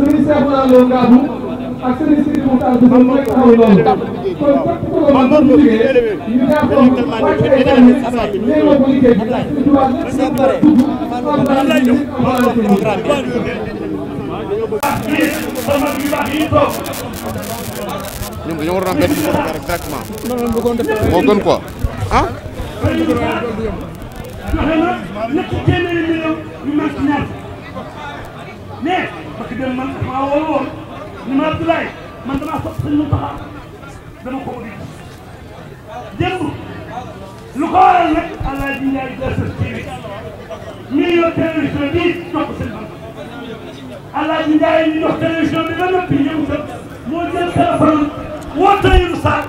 sëriñ Seexuna Lo Ngaabu ak sëriñ Sidi Muxtaar bi moom rek taxaw loolu kon képp ku ko mën bu jugee ñu daa ko wàcc ay tamit léegoo ko liggéey bi tubaab lépp dañ ko dugg xam naa ne ñu xamal ko nii sama bi baax yi toog ñoom dañoo waroon am benn micro rek directement moo gën quoi ah joxe na ñetti téeméeri million yu mag ñaar mais parce que dem man maa woo woon ni ma Abdoulaye man damaa sopp dama ko ko di démb lu ko waral nag Aladji Ndiaye 2STV million télévision bi jox ko sëñ Bamba Aladji Ndiaye ñu jox télévision bi ba noppi ñëw tam moo jël téléphone woote yu saak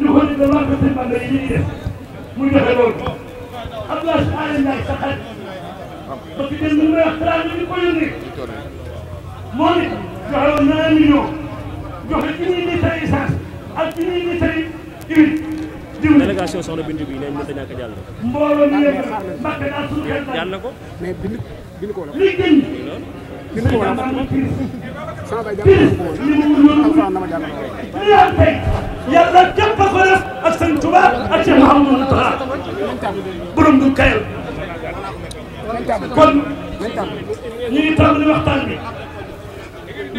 ñu ko ni dama ko sëñ Bamba yi ñuy def muy joxe loolu Abdoulaye Ndiaye sa xarit parce que dem ni may wax xalaat bi ko yónnee moom it joxe woon na million joxe junniy litre essence ak junniy litre huile diw délégation soxna Bintu bi nee mënta ñàkk a jàll. mbooloo mi yëngal mbàkk naa suñu xel jàll na ko mais bind bind ko wala li gën bind ko wala sama bay jàll li mu wut dama jàll li yaa tey yàlla jàpp ko def ak sëñ Tuubaa ak Cheikh Mouhamadou Moustapha borom du kayal kon ñu ngi tàmbali waxtaan bi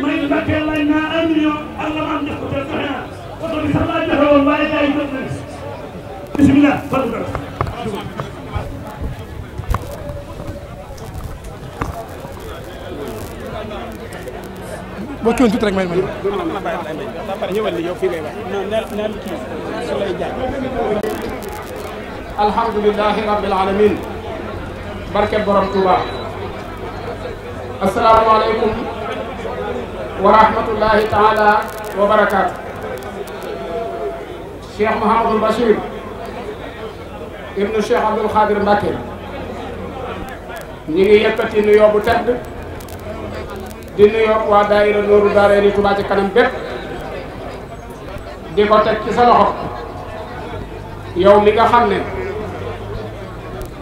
may Mbacke laaj naa un million ak la ma am jox ko te joxe naa oto bi sax laa joxe woon waaye gars yi jot na bisimilah boo kiiwoon tuuti rek may may. alhamdulilah rabbil alamin barke borom Touba asalaamaaleykum wa rahmatullahi taala wa barakaatu Cheikh Mouhamadul Bachir ibnu Cheikh Abdoul Khadir Mbacké ñu ngi yëkkati nuyoo bu tedd di nuyoo waa daayira Nooru Daarayni Touba ci kanam bépp di ko teg ci sa loxo yow mi nga xam ne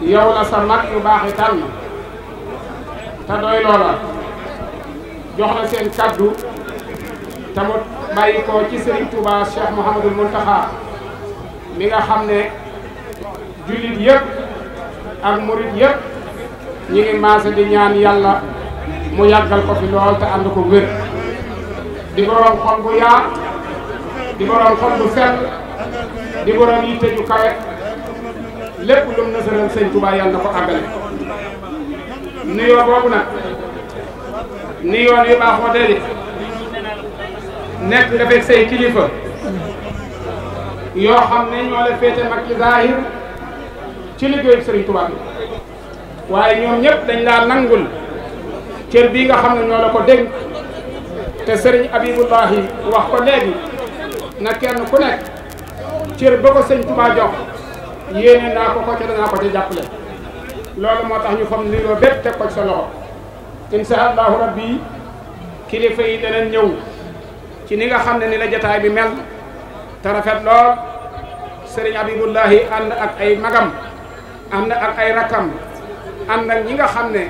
yow la sa mag lu baax yi tànn te doy loola jox la seen kaddu te bàyyi ko ci seen Touba Cheikh Mouhamadul Mountakha mi nga xam ne jullit yëpp ak murit yëpp ñu ngi maase di ñaan yàlla mu yàggal ko fi lool te ànd ko wér di borom xol bu yaa di borom xol bu sell di borom yitte ju kawe. lépp lu mu nasaral sëñ Touba ko àggale nuyoo boobu nag nuyoo yu baaxoo déedéet nekk nga fekk say kilifa yoo xam ne ñoo la féete mag ci zaahir ci liggéeyu sëriñ Touba waaye ñoom ñëpp dañ laa nangul cër bii nga xam ne ñoo la ko dégg te sëriñ Abibullahi wax ko léegi na kenn ku nekk cër ba ko sëñ Touba yéene naa ko ko ca danaa ko ca jàppale loolu moo tax ñu fam niroo bépp te ko ci sa loxo insha allahu rabbi kilifa yi danañ ñëw ci ni nga xam ne ni la jataay bi mel te rafet lool sëriñ Abibullahi ànd ak ay magam ànd ak ay rakkam ànd ak ñi nga xam ne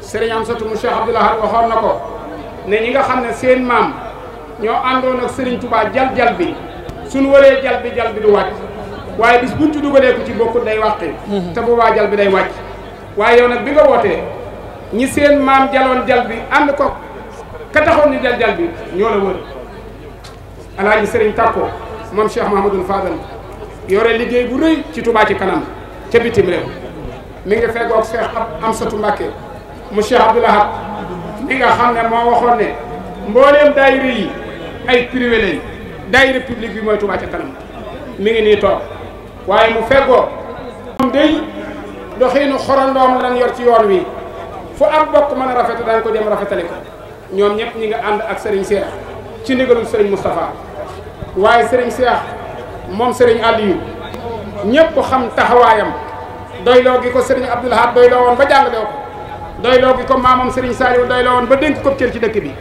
sëriñ soto mu Cheikh Abdoul Ahad waxoon na ko ne ñi nga xam ne seen maam ñoo àndoon ak sëriñ Touba jal jal bi suñu waree jal bi jal bi du wàcc waaye bis buñ ci dugalee ku ci bokkut day wàqi mhm. te boobaa jal bi day wàcc waaye yow nag bi nga wootee ñi seen maam jaloon jal bi ànd ko ka taxoon ni jal bi ñoo la wër alaaji sëriñ Tàkko moom Cheikh Mahamadou Fadal yore liggéey bu rëy ci Touba ci kanam ca bitim réew mi ngi feggoog Cheikh ab Amsatou Mbacke mu Cheikh Abdou Lahad nga xam ne moo waxoon ne mbooleem daayira yi ay privé lañ daayira publique bi mooy Touba ca kanam mi ngi nii toog waaye mu feggoo moom day doxiinu xorandoom lan yor ci yoon wi fu am bokk mën a rafet daañ ko dem rafetali ko ñoom ñëpp ñi nga ànd ak sëriñ Cheikh ci ndigalul Serigne Moustapha waaye sëriñ Cheikh moom Serigne Aliou ñëpp xam taxawaayam doyloo gi ko Serigne Abdoul Ahad doyloo woon ba jàngale ko doyloo gi ko maamam Serigne Saliou doyloo woon ba dénk ko cër ci dëkk bi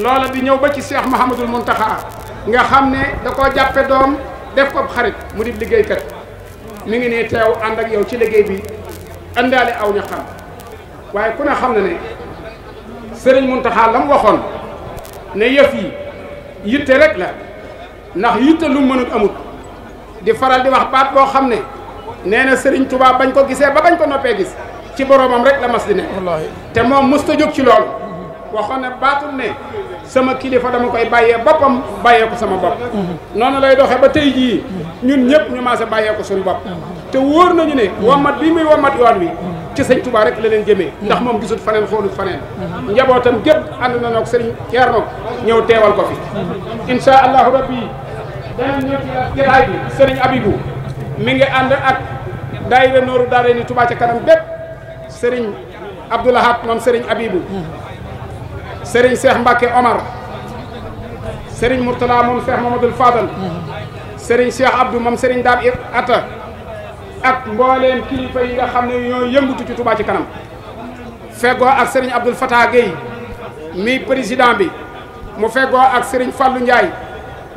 loola di ñëw ba ci Cheikh Mouhamadoul Mountakha nga xam ne da koo jàppe doom def ko xarit mu di liggéeykat mi ngi ne teew àndak ak yow ci liggéey bi àndaale aw ña waaye ku ne xam na ne sëriñ Muntaxa la mu waxoon ne yëf yi yitte rek la ndax yitte lu mënut amut di faral di wax baat boo xam ne nee na sëriñ Tuubaa bañ ko gisee ba bañ ko noppee gis ci boroomam rek la mas di ne te moom mës ta jóg ci loolu waxoon ne baatul ne sama kilifa dama koy bàyyee boppam bàyyee ko sama bopp mhm. noonu lay doxee ba tey jii ñun ñëpp ñu maase bàyyee ko suñu te wóor nañu ne mat bi muy wommat yoon wi ci sëñ Touba rek la leen ndax moom gisut faneen xoolut faneen njabootam gépp ànd na noog sëriñ Thierno ñëw teewal ko fi insha allahu rabbi danañ ñëw ci jataay bi sëriñ Abibou mi ngi ànd ak daayira nooru daare ni kanam bépp sëriñ Abdoulahat moom sëriñ Abibou sëriñ Cheikh Mbacke Omar sëriñ Mourtala moom Cheikh Mamadou Fadal sëriñ Cheikh Abdou moom sëriñ Daam Atta ak mbooleem kilifa yi nga xam ne ñoo yëngutu ci Touba ci kanam feggoo ak sëriñ Abdoul Fatah Gueye mi président bi mu feggoo ak sëriñ Fallou Ndiaye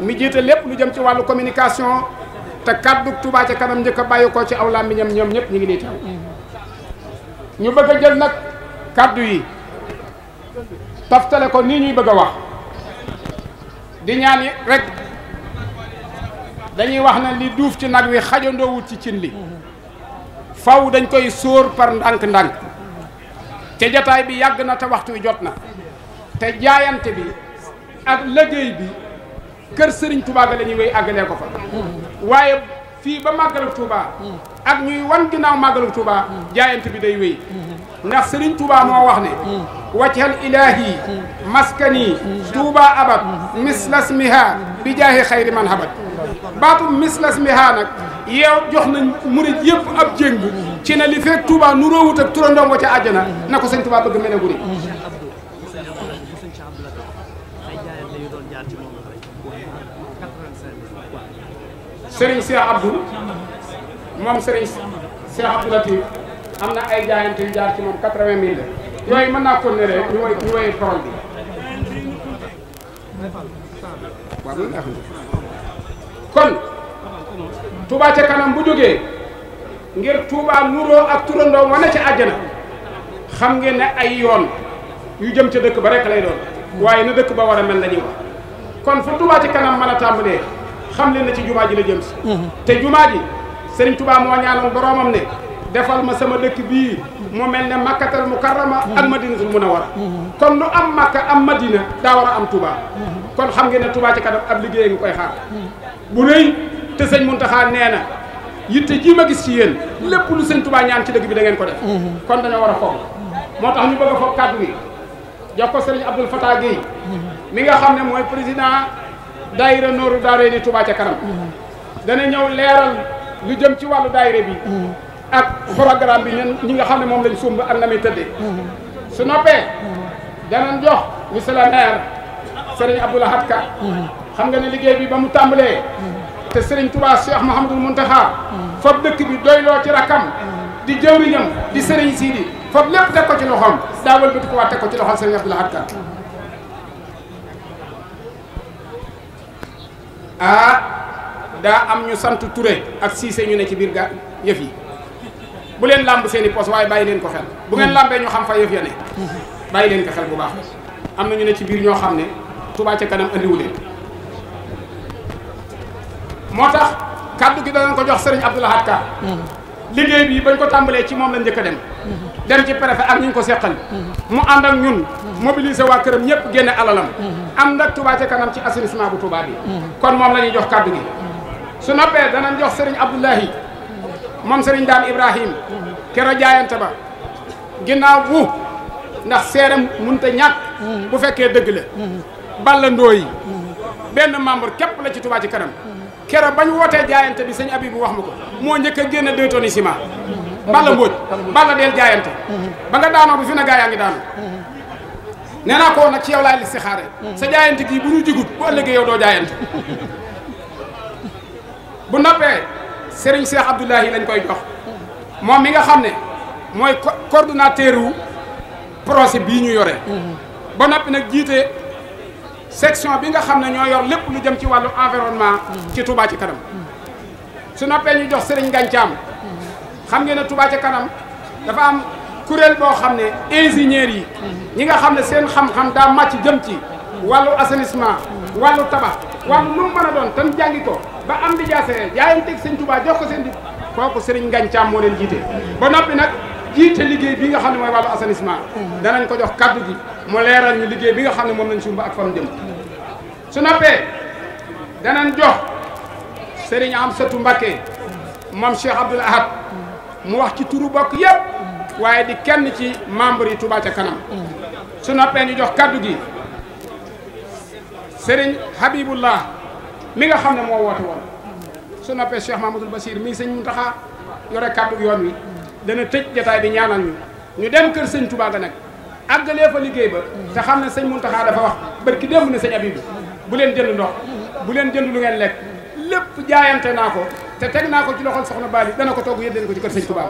mi jiite lépp lu jëm ci wàllu communication te kaddu Touba ci kanam njëkk a bàyyi ko ci aw làmmiñam ñoom ñëpp ñu ngi nii teew ñu bëgg a jël nag kàddu yi taftale ko nii ñuy bëgg a wax di ñaan rek. dañuy wax na li duuf ci nag wi xajandoowul ci cin li faw dañ koy sóor par ndànk-ndànk te jataay bi yàgg na te waxtu wi jot na te jaayante bi ak liggéey bi kër sëriñ Touba lañuy la ñuy wéy ko fa waaye fii ba màggalu Touba ak ñuy wan ginnaaw màggalu Touba jaayante bi day wéy ndax Serigne Touba moo wax ne mm. wajhal ilaahi mm. maskani mm. Touba abad mislas miha bi jaahi xayri man habat baatu mislas miha nag yow jox nañ murid yëpp ab jéng ci ne li fekk Touba nu róowut ak turandoom wa ca àjjana na ko sëñ Touba bëgg mel ne guri Serigne Cheikh Abdou moom Serigne Cheikh Abdou Latif am na ay jaayante yu jaar ci moom quatre-vingt mille la yooyu mën naa ko ne rek ñu woy ñu woy parole bi kon Touba kanam bu jógee ngir Touba nuroo ak turandoom wane ca àjjana xam ngeen ne ay yoon yu jëm ca dëkk ba rek lay doon waaye na dëkk ba war a mel la ñuy kon fu Touba ca kanam mën a tàmbalee xam leen na ci jumaa ji la jëm mhm. te jumaa ji Serigne Touba moo ñaanoon boroomam ne defal ma sama dëkk bii moo mel ne makkatal mukarrama ak madinatul munawwara kon lu am makka am madina daa war a am Touba. kon xam ngeen ne Touba ca kanam ab liggéey nga koy xaar bu rëy te sëñ Muntaxa nee na yitte ji ma gis ci yéen lépp lu sëñ Touba ñaan ci dëkk bi da ngeen ko def kon dana war a foog moo tax ñu bëgg a foog kàddu gi jox ko sëriñ Abdoul Fatah Guèye mi nga xam ne mooy président daayira nooru daaree ni Touba ca kanam dana ñëw leeral lu jëm ci wàllu daayira bi ak programme bi ñun ñi nga xam ne moom lañ sumb ak na muy tëddee. su noppee danañ jox monsieur le maire Serigne Abdou Lahad xam nga ne liggéey bi ba mu tàmbalee. te Serigne Touba Cheikh Mouhamadul Mountakha. fab dëkk bi doyloo ci rakam. di jëwriñam di Serigne Sidi fab lépp teg ko ci loxoom daa wëlbati ko waat teg ko ci loxoom Serigne Abdou a Ka ah daa am ñu sant Touré ak Cissé ñu ne ci biir ga yëf bu leen làmb seeni i pos waaye bàyyi leen ko xel bu ngeen hmm. làmbee ñu xam fa yëf ya ne hmm. bàyyi leen ko xel bu baax am na ñu ne ci biir ñoo xam ne Touba ca kanam andiwu leen moo tax kàddu gi danañ ko jox sëriñ Abdou Lahad Ka hmm. liggéey bi bañ ko tàmbalee ci moom la njëkk a dem dem ci préfet ak ñu ko seqal mu ànd ak ñun mobiliser waa këram ñëpp génne alalam am nag Touba ca kanam ci assainissement bu Touba bi kon moom la ñuy jox kàddu gi su noppee danañ jox sëriñ Abdoulahi moom sëriñ daan Ibrahim kero jaayante ba ginnaaw bu ndax seeram munta ñàkk bu fekkee dëgg la ballandoo yi benn membre képp la ci Touba ci kanam kero bañ wootee jaayante bi sañ sëñ Abibu wax ma ko moo njëkk a génne deux tonnes yi ciment balla mbóoj balla deel jaayante ba nga daanoo bu fi na gaa daanu nee naa ko nag ci yow laay listixaare sa jaayante gii bu ñu jigut bu ëllëgee yow doo jaayante bu noppee Serigne Cheikh Abdoulahi lañu koy jox moom mi nga xam ne mooy coordonnateur wu projet bii ñu yore. Mhm. ba noppi nag jiite section bi nga xam ne ñoo yor lépp lu jëm ci wàllu environnement. Mhm. ci Touba ci kanam. Mhm. su noppee ñu jox Serigne Gancaam. xam ngeen ne Touba ci kanam dafa am kuréel boo xam ne ingénieurs yi. ñi nga xam ne seen xam-xam daa màcc jëm ci. wàllu assainissement. wàllu tabax wàllu lu mu mën a doon tam jàngi ko. ba am di jaasere jaayanteeg sëñ Touba jox ko seen di kooku Serigne Ngagne Thiam moo leen jiite ba noppi nag jiite liggéey bii nga xam ne mooy wàllu assainissement danañ ko jox kaddu gi mu leeral liggéey bi nga xam ne moom lañ sumba ak fam jëm su noppee danañ jox Serigne Amsatou Mbacké moom Cheikh Abdoul Ahad mu wax ci turu bokk yëpp waaye di kenn ci membre yi Touba ca kanam su noppee ñu jox kaddu gi Serigne Habibullah mi nga xam ne moo woote woon su noppee Cheikh Mahmoudou Bassir mi sëñ Mountakha yore kàddu yoon wi dana tëj jataay bi ñaanal ñu ñu dem kër sëñ Touba ga nag àggalee fa liggéey ba te xam ne sëñ Mountakha dafa wax barki démb ne sëñ Abibu bu leen jënd ndox bu leen jënd lu ngeen lekk lépp jaayante naa ko te teg naa ko ci loxol soxna Bali dana ko togg yëddeen ko ci kër sëñ Touba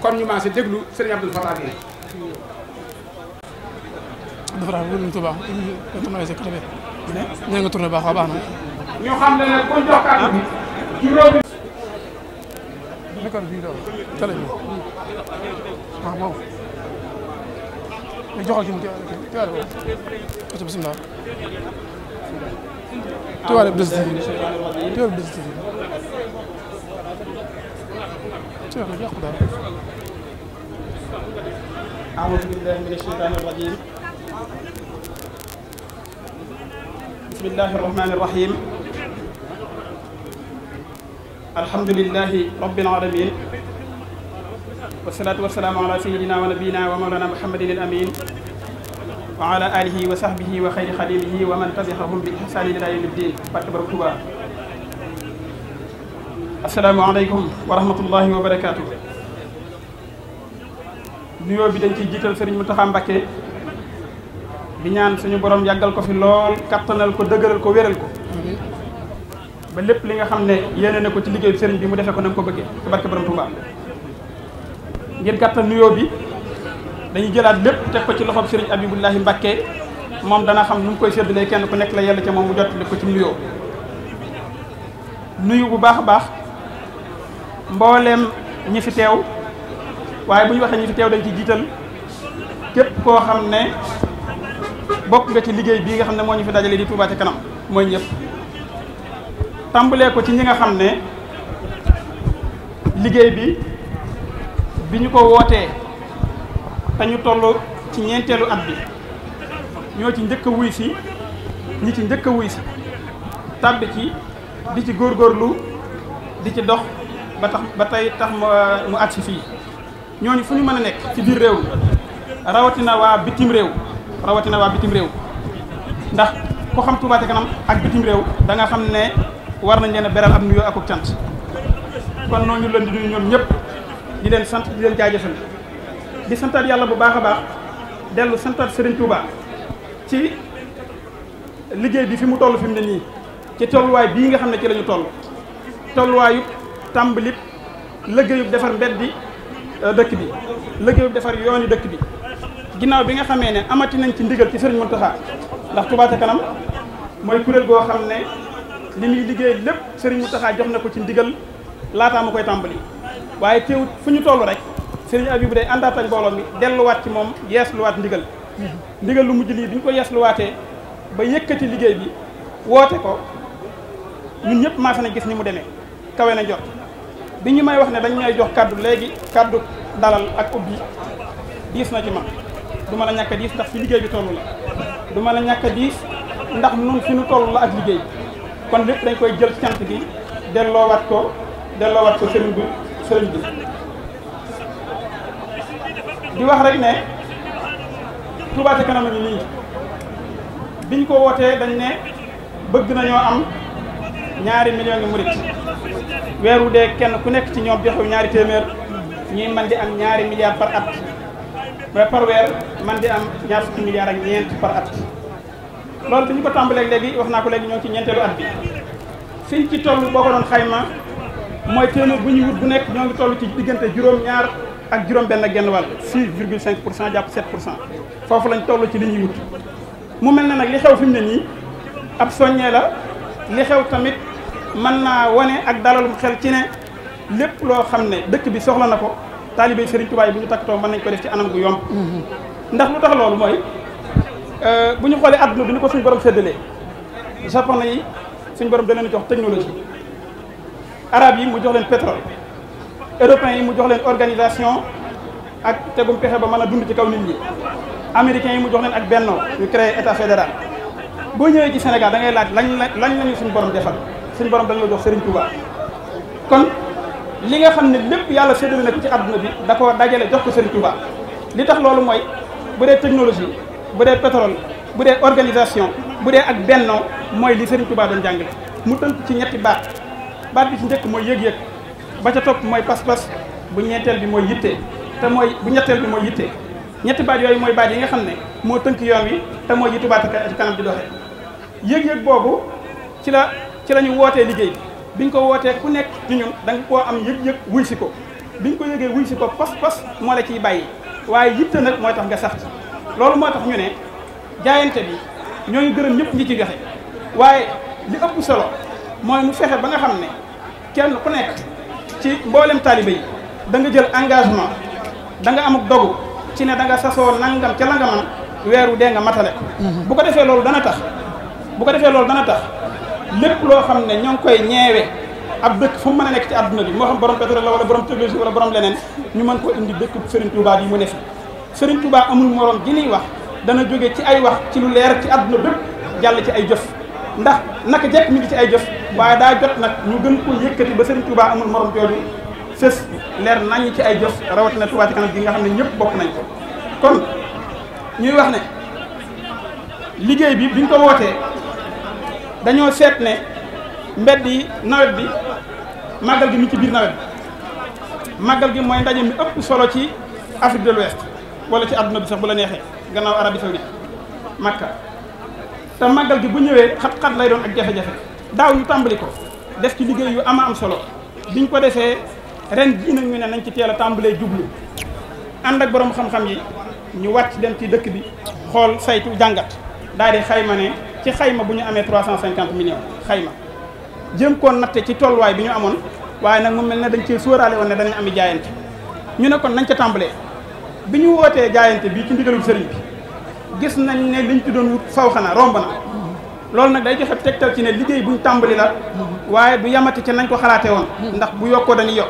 kon ñu maase déglu sëñ lu Fatah bi dafa rax wëluñ Touba ña nga tourné baax waa baax na ñu xam ne ne ku ñu jox kàddu bi juróomi. Tivaouane Bichri TV Tivaouane Bichri TV Tivaouane yàqu daal أعوذ بالله من الشيطان الرجيم بسم الله الرحمن الرحيم alhamdulilahi rabbil alamin wasalaatu wasalaamu ala sayidina wa nabiyina wa mawlana muhammadin amin wa ala wa sahbihi wa xayri xalilihi wa man tabiahum bi ihsaanin ila yawmi ddin barke borom Tuuba asalaamu aleykum wa rahmatullahi wa barakaatu nuyoo bi dañ ciy jiital sëriñ Mountakha Mbacké di ñaan suñu borom yàggal ko fi lool kattanal ko dëgëral ko wéral ko ba lépp li nga xam ne yeneen na ko ci liggéeyu sëriñ bi mu defee ko na mu ko bëggee ci barke borom Touba ngir gàttal nuyoo bi dañuy jëlaat lépp teg ko ci loxob sëriñ Abibullahi Mbacke moom dana xam nu mu koy séddalee kenn ku nekk la yàlla ca moom mu jot li ko ci bu baax a baax mbooleem ñi fi teew waaye bu ñu waxee ñi fi teew dañ ci jiital képp koo xam ne bokk nga ci liggéey bi nga xam ne moo ñu fi dajale di Touba ci kanam mooy ñëpp tàmbalee ko ci ñi nga xam ne liggéey bi bi ñu ko wootee te ñu toll ci ñeenteelu at bi ñoo ci njëkk wuy si ñi ci njëkk a wuy si tàbbi ci di ci góor góorlu di ci dox ba tax ba tey tax mu agsi fii ñooñu fu ñu mën a nekk ci biir réew rawatina waa bitim réew rawatina waa bitim réew ndax ku xam Touba kanam ak bitim réew da xam ne war nañ leen a beral am nuyoo ak ak cant kon noonu leen di nuyu ñoom ñëpp di leen sant di leen jaajëfal di santaat yàlla bu baax a baax dellu santaat Serigne Touba ci liggéey bi fi mu toll fi mu ne nii ci tolluwaay bii nga xam ne ci la ñu toll tolluwaayu tàmbalib liggéeyub defar mbeddi euh, dëkk bi liggéeyub defar yooni dëkk bi ginnaaw bi nga xamee ne amati nañ ci ndigal ci Serigne Mountakha ndax Touba kanam mooy kuréel goo xam ne. li ñuy liggéey lépp Serigne Mountakha jox na ko ci ndigal laataa ma koy tàmbali waaye teewut fu ñu toll rek Serigne Abibou bu àndaat ak mbooloo mi delluwaat ci moom yeesluwaat ndigal ndigal lu mujj lii bi ñu ko yeesluwaatee ba yëkkati liggéey bi woote ko ñun ñëpp maase na gis ni mu demee kawe na jot bi ñu may wax ne dañ may jox kàddu léegi kaddu dalal ak ubbi diis na ci man du ma la ñàkk a diis ndax fi liggéey bi toll la du ma la ñàkk a diis ndax nun fi nu toll ak liggéey bi kon lépp dañ koy jël cant gi delloowaat ko delloowaat ko sëriñ bi sëriñ bi di wax rek ne Touba ca kanam ni nii biñ ko wootee dañ ne bëgg nañoo am ñaari millions ngi murit weeru dee kenn ku nekk ci ñoom joxe ñaari téeméer ñuy man di am ñaari milliards par at mais par weer man di am ñaar fukki milliards ak ñeent par at loolu fi ñu ko tàmbalee léegi wax naa ko léegi ñoo ci ñeenteelu at bi fiñ ci toll boo ko doon xayma mooy téeméer bu ñu wut bu nekk ñoo ngi toll ci diggante juróom-ñaar ak juróom-benn genn wàll 6 virgule 5 pour cent jàpp 7 pour cent foofu lañ toll ci li ñuy wut. mu mel na nag li xew fi mu ne nii ab soññee la li xew tamit mën naa wane ak dalalum xel ci ne lépp loo xam ne dëkk bi soxla na ko taalibe Serigne Touba yi bu ñu takkatoo man nañ ko def ci anam gu yomb. Mm-hmm. ndax lu tax loolu mooy. Euh, bu ñu xoolee adduna bi ni ko suñu borom séddalee japonais yi suñ borom da leen jox technologie arabe yi mu jox leen pétrole européens yi mu jox leen organisation ak tegum pexe ba mën a dund ci kaw nit ñi américains yi mu jox leen ak bennoo ñu créé état fédéral boo ñëwee ci Sénégal da ngay laaj lañ lañ lañu suñu borom defal suñ borom dañoo jox Serigne Touba kon li nga xam ne lépp yàlla séddale na ko ci adduna bi da ko dajale jox ko Serigne Touba li tax loolu mooy bu bu dee pétrole bu dee organisation bu dee ak bennoo mooy li Serigne Touba doon jàngale mu tënk ci ñetti baat baat bi ci njëkk mooy yëg-yëg ba ca topp mooy pas-pas bu ñeenteel bi mooy yitte te mooy bu ñetteel bi mooy yitte ñetti baat yooyu mooy baat yi nga xam ne moo tënk yoon wi te mooy yi Touba ca kanam di doxee yëg-yëg boobu ci la ci la ñu wootee liggéey bi ñu ko wootee ku nekk ci ñun da koo am yëg-yëg wuy si ko biñ ko yëgee wuy si ko pas-pas moo la ciy bàyyi waaye yitte nag mooy tax nga sax ci loolu moo tax ñu ne jaayante bi ñoo ngi gërëm ñëpp ñi ci joxe waaye li ëpp solo mooy mu fexe ba nga xam ne kenn ku nekk ci mboolem taalibe yi nga jël engagement da nga amuk dogu ci ne da nga sasoo nangam ca la nga mën weeru dee nga matale mhm. bu ko defee loolu dana tax bu ko defee loolu dana tax lépp loo xam ne ñoo ngi koy ñeewe ab dëkk fu mu mën nekk ci àdduna bi moo xam borom pétrole la wala borom technologie wala borom leneen ñu mën ko indi dëkk Serigne Touba bi mu ne fi Serigne Touba amul morom ji niy wax dana jóge ci ay wax ci lu leer ci àdduna bépp jàll ci ay jos ndax naka jekk mi ngi ci ay jëf waaye daa jot nag ñu gën ko yëkkati ba Serigne Touba amul morom jooju fës leer naññ ci ay jos rawatina Touba ci kanam gi nga xam ne ñëpp bokk nañ ko kon ñuy wax ne liggéey bi biñ ko wootee dañoo seet ne mbedd yi nawet bi màggal gi mi ci biir nawet màggal gi mooy ndaje mi ëpp solo ci Afrique de l'Ouest wala ci àdduna bi sax bu la neexee gannaaw Arabie Saoudite Makka te màggal gi bu ñëwee xat-xat lay doon ak jafe-jafe daaw ñu tàmbali ko def ci liggéey yu ama am solo biñ ko defee ren jii nag ñu ne nañ ci teel a tàmbalee jublu ànd ak borom xam-xam yi ñu wàcc dem ci dëkk bi xool saytu jàngat daal di xayma ne ci xayma bu ñu amee 350 millions xayma jëm koon natte ci tolluwaay bi ñu amoon waaye nag mu mel ne dañ cee sóoraale woon ne danañ am jaayante ñu ne kon nañ ca tàmbalee. bi ñu wootee jaayante bi ci ndigalul sëriñ bi gis nañ ne liñ ci doon wut faw xanaa romb na loolu nag day joxe tegtal ci ne liggéey buñ tàmbali la waaye du yamati ci nañ ko xalaatee woon ndax bu yokkoo dañuy yokk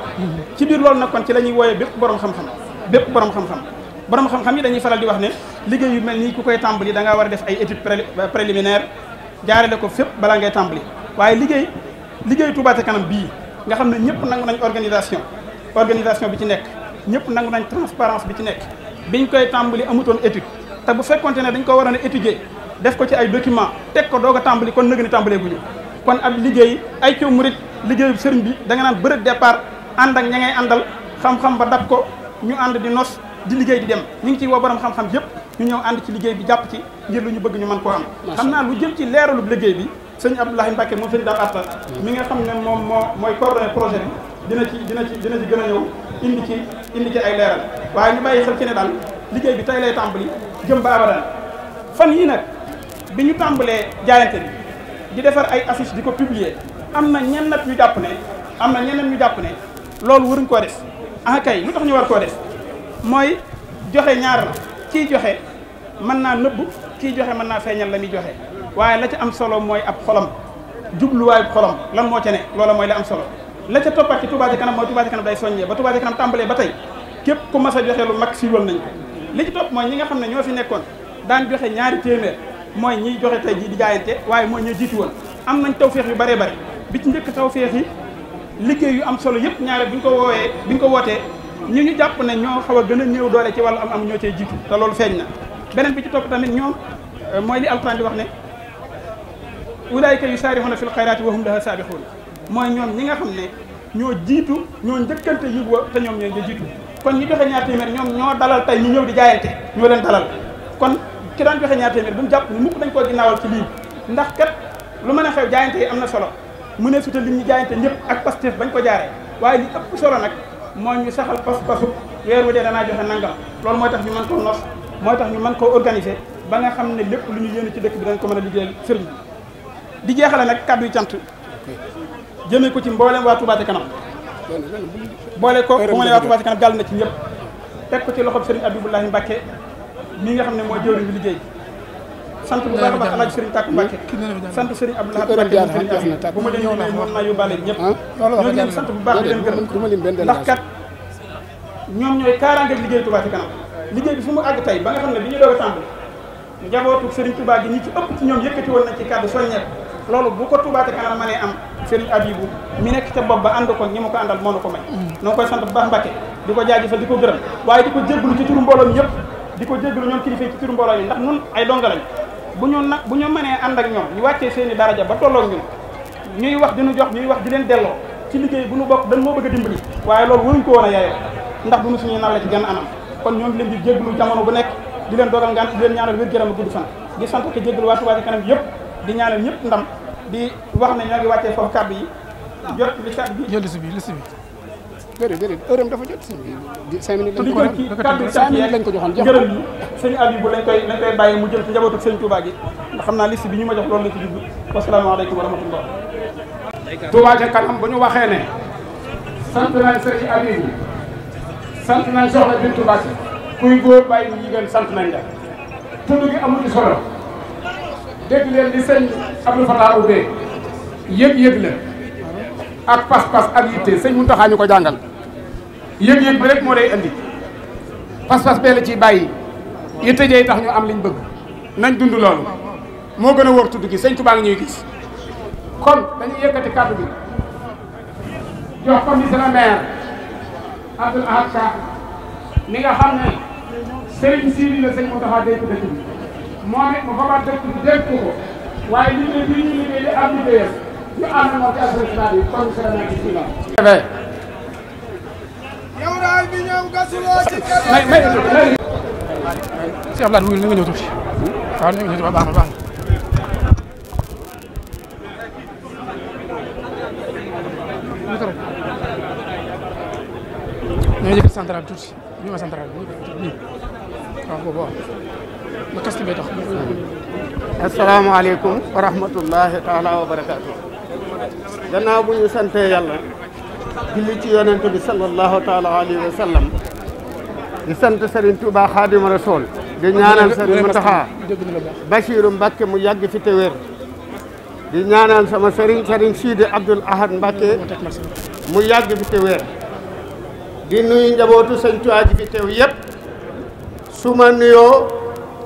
ci biir loolu nag kon ci lañuy ñuy wooyee bépp borom xam-xam bépp borom xam-xam borom xam-xam yi dañuy faral di wax ne liggéey yu mel nii ku koy tàmbali da ngaa war a def ay études euh, préliminaire jaarale ko fépp balaa ngay tàmbali waaye liggéey liggéey Touba kanam bii nga xam ne ñëpp nangu nañ organisation organisation bi ci nekk ñëpp nangu nañ transparence bi ci nekk biñ koy tàmbali amutoon étude te bu fekkonte ne dañ ko waroon a étudier def ko ci ay document teg ko doo a tàmbali kon nëgë ni tàmbalee guñu kon ab liggéey ay coow murit liggéeyu sëriñ bi da nga naan bërëb départ ànd ak ña ngay àndal xam-xam ba dab ko ñu ànd di nos di liggéey di dem ñu ngi ciy woo borom xam-xam yëpp ñu ñëw ànd ci liggéey bi jàpp ci ngir lu ñu bëgg ñu mën koo am xam naa lu jël ci leeralub liggéey bi sëñ Abdoulahi Mbacke moom sëñ Daam Atta mi nga xam ne moom moo mooy coordonné projet bi dina ci dina ci dina gën a ñëw indi ci indi ci ay leeral waaye ñu bàyyi xel ci ne daal liggéey bi tey lay tàmbali jëm ba abadan fan yii nag bi ñu tàmbalee jaayante bi di defar ay affiche di ko publier am na ñenn nag ñu jàpp ne am na ñeneen ñu jàpp ne loolu waruñ koo des ah kay lu tax ñu war koo des mooy joxe ñaar la joxe mën naa nëbb kiy joxe mën naa feeñal la muy joxe waaye la ci am solo mooy ab xolam jubluwaayu xolom lan moo ca ne loola mooy la am solo la ca toppat ci Touba ca kanam mooy Touba ca kanam day soññee ba Touba ca kanam tàmbalee ba tey képp ku mas a joxe lu mag si woon nañ li ci topp mooy ñi nga xam ne ñoo fi nekkoon daan joxe ñaari téeméer mooy ñiy joxe tey ji di jaayante waaye mooy ñoo jiitu woon am nañ tawféex yu baree bare bi ci njëkk tawféex yi liggéey yu am solo yëpp ñaare bi ñu ko woowee bi ñu ko wootee ñu ñu jàpp ne ñoo xaw a gën a néew doole ci wàllu am am ñoo cee jiitu te loolu feeñ na beneen bi ci topp tamit ñoom euh, mooy li wax ne ulaayika yusaarixuuna fil xayraati wa hum laha saabixuun mooy ñoom ñi nga xam ne ñoo jiitu ñoo njëkkante yëg wa te ñoom ñoo nga jiitu kon ñi joxe ñaar ñoom ñoo dalal tey ñu ñëw di jaayante ñoo leen dalal kon ki daan joxe ñaar téeméer bu mu jàpp ni mukk dañ koo ginnaawal ci lii ndax kat lu mën a xew jaayante yi am na solo mu ne suta li ñu jaayante ñëpp ak Pastef bañ ko jaare waaye li ëpp solo nag moo ñu saxal pas pasu weer wu dee danaa joxe nangam loolu mooy tax ñu mën koo nos mooy tax ñu mën koo organiser ba nga xam ne lépp lu ñu yéene ci dëkk bi dañ ko mën a liggéeyal sëriñ di jeexale nag kàddu yu cant jëmee ko ci mboolem waa Touba ca kanam boole ko bu ma ne waa Touba kanam gàll na ci ñëpp teg ko ci loxob Serigne Abibulahi Mbacke nga xam ne mooy jëwriñ bi liggéey sant bu baax a baax alaaji Serigne Tàkku Mbacke sant Serigne Abdoulahi Mbacke bu ah, bu baax di leen gërëm ndax kat ñoom ñooy kaaraange liggéey Touba ca àgg tey ba nga xam ne bi ñu doog a tàmbali njabootu Serigne Touba gi ñi ci ëpp ci ñoom yëkkati woon nañ ci kàddu soññeeku loolu bu ko Touba ca kanam mënee am Serigne Abibou mi nekk ca bopp ba ànd ko ñi ma ko àndal moo nu ko may noo koy sant bu baax Mbacke di ko jaajëfal di ko gërëm waaye di ko jéggalu ci turu mbooloo mi yëpp di yi ndax nun ay donga bu ñu na bu ñu mënee ànd ak ñoom ñu wàccee seeni i daraja ba tolloog ñun ñuy wax diñu jox ñuy wax di leen delloo ci liggéey bu nu bokk dañ moo bëgg a dimbali waaye loolu waruñ ko woon a ndax du ñu suñuy nawle ci gën anam kon ñoom bi leen di bu nekk di leen dogal ngaan di leen ñaanal gu yaram gudd fan yëpp di ñaanal ñëpp ndam di wax ne ñoo ngi wàccee foofu kàddu yi jot li kàddu bi jël liste bi liste bi bëri bëri heure dafa jot si bi cinq minutes lañ ko joxoon lañ koy lañ koy bàyyi mu jël ci njabootu sëñ Touba gi ndax xam naa liste bi ñu ma jox loolu lañ ko jublu wasalaamaaleykum wa rahmatullah Touba ca kanam bu ñu waxee ne sant nañ sëñ Abibou sant nañ soxna Bintou Bass kuy góor bàyyi bu jigéen sant nañ la tudd gi amul solo dégg leen li sëñ Abdou Fatah ubbee yëg-yëg la ak pas-pas ak yitte sëñ Muntaxa ñu ko jàngal yëg-yëg bi moo lay andi pas-pas bee la ci bàyyi yitte jey tax ñu am liñ bëgg nañ dund loolu moo gën a wóor tudd gi sëñ Tuubaa ngi ñuy gis kon dañuy yëkkati kàddu bi jox commissaire la maire Abdoul Ahad Ka mi nga xam ne sëriñ Sidi la sëñ Muntaxa dénk dëkk moom it mu xamal dëkk bi dégg ko ko waaye liggéey bii ñu liggéey di am liggéeyam ñu ànd moom ci assainissement bi kon seen nañ ci imam yow daal bi ñoom gasuloo ci may may si Abdoulaye wuyu na nga ñëw tuuti waaw na nga ñëw tuuti baax na baax na ñoo yëkkati central bi tuuti ñu ma central bi waaw boobu waaw ba tas bi dox. wa barakaatu. gannaaw bu ñu sante yàlla. julli ci yonent bi sallallahu taala alayhi wa sallam. di sant Serigne Touba Xaadimu Rasuul di ñaanal Serigne Mountakha Bachiru Mbacke mu yàgg fi te di ñaanal sama Serigne Serigne Sidi Abdoul Ahad Mbacke mu yàgg fi te wér. di nuyu njabootu Sëñ fi teew yëpp. su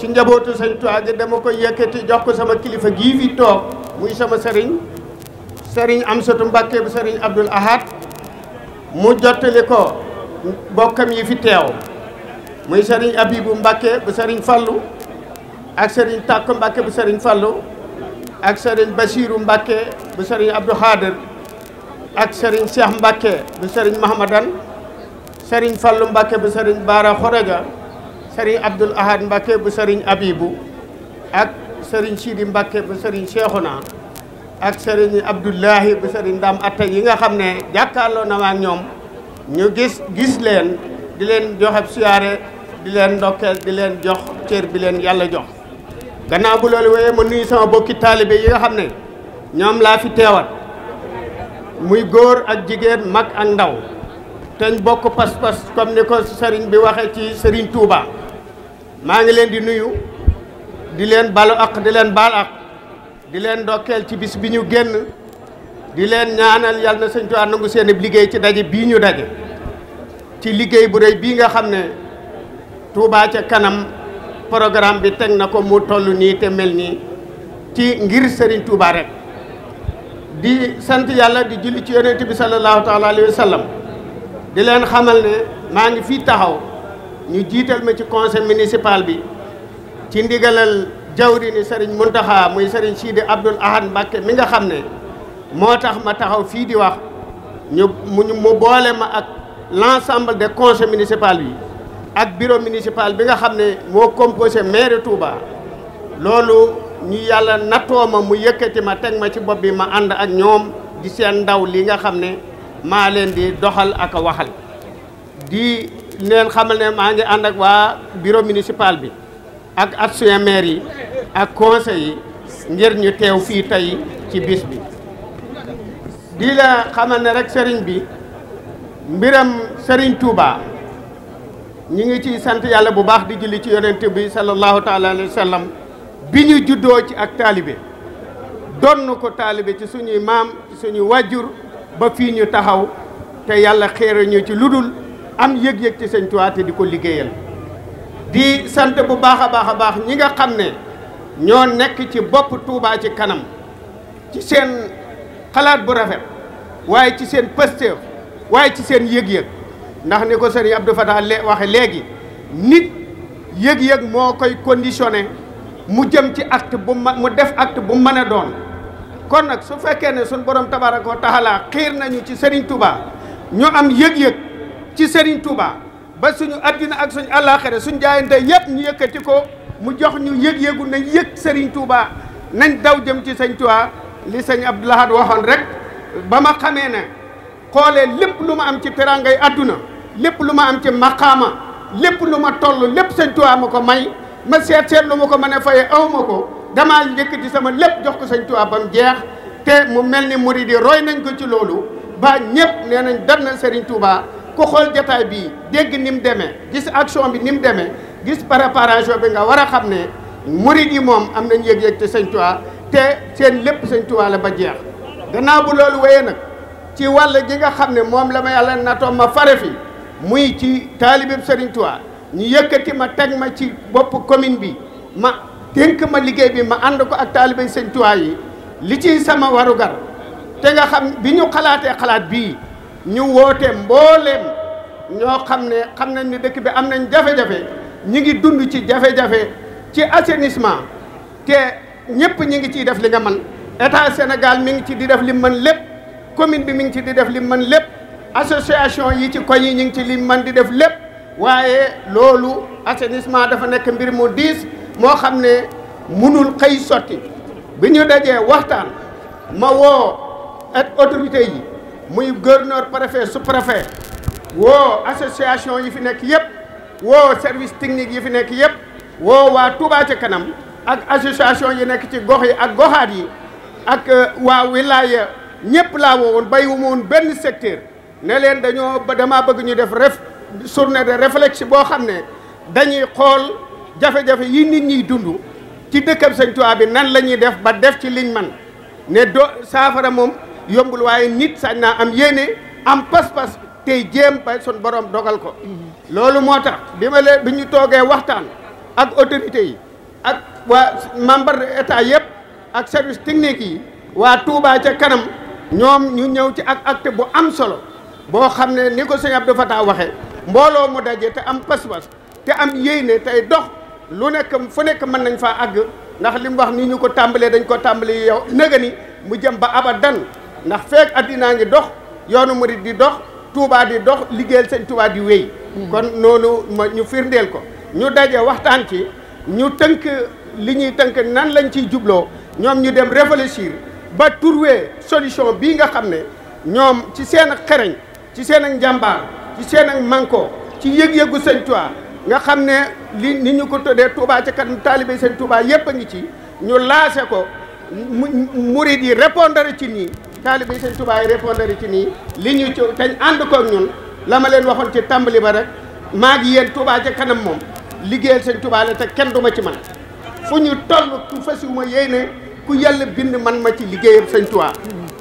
ci njabootu sëñ Tuubaa gi dama koy yëkkati jox ko sama kilifa gii fi toog muy sama sëriñ sëriñ Amsatu Mbàkke bu sëriñ Abdul Ahad mu jottali ko bokkam yi fi teew muy sëriñ Abibu Mbàkke bu sëriñ Fallu ak sëriñ Tàkk Mbàkke bu sëriñ Fallu ak sëriñ Basiiru Mbàkke bu sëriñ Abdou Xaadir ak sëriñ Cheikh Mbàkke bu sëriñ Mahamadan sëriñ Fallu Mbàkke bu sëriñ Baara Xoreja sëriñ Abdoul Ahad Mbacke bu sëriñ Abibou ak sëriñ Sidi Mbacke bu sëriñ Cheikhouna ak sëriñ Abdoulahi bu sëriñ Ndam Atta yi nga xam ne jàkkaarloo na ak ñoom ñu gis gis leen di leen joxe siyaare di leen ndokkeel di leen jox cër bi leen yàlla jox. gannaaw bu loolu wéyee ma nuyu sama bokki taalibe yi nga xam ne ñoom laa fi teewat muy góor ak jigéen mag ak ndaw. teñ bokk pas-pas comme ni ko sëriñ bi waxee ci sëriñ Touba maa ngi leen di nuyu di leen balu ak di leen baal ak di leen ndokkeel ci bis bi ñu génn di leen ñaanal yàlla na sëñ Tuubaa nangu seen liggéey ci daje bii ñu daje ci liggéey bu rëy bii nga xam ne Touba ca kanam programme bi teg na ko mu toll nii te mel nii ci ngir sëriñ Touba rek di sant yàlla di julli ci yonent bi sallallahu taala alayhi wa sallam di leen xamal ne maa ngi fii taxaw ñu jiital ma ci conseil municipal bi ci ndigalal jawri ni Serigne Mountakha muy Serigne Sidi Abdoul Ahad Mbacké mi nga xam ne moo tax ma taxaw fii di wax ñu mu boole ma ak l'ensemble de conseils municipal bi ak bureau municipal bi nga xam ne moo composé maire Touba loolu ñu yàlla nattoo ma mu yëkkati ma teg ma ci bopp bi ma ànd ak ñoom di seen ndaw lii nga xam ne maa leen di doxal ak waxal di leen xamal ne maa ngi ànd ak waa bureau municipal bi ak adjoint yi ak conseil yi ngir ñu teew fii tey ci bis bi di la xamal ne rek sëriñ bi mbiram sëriñ Touba ñu ngi ciy sant yàlla bu baax di julli ci yonent bi sallallahu taala alayhi wa bi ñu juddoo ci ak taalibe donn ko taalibe ci suñuy maam suñu wàjjur ba fii ñu taxaw te yàlla xeere ñu ci lu dul am yëg-yëg ci sëñ Tuubaa di ko liggéeyal di sant bu baax a baax a baax ñi nga xam ne ñoo nekk ci bopp Touba ci kanam ci seen xalaat bu rafet waaye ci seen pësteef waaye ci seen yëg-yëg ndax ni ko sëriñ Abdou Fatah le waxe léegi nit yëg-yëg moo koy conditionné mu jëm ci acte bu mu def acte bu mën a doon kon nag su fekkee ne suñ borom tabaraka wa taala xiir nañu ci Serigne Touba ñu am yëg-yëg ci Serigne Touba ba suñu addina ak suñu àllaaxira suñu jaayante yëpp ñu yëkkati ko mu jox ñu yëg-yëgu nañ yëg Serigne Touba nañ daw jëm ci Serigne Touba li sëñ Abdou Lahad waxoon rek ba ma xamee ne xoolee lépp lu ma am ci terangay adduna lépp lu ma am ci maqaama lépp lu ma toll lépp sëñ Touba ma ko may ma seet seet lu ma ko mën a faye aw ma ko. damaa yëkkati sama lépp jox ko sëñ Tuubaa ba mu jeex te mu mel ni murid yi roy nañ ko ci loolu ba ñëpp nee nañ dar na Serigne Touba ku xool jataay bii dégg ni mu demee gis action bi ni mu demee gis préparation bi nga war a xam ne murid yi moom am nañ yëg-yëg te sëñ Touba te seen lépp sëñ Touba ba jeex. gannaaw bu loolu wéyee nag ci wàll gi nga xam ne moom la ma yàlla natoo ma fare fi muy ci taalibeb Serigne Touba ñu yëkkati ma teg ma ci bopp commune bi ma. dénk ma liggéey bi ma ànd ko ak taalibay sëñ Tuubaa yi li ciy sama warugar te nga xam bi ñu xalaatee xalaat bii ñu wootee mbooleem ñoo xam ne xam nañ ne dëkk bi am nañ jafe-jafe ñi ngi dund ci jafe-jafe ci assainissement te ñëpp ñi ngi ciy def li nga man état Sénégal mi ngi ci di def li mën lépp commune bi mi ngi ci di def li man lépp association yi ci koñ yi ñu ngi ci li man di def lépp waaye loolu assainissement dafa nekk mbir mu diis moo xam ne munul xëy sotti bi ñu dajee waxtaan ma woo ak autorité yi muy gouverneur préfet sous préfet woo association yi fi nekk yëpp woo service technique yi fi nekk yëpp woo waa Touba ca kanam ak association yi nekk ci gox yi ak goxaat yi ak euh, waa wilaya ñëpp laa woowoon bàyyiwuma woon benn secteur ne leen dañoo ba damaa bëgg ñu def ref journée de réflexion boo xam ne dañuy xool jafe-jafe yi nit ñiy dund ci dëkkam Sëñ Tuubaa bi nan la ñuy def ba def ci liñ man ne do saafara moom yombul waaye nit sañ naa am yéene am pas-pas tey jéem ba sun borom dogal ko mm-hmm. loolu moo tax bi ma leen bi ñu toogee waxtaan ak autorités yi ak waa membre de état yëpp ak service technique yi waa Touba ca kanam ñoom ñu ñëw ci ak acte bu am solo boo xam ne ni ko sëñ Abdou Fatah waxee mbooloo mu daje te am pas-pas te am yéene tey dox lu nekk fu nekk mën nañ faa àgg ndax li mu wax nii ñu ko tàmbalee dañ ko tàmbalee yow nëga mu jëm ba dan ndax feek addinaa ngi dox yoonu murid di dox Touba di dox liggéeyal sëñ Touba di wéy hmm. kon noonu ma ñu firndeel ko ñu daje waxtaan ci ñu tënk li ñuy tënk nan lañ ciy jubloo ñoom ñu dem réfléchir ba trouver solution bii nga xam ne ñoom ci seen xereñ ci seen njàmbaar ci seen ak manko ci yëg-yëgu sëñ Touba nga xam ne li ni ñu ko tuddee Touba ca kanam taalibe seen Touba yëpp a ngi ci ñu laase ko murid yi répondre ci nii taalibe seen Touba yi répondre ci nii li ñu ci tañ ànd koog ñun la ma leen waxoon ci tàmbali ba rek maa ngi yéen Touba ca kanam moom liggéeyal seen Touba la te kenn du ma ci man fu ñu toll ku fasiwuma yéene ku yàlla bind man ma ci liggéeyam seen Touba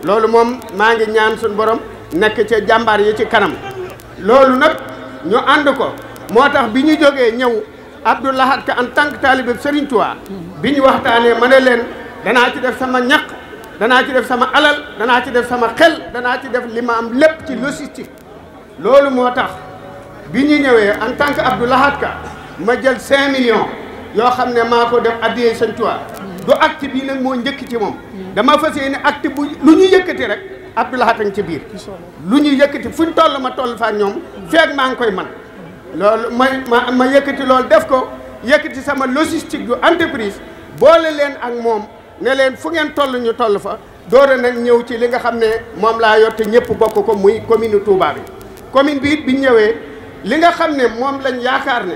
loolu moom maa ngi ñaan suñu borom nekk ca jàmbaar yi ci kanam loolu nag ñu ànd ko moo tax bi ñu jógee ñëw Abdou Lahad Ka en tant que taalibe Serigne Touba bi ñu waxtaanee ma ne leen danaa ci def sama ñaq danaa ci def sama alal danaa ci def sama xel danaa ci def li ma am lépp ci logistique loolu moo tax bi ñu ñëwee en tant que Abdou Lahad Ka ma jël 5 millions yoo xam ne maa ko def addiyee Serigne Touba du acte bii moo njëkk ci moom dama fas yéene acte bu lu ñu yëkkati rek Abdou Lahad ci biir lu ñu yëkkati fu ñu toll ma toll faa ñoom feeg maa ngi koy man loolu ma ma ma yëkkati loolu def ko yëkkati sama logistique du entreprise boole leen ak moom ne leen fu ngeen toll ñu toll fa doora nag ñëw ci li nga xam ne moom laa yor ñëpp bokk ko muy commune Touba bi. commune bi it ñëwee li nga xam ne moom lañ yaakaar ne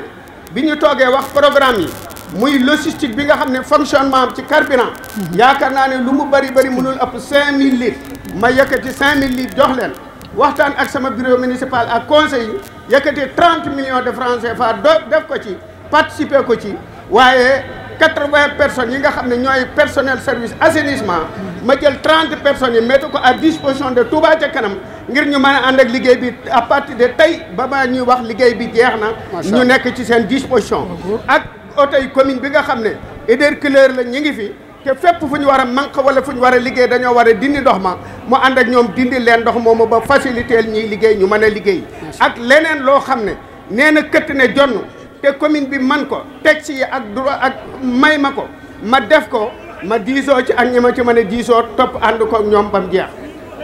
bi ñu toogee wax programme yi muy logistique bi nga xam ne fonctionnement am ci carburant. Mhm. yaakaar naa ne lu mu bari bari mënul ëpp mil litres. ma yëkkati 5000 litres jox leen. waxtaan ak sama bureau municipal ak conseil yi yëkkati 30 million de francs CFA do def ko ci participer ko ci waaye 80 personnes yi nga xam ne ñooy personnel service assainissement ma jël 30 personnes yi mettre ko à disposition de Touba ca kanam ngir ñu mën a ànd ak liggéey bi à partir de tey ba ma ñuy wax liggéey bi jeex na ñu nekk ci seen disposition ak oto yi commune bi nga xam ne éder couleur la ñu ngi fi te fépp fu ñu war a manque wala fu ñu war a liggéey dañoo war a dindi ndox ma mu ànd ak ñoom dindi leen ndox moomu ba facilité ñiy liggéey ñu mën a liggéey ak leneen loo xam ne nee na këtt ne jonn te commune bi man ko teg yi ak droit ak may ma ko ma def ko ma diisoo ci ak ñi ma ci mën a diisoo topp ànd ko ñoom bam jeex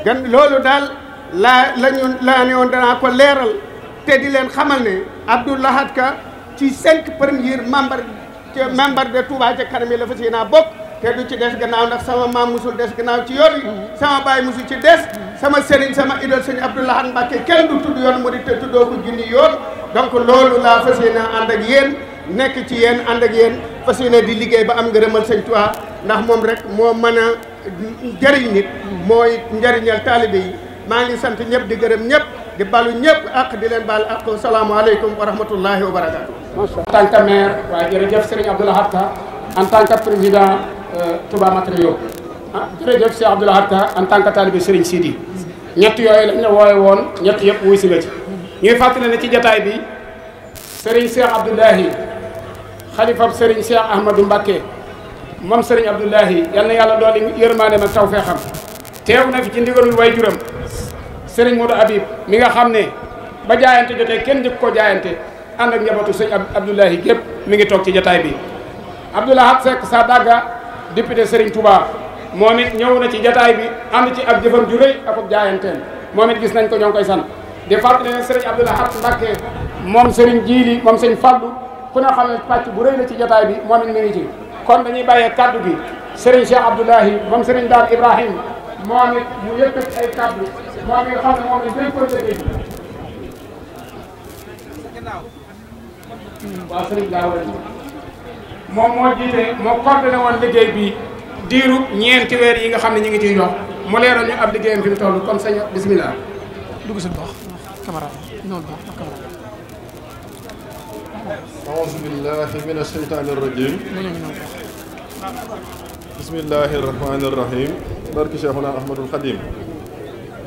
gan loolu daal laa la ñu laa ne woon danaa ko leeral te di leen xamal ne Abdou Lahad Ka ci cinq premiere membres membre de Touba ca kanam yi la fas yéenaa bokk te du ci des gannaaw ndax sama maam musul des gannaaw ci yoon yi mm-hmm. sama baay musul ci des sama sëriñ sama idol sëriñ Abdoulahat Mbacke kenn du tudd yoon mu di te tuddoo ko junni yoon donc loolu laa fas yéene ànd ak yéen nekk ci yéen ànd ak yéen fas yéene di liggéey ba am ngërëmal sëñ Tuubaa ndax moom rek moo mën a njëriñ nit mm-hmm. mooy njëriñal taalibe yi maa ngi sant ñëpp di gërëm ñëpp di balu ñëpp ak di leen baal ak salaamaaleykum wa rahmatullahi wa barakaatu en tant que maire waaye jërëjëf sëriñ Abdoulahat Ka en tant que président Touba matériaux ah jërëjëf Cheikh Abdoul Ahad en tant que talibé Serigne Sidi ñett yooyu lañ la wooye woon ñett yëpp wuy si nga ci ñuy fàttali ne ci jataay bi Serigne Cheikh Abdoulahi xalifab Serigne Cheikh Ahmadou Mbacké moom sëriñ Abdoulahi yal na yàlla dooli yërmaaneem ak tawfeexam teew na fi ci ndigalul waajuram Serigne Modou Habib mi nga xam ne ba jaayante jotee kenn njëkk koo jaayante ànd ak njabootu sëñ Abdoulahi gépp mi ngi toog ci jataay bi Abdoul Ahad Seck Sadaga député Serigne Touba moom it ñëw na ci jataay bi ànd ci ak jëfam ju rëy ak gis nañ ko ñoo ngi koy sant di fàttali ne Serigne Abdoulaye Xat Mbàkke moom Serigne Jiili moom Serigne Fallou ku ne xam ne pàcc bu la ci jataay bi moom it mi ngi ci kon dañuy bàyyee kaddu gi Serigne Cheikh Abdoulahi moom Serigne Daam Ibrahim moom it mu yëkkati ay kaddu moom it xam ne moom it dañ moom moo jiite moo coordonné woon liggéey bi diiru ñeenti weer yi nga xam ne ñu ngi ciy dox mu leeral ñu ab liggéeyam fi mu toll comme sañ bismillah dugg suñu baax camarade noonu baax ak camarade أعوذ بالله من الشيطان الرجيم بسم الله الرحمن الرحيم بارك شيخنا أحمد الخديم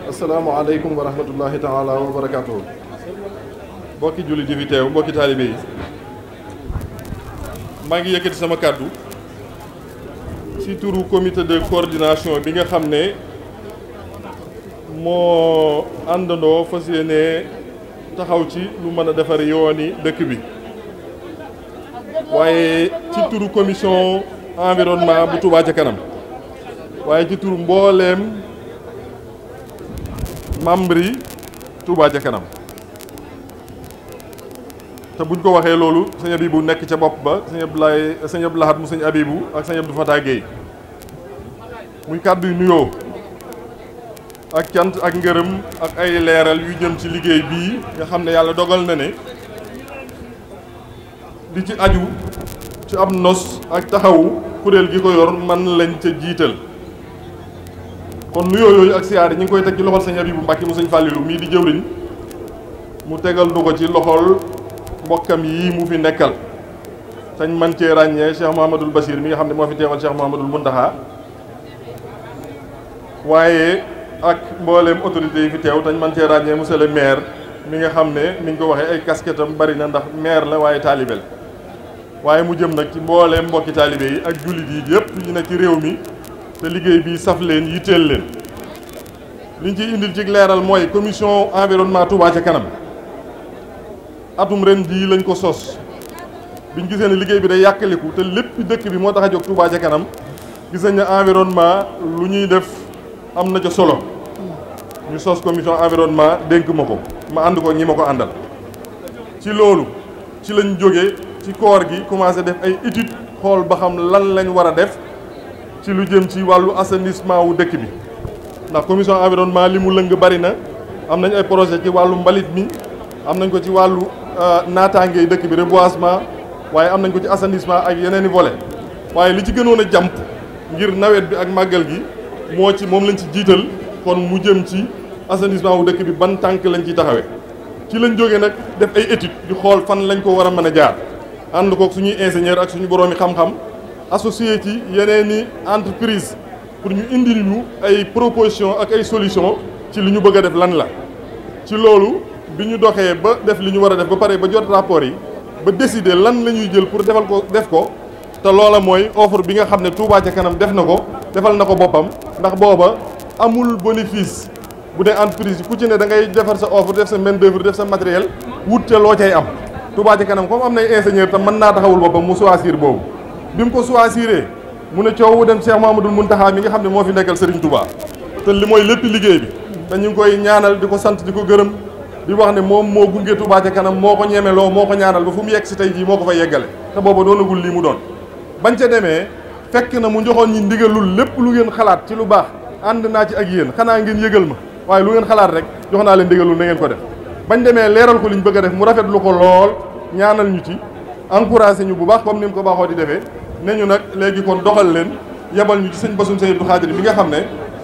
السلام عليكم ورحمة الله تعالى وبركاته بوكي جولي دي في تيو بوكي تالي maa ngi yëkkati sama kàddu ci turu comité de coordination bi nga xam ne moo àndandoo fas yéene taxaw ci lu mën a defar yooni dëkk bi waaye ci turu commission environnement bu Touba ca kanam waaye ci turu mbooleem membre yi Touba ca kanam te buñ ko waxee loolu sëñ Abibu nekk ca bopp ba sëñ Abdoulaye sëñ Abdou Lahad mu sëñ Abibu ak sëñ Abdou Fatah Guèye muy kàddu nuyoo ak cant ak ngërëm ak ay leeral yu jëm ci liggéey bii nga xam ne yàlla dogal na ne di ci aju ci ab nos ak taxawu kuréel gi ko yor man lañ ca jiital kon nuyoo yooyu ak siyaare ñi ngi koy teg ci loxol sëñ Abibu Mbàkke mu sëñ Fàllilu mii di jëwriñ mu tegal nu ko ci loxol mbokkam yii mu fi nekkal tañ man cee ràññee Cheikh Mouhamadul Bachir mi nga xam ne moo fi teewal Cheikh Mouhamadul Mountakha waaye ak mbooleem autorité yi fi teew tañ man cee ràññee monsieur le maire mi nga xam ne ni ñu ko waxee ay casquette am bari na ndax maire la waaye taalibe waaye mu jëm nag ci mbooleem mbokki taalibe yi ak jullit yi yëpp ñu ne ci réew mi te liggéey bi saf leen yitteel leen liñ ciy indil ci leeral mooy commission environnement Touba ca kanam atum ren jii lañ ko sos biñ gisee ne liggéey bi day yàqaliku te lépp dëkk bi moo tax a jóg Touba ca kanam gis nañ ne environnement lu ñuy def am na ca solo ñu sos commission environnement dénk ma ko ma ànd ko ñi ma ko àndal. ci loolu ci lañ jóge ci koor gi commencé def ay études xool ba xam lan lañ war a def ci lu jëm ci wàllu assainissement wu dëkk bi ndax commission environnement li mu lëng bari na am nañu ay projet ci wàllu mbalit mi am nañ ko ci wàllu. Euh, naataange dëkk bi reboisement waaye am nañ ko ci assainissement ak yeneen i volet waaye li ci gënoon a jàmp ngir nawet bi ak màggal gi moo ci moom lañ ci jiital kon mu jëm ci assainissement wu dëkk bi ban tànk lañ ciy taxawee ci lañ jógee nag def ay étude di xool fan lañ ko war a mën a jaar ànd ko kook suñuy ingénieur ak suñu boroomi xam-xam associé ci yeneen i entreprise pour ñu indi indil ñu ay proposition ak ay solution ci li ñu bëgg a def lan la ci loolu bi ñu doxee ba def li ñu war a def ba pare ba jot rapport yi ba décider lan la ñuy jël pour defal ko def ko te loola mooy offre bi nga xam ne Touba ca kanam def na ko defal na ko boppam ndax booba amul bénéfice bu dee entreprise yi ku ci ne da ngay defar sa offre def sa main d'œuvre def sa matériel wut ca loo cay am Touba ca kanam comme am nay ingénieur tam mën naa taxawul boppam mu choisir boobu bi mu ko choisiree mu ne coowu dem Cheikh Mamadou Mountakha mi nga xam ne fi nekkal Serigne Touba te li mooy lépp liggéey bi ñu ngi koy ñaanal di ko sant di ko gërëm di wax ne moom moo gunge Touba ca kanam moo ko ñemeloo moo ko ñaanal ba fu mu yegg si tey jii moo ko fa yeggale te booba doonagul lii mu doon bañ ca demee fekk na mu njoxoon ñi ndigalul lépp lu ngeen xalaat ci lu baax ànd naa ci ak yéen xanaa ngeen yëgal ma waaye lu ngeen xalaat rek jox naa leen ndigalul na ngeen ko def bañ demee leeral ko liñ bëgg a def mu rafet lu ko lool ñaanal ñu ci encouragé ñu bu baax comme ni mu ko baaxoo di defee ne ñu nag léegi kon doxal leen yebal ñu ci sëñ basum Seydu Xaadir bi nga xam ne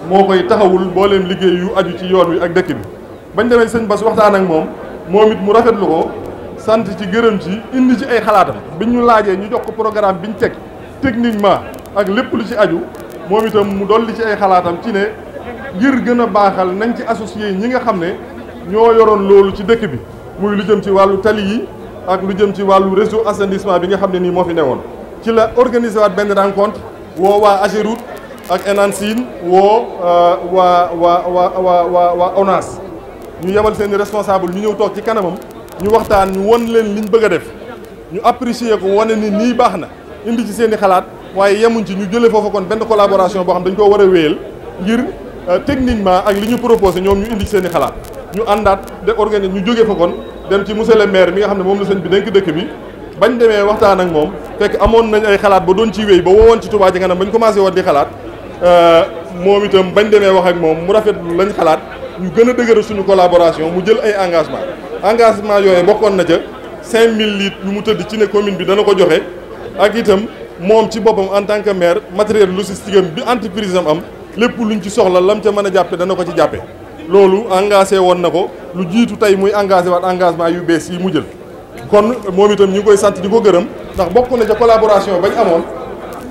moo koy taxawul boo leen liggéey yu ci yoon wi ak dëkk bi bañ demee sëñ Bass waxtaan ak moom moom it mu rafet rafetlu ko sant ci gërëm ci indi ci ay xalaatam bi ñu laajee ñu jox ko programme bi ñu teg techniquement ak lépp lu ci aju moom itam mu dolli ci ay xalaatam ci ne ngir gën a baaxal nañ ci associé ñi nga xam ne ñoo yoroon loolu ci dëkk bi muy lu jëm ci wàllu tali yi ak lu jëm ci wàllu réseau assainissement bi nga xam ne nii moo fi newoon ci la organiser waat benn rencontre woo waa Ageroute ak Enancine woo euh, waa waa waa waa waa ONAS ñu yebal seen i responsable ñu ñëw toog ci kanamam ñu waxtaan ñu won leen liñ bëgg a def ñu apprécier ko wane ni nii baax na indi ci seen i xalaat waaye yemuñ ci ñu jëlee foofu kon benn collaboration boo xam dañ koo war a wéyal ngir euh, techniquement ak li ñu proposé ñoom ñu indi ci seen i xalaat ñu àndaat de organiser ñu jógee fa kon dem ci monsieur le maire mi nga xam ne moom la sëñ bi dénk dëkk bi bañ demee waxtaan ak moom fekk amoon nañ ay xalaat ba doon ci wéy ba woowoon ci Touba ji kanam bañ commencé woon di xalaat euh, moom itam bañ demee wax ak moom mu rafet lañ xalaat ñu gën a dëgëral suñu collaboration mu jël ay engagement engagement yooyu bokkoon na ca cinq mille litres yu mu tëdd ci ne commune bi dana ko joxe ak itam moom ci boppam en tant que maire matériel logistique am bi entreprise am am lépp luñ ci soxla lam ca mën a jàppe dana ko ci jàppe loolu engagé woon na ko lu jiitu tey muy engagé waat engagement yu bees yi mu jël kon moom itam ñu koy sant di ko gërëm ndax bokk na ca collaboration bañ amoon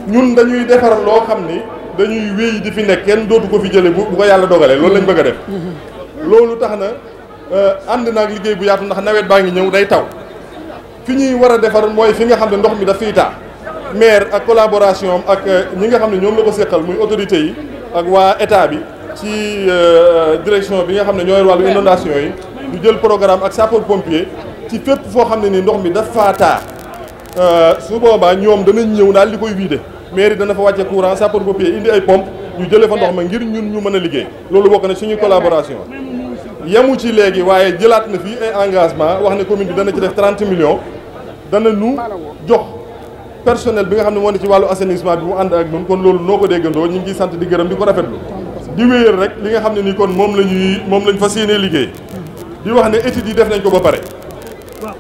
ñun dañuy defar loo xam ni dañuy wéy di fi nekk kenn dootu ko fi jëlee bu bu ko yàlla dogalee loolu lañ bëgg a def. loolu tax na euh, ànd naag liggéey bu yaatu ndax nawet baa ngi ñëw day taw fi ñuy war a defar mooy fi nga xam ne ndox mi daf fiy taa ak collaboration ak euh, ñi nga xam ne ñoom la ko seqal muy autorités yi ak waa état bi ci euh, direction bi nga xam ne ñooy wàllu inondation yi ñu jël programme ak sapeur pompier ci fépp foo xam ne ni ndox mi daf faa taa su boobaa ñoom danañ ñëw daal li koy vider. mairie dana fa wàcce courant sapeur pompier indi ay pompe ñu jëlee fa ndox ma ngir ñun ñu mën a liggéey loolu bokk na suñu collaboration yemu ci léegi waaye jëlaat na fii ay engagement wax ne commune bi dana ci def 30 millions dana nu jox personnel bi nga xam ne moo ne ci wàllu assainissement bi mu ànd ak ñun kon loolu noo ko déggandoo ñu ngi sant di gërëm di ko rafetlu di wéyal rek li nga xam ne ni kon moom la ñuy moom lañ fas yéenee liggéey di wax ne études yi def nañ ko ba pare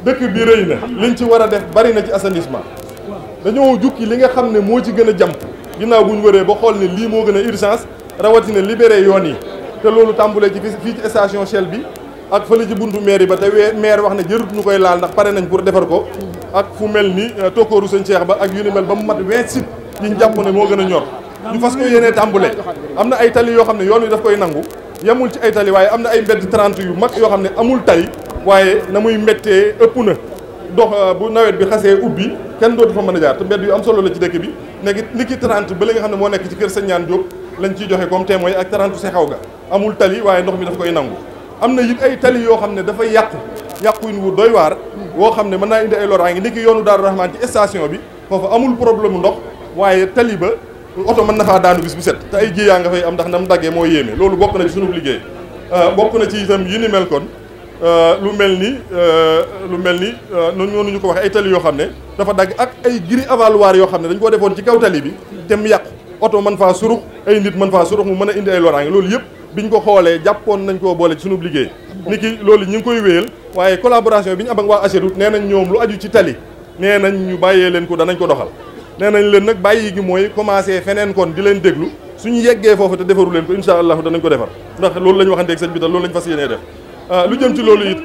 dëkk bi rëy na liñ ci war a def bari na ci assainissement dañoo jukki li nga xam ne moo ci gën a jàmp ginnaaw bu ñu wëree ba xool ne lii moo gën a urgence rawatina libéré yoon yi te loolu tàmbule ci fii ci station Shell bi ak fële ci buntu maire yi ba te maire wax ne jërut ñu koy laal ndax pare nañ pour defar ko ak fu mel ni euh, tokkooru sëñ Cheikh ba ak yu ni mel ba mu mat vingt sites yi ñu jàpp ne moo gën a ñor ñu fas ko yéenee tàmbule am na ay tali yoo xam ne yoon wi daf koy nangu yemul ci ay tali waaye am na ay mbedd 30 yu mag yoo xam ne amul tali waaye na muy méttee ëpp na dox euh, bu nawet bi xasee ubbi kenn dootu fa mën a jaar te mbedd yu am solo la ci dëkk bi nekk ni ki 30 ba li nga xam ne moo nekk ci kër Sëñ Ñaan Jóob lañ ciy joxe comme témoin ak 30 se xaw ga amul tali waaye ndox mi daf koy nangu am na it ay tali yoo xam ne dafay yàqu yàquin wu doy waar woo xam ne mën naa indi ay loraange ni ki yoonu Daaru Rahmaan ci station bi foofu amul problème ndox waaye tali ba oto mën na faa daanu bis bu set te ay jiyaa nga fay am ndax nam daggee moo yéeme loolu bokk na ci sunu liggéey euh, na ci itam yu ni mel Euh, lu mel ni euh, lu mel ni euh, noonu ñu ko waxee ay tali yoo xam ne dafa dagg ak ay giri avaloir yoo xam ne dañ koo defoon ci kaw tali bi te mu yàqu oto man faa surux ay nit man faa surux mu mën a indi ay loraange loolu yëpp biñ ko xoolee jàppoon nañ koo boole ci sunub liggéey ni ki loolu ñu ngi koy wéyal waaye collaboration bi ñu am ak waa AGEROUTE nee nañ ñoom lu aju ci tali nee nañ ñu bàyyee leen ko danañ ko doxal nee nañ leen nag bàyyi gi mooy commencé feneen kon leen déglu suñu ñu waxanteeg sëñ bi te loolu la ñu fas yéenee Euh, lu jëm ci loolu it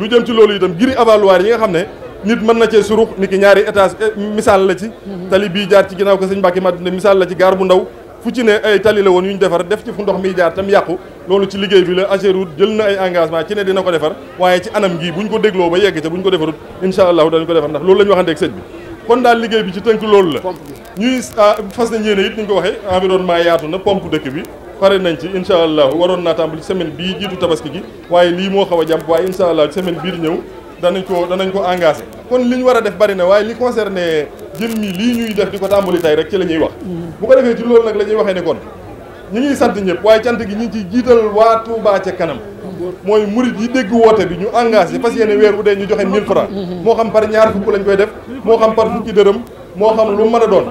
lu jëm ci loolu itam giri avaloir yi nga xam ne nit mën na cee surux ni ki ñaari étage eh, misaal la ci mhm. tali bii jaar ci ginnaaw ko sëñ Mbàkke Madina misaal la ci gaar bu ndaw fu ci ne ay tali la woon yu ñu defar def ci fu ndox mi jaar tam yàqu loolu ci liggéey bi la Ageroute jël na ay engagement ci ne dina ko defar waaye ci anam gii buñ ko dégloo ba yegg ca buñ ko defarut incha allahu dañ ko defar ndax loolu la ñu waxante ak sëñ bi kon daal liggéey bi ci tënk loolu la ñuy ah, fas nañ ko waxee environnement yaatu na pompe dëkk bi pare nañ ci incha allah waroon naa tàmbali semaine bii jiitu tabaski gi waaye lii moo xaw a jàmp waaye incha allah semaine bii di ñëw danañ ko danañ ko engagé. kon li war a def bari na waaye li concerné jëmmi lii ñuy def di ko tàmbali tey rek ci la ñuy wax. bu ko defee ci loolu nag la ñuy waxee ne kon ñi ngi sant ñëpp waaye cant gi ñi ngi ciy jiital waa Touba ca kanam. mooy murit yi dégg woote bi ñu engagé fas yéene weer wu dee ñu joxe 1000 francs moo xam par ñaar fukk lañ koy def moo xam par fukki dërëm moo xam lu mën doon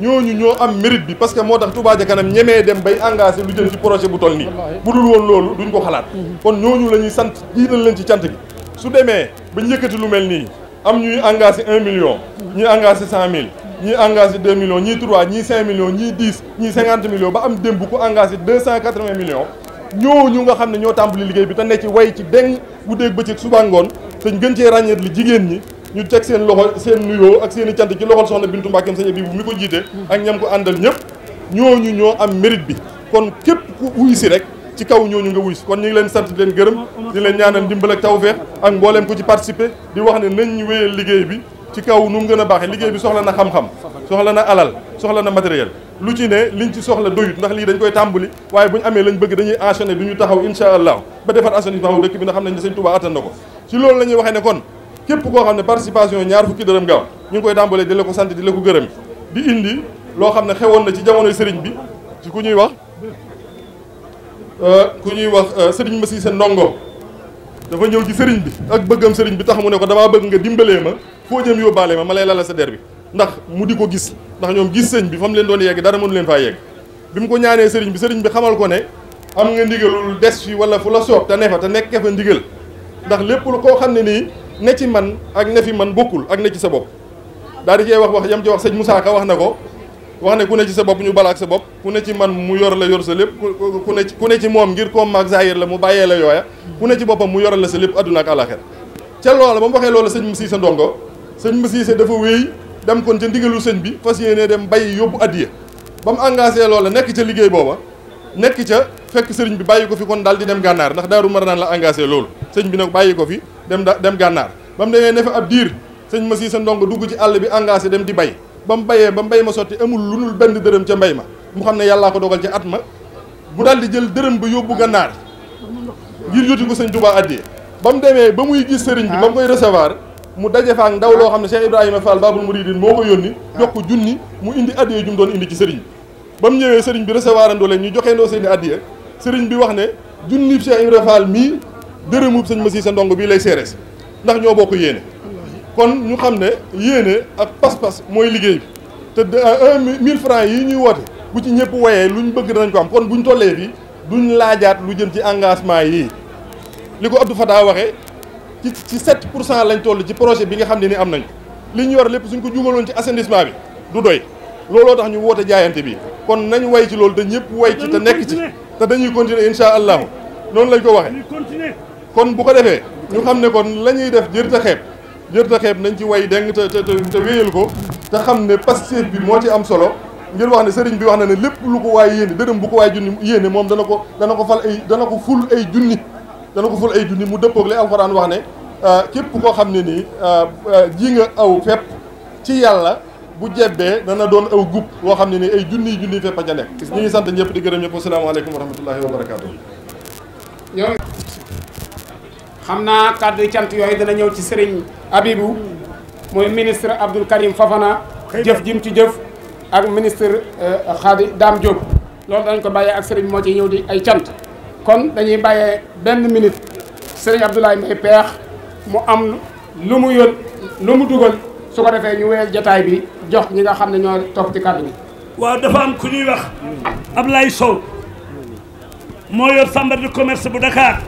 ñoo ñu ñoo am mérite bi parce que moo tax Touba ca kanam ñemee dem bay engagé lu jëm ci projet bu toll nii bu dul woon loolu duñ ko xalaat mm-hmm. kon ñooñu la ñuy sant jiital leen ci cant gi su demee bañ yëkkati lu mel nii am ñuy engagé un million mm-hmm. ñuy engagé cent mille ñii engagé deux millions ñii trois ñii cinq millions ñii dix ñii cinquante millions ba am démb ku engagé deux cent quatre-vingts millions ñu nga xam ne ñoo tàmbali liggéey bi te ne ci way ci deng bu ngoon te gën cee ràññeet li ñi ñu teg seen loxo seen nuyoo ak seen i cant ci loxol soxna Bintu Mbàkke sëñ bi bu mi ko jiite ak ñam ko àndal ñëpp ñooñu ñoo am mérite bi kon képp ku wuy rek ci kaw ñooñu nga wuy kon ñu leen sant leen gërëm di leen ñaanal ndimbal ak tawfeex ak mbooleem ku ci participer di wax ne nañ wéyal liggéey bi ci kaw nu mu gën a baaxee liggéey bi soxla na xam-xam soxla na alal soxla na matériel lu ci ne liñ ci soxla doyut ndax lii dañ koy tàmbali waaye buñ amee lañ bëgg dañuy enchaîner du ñu taxaw incha allah ba defar assainissement dëkk bi xam ne Sëñ Tuubaa attan na ko ci la ñuy waxee ne kon képp koo xam ne participation ñaar fukki dërëm nga am ñu ngi koy dàmbalee di la ko sant di la ko gërëm di indi loo xam ne xewoon na ci jamonoy sëriñ bi ci ku ñuy wax euh, ku ñuy wax sëriñ ma si seen ndongo dafa ñëw ci sëriñ bi ak bëggam sëriñ bi tax mu ne ko dama bëgg nga dimbalee ma foo jëm yóbbaale ma ma lay lala sa der bi ndax mu di ko gis ndax ñoom gis sëñ bi fa mu leen doon yegg dara mënu leen faa yegg bi mu ko ñaanee sëriñ bi sëriñ bi xamal ko ne am nga ndigalul des fi wala fu la soob te ne fa te nekk fa ndigal ndax lépp lu ne ci man ak ne fi man bokkul ak ne ci sa bopp daal di cee wax wax yam ci wax sëñ Moussa Ka wax na ko wax ne ku ne ci sa bopp ñu balaak sa bopp ku ne ci man mu yor la yor sa lépp ku ne ci ku ne moom ngir koom maag zahir mu bàyyee la yooya ku ne ci mu yoral la sa lépp adduna ak àlaxir ca loola ba mu waxee loola sëñ Moussa Ndongo sëñ dafa wéy dem kon ca ndigalu sëñ bi fas yéene dem bay yóbbu addiya ba mu engagé loola nekk ca liggéey booba nekk ca fekk sëriñ bi bàyyi ko fi kon daal di dem gànnaar ndax daaru mar naan la engagé loolu sëñ bi nag ko fi dem da dem gànnaar ba mu demee ne fa ab diir sëñ ma si sa ndongo dugg ci àll bi engagé dem di bay ba mu bayee ba mbay ma sotti amul lu dul benn dërëm ca mbay ma mu xam ne yàllaa ko dogal ci at ma bu daal di jël dërëm ba yóbbu gànnaar ngir yóti ko sëñ Tuubaa addee ba mu demee ba muy gis sëriñ bi ba mu koy recevoir mu daje fa ak ndaw loo xam ne Cheikh Ibrahima Fall Babul Mouridine moo ko yónni jox ko junni mu indi addiyee ju doon indi ci sëriñ bi mu ñëwee sëriñ bi recevoir andoo leen ñu joxeendoo seeni addiye sëriñ bi wax ne junni Cheikh Ibrahima dërëmub sëñ Massi sa ndong bii lay seerees ndax ñoo bokk yéene kon ñu xam ne yéene ak pas-pas mooy liggéey bi te euh, un mille francs yi ñuy woote bu ci ñëpp woyee lu ñu bëgg danañ ko am kon buñ tollee bi du duñ laajaat lu jëm ci engagement yi li ko Abdou Fatah waxee ci ci 7 pour cent lañ toll ci projet bi nga xam ne ni am nañ li ñu war lépp suñ ko jugaloon ci assainissement bi du doy looloo tax ñu woote jaayante bi kon nañu way ci loolu te ñëpp way nekk ci dañuy continuer incha allahu noonu lañ ko waxee kon bu ko defee ñu xam ne kon la ñuy def jër ta xeeb jër ta nañ ci way deng te te te wéyal ko te xam ne Pastef bi moo ci am solo ngir wax ne sëriñ bi wax na ne lépp lu ko waay yéene dërëm bu ko waay junni yéene moom dana ko dana ko fal ay dana ko ful ay junni dana ko ful ay junni mu dëppoog li alxuraan wax ne euh, képp koo xam ne nii euh, euh, ji nga aw fépp ci yàlla bu jebbee dana doon aw gub woo xam ne nii ay junniy junniy fépp a ca nekk ñu ngi sant ñëpp di gërëm ñëpp asalaamaaleykum wa rahmatullahi wa barakaatu xam naa kàddu cant yooyu dina ñëw ci sëriñ Abibou muy ministre Abdoul Karim Fafana jëf jim ci jëf ak ministre euh, Khady Dame Diop loolu dañ ko bàyyee ak sëriñ moo ci ñëw di ay cant kon dañuy bàyyee benn minute sëriñ Abdoulaye Mbaye Peex mu am lu mu yót lu mu dugal su ko defee ñu wéyal jataay bi jox ñi nga xam ne ñoo topp ci kàddu bi waaw dafa am ku ñuy wax Ablaye Sow moo yor chambre commerce bu Dakar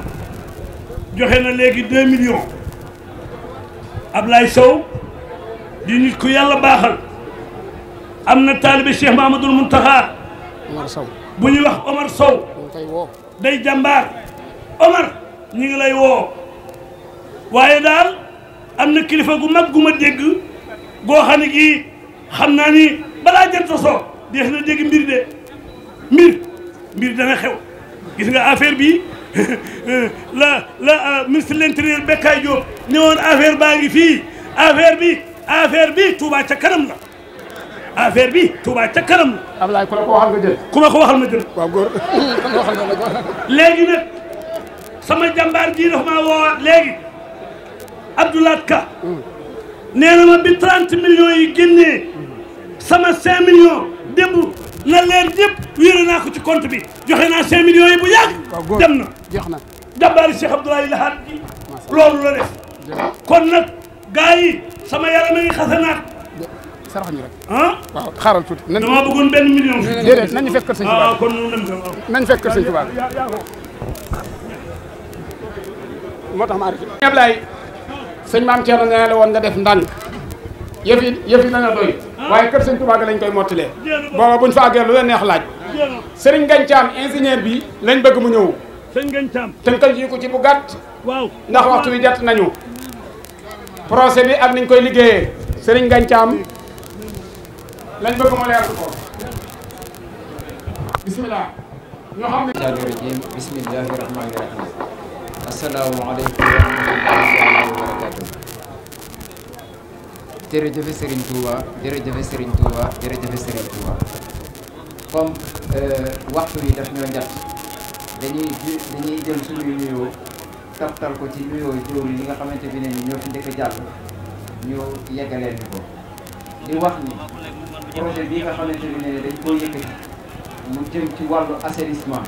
joxe na léegi deux millions Ablaye Sow di nit ku yàlla baaxal am na taalibe Cheikh Mahamadul Muntaxa Omar Sow bu ñuy wax Omar Sow day jàmbaar Omar ñi ngi lay woo waaye daal am na kilifa gu mag guma ma dégg goo xam ne gii xam naa ni balaa jant soo dees na dégg mbir de mbir mbir dana xew gis nga affaire bi la la euh, ministre de l'intérieur Bekkaay Diop ne woon affaire baa ngi fii affaire bi affaire bi Touba ca kanam la affaire bi Touba ca kanam la. Ablaye ku la ko waxal nga jël. ku ma ko waxal ma jël. waaw góor léegi nag sama jàmbaar ji dafa maa woowaat léegi Abdoulaye Ka. nee na ma bi 30 millions yi génnee sama 5 millions démb na leer yëpp wéere naa ko ci compte bi joxe naa 5 millions yi bu yàgg. dem na. jeex na jàmbaari Cheikh Abdoulaye Lahad ji loolu la def kon nag gaa yi sama yaram a ngi xasanaat sarax ñu rek ah waaw xaaral tuuti dama bëggoon benn nañu fekk kër sëñ Tuubaa ah, ah, kon nañu fekk kër sëñ Tuubaa moo tax ma arrêté Ablaye sëñ maam Thierno nee la woon nga def ndànk yëf yi yëf yi dana doy ah. waaye kër sëñ Tuubaa ga lañ koy mottalee booba buñ fa àggee lu la neex laaj Serigne Gancaam ingénieur bi lañ bëgg mu ñëw sëñ Ngagne Thiam tënkal ko ci bu gàtt waaw ndax waxtu wi jot nañu procès bi ak niñ koy liggéeyee sëriñ Ngagne Thiam lañ bëgg mu leer ko bismillah ñoo xam ne rajim bismillahi rahmani rahim asalaamaaleykum wa rahmatullahi wa barakatuh jërëjëfe sëriñ Touba euh, waxtu wi daf dañuy dañuy jël suñuy nuyoo taptal ko ci nuyoo jóor yi nga xamante bi ne ni ñoo fi njëkk a jàll ñu yeggaleen ñu ko di wax ni projet bii nga xamante bi ne ni dañ koo jëm ci wàllu assainissement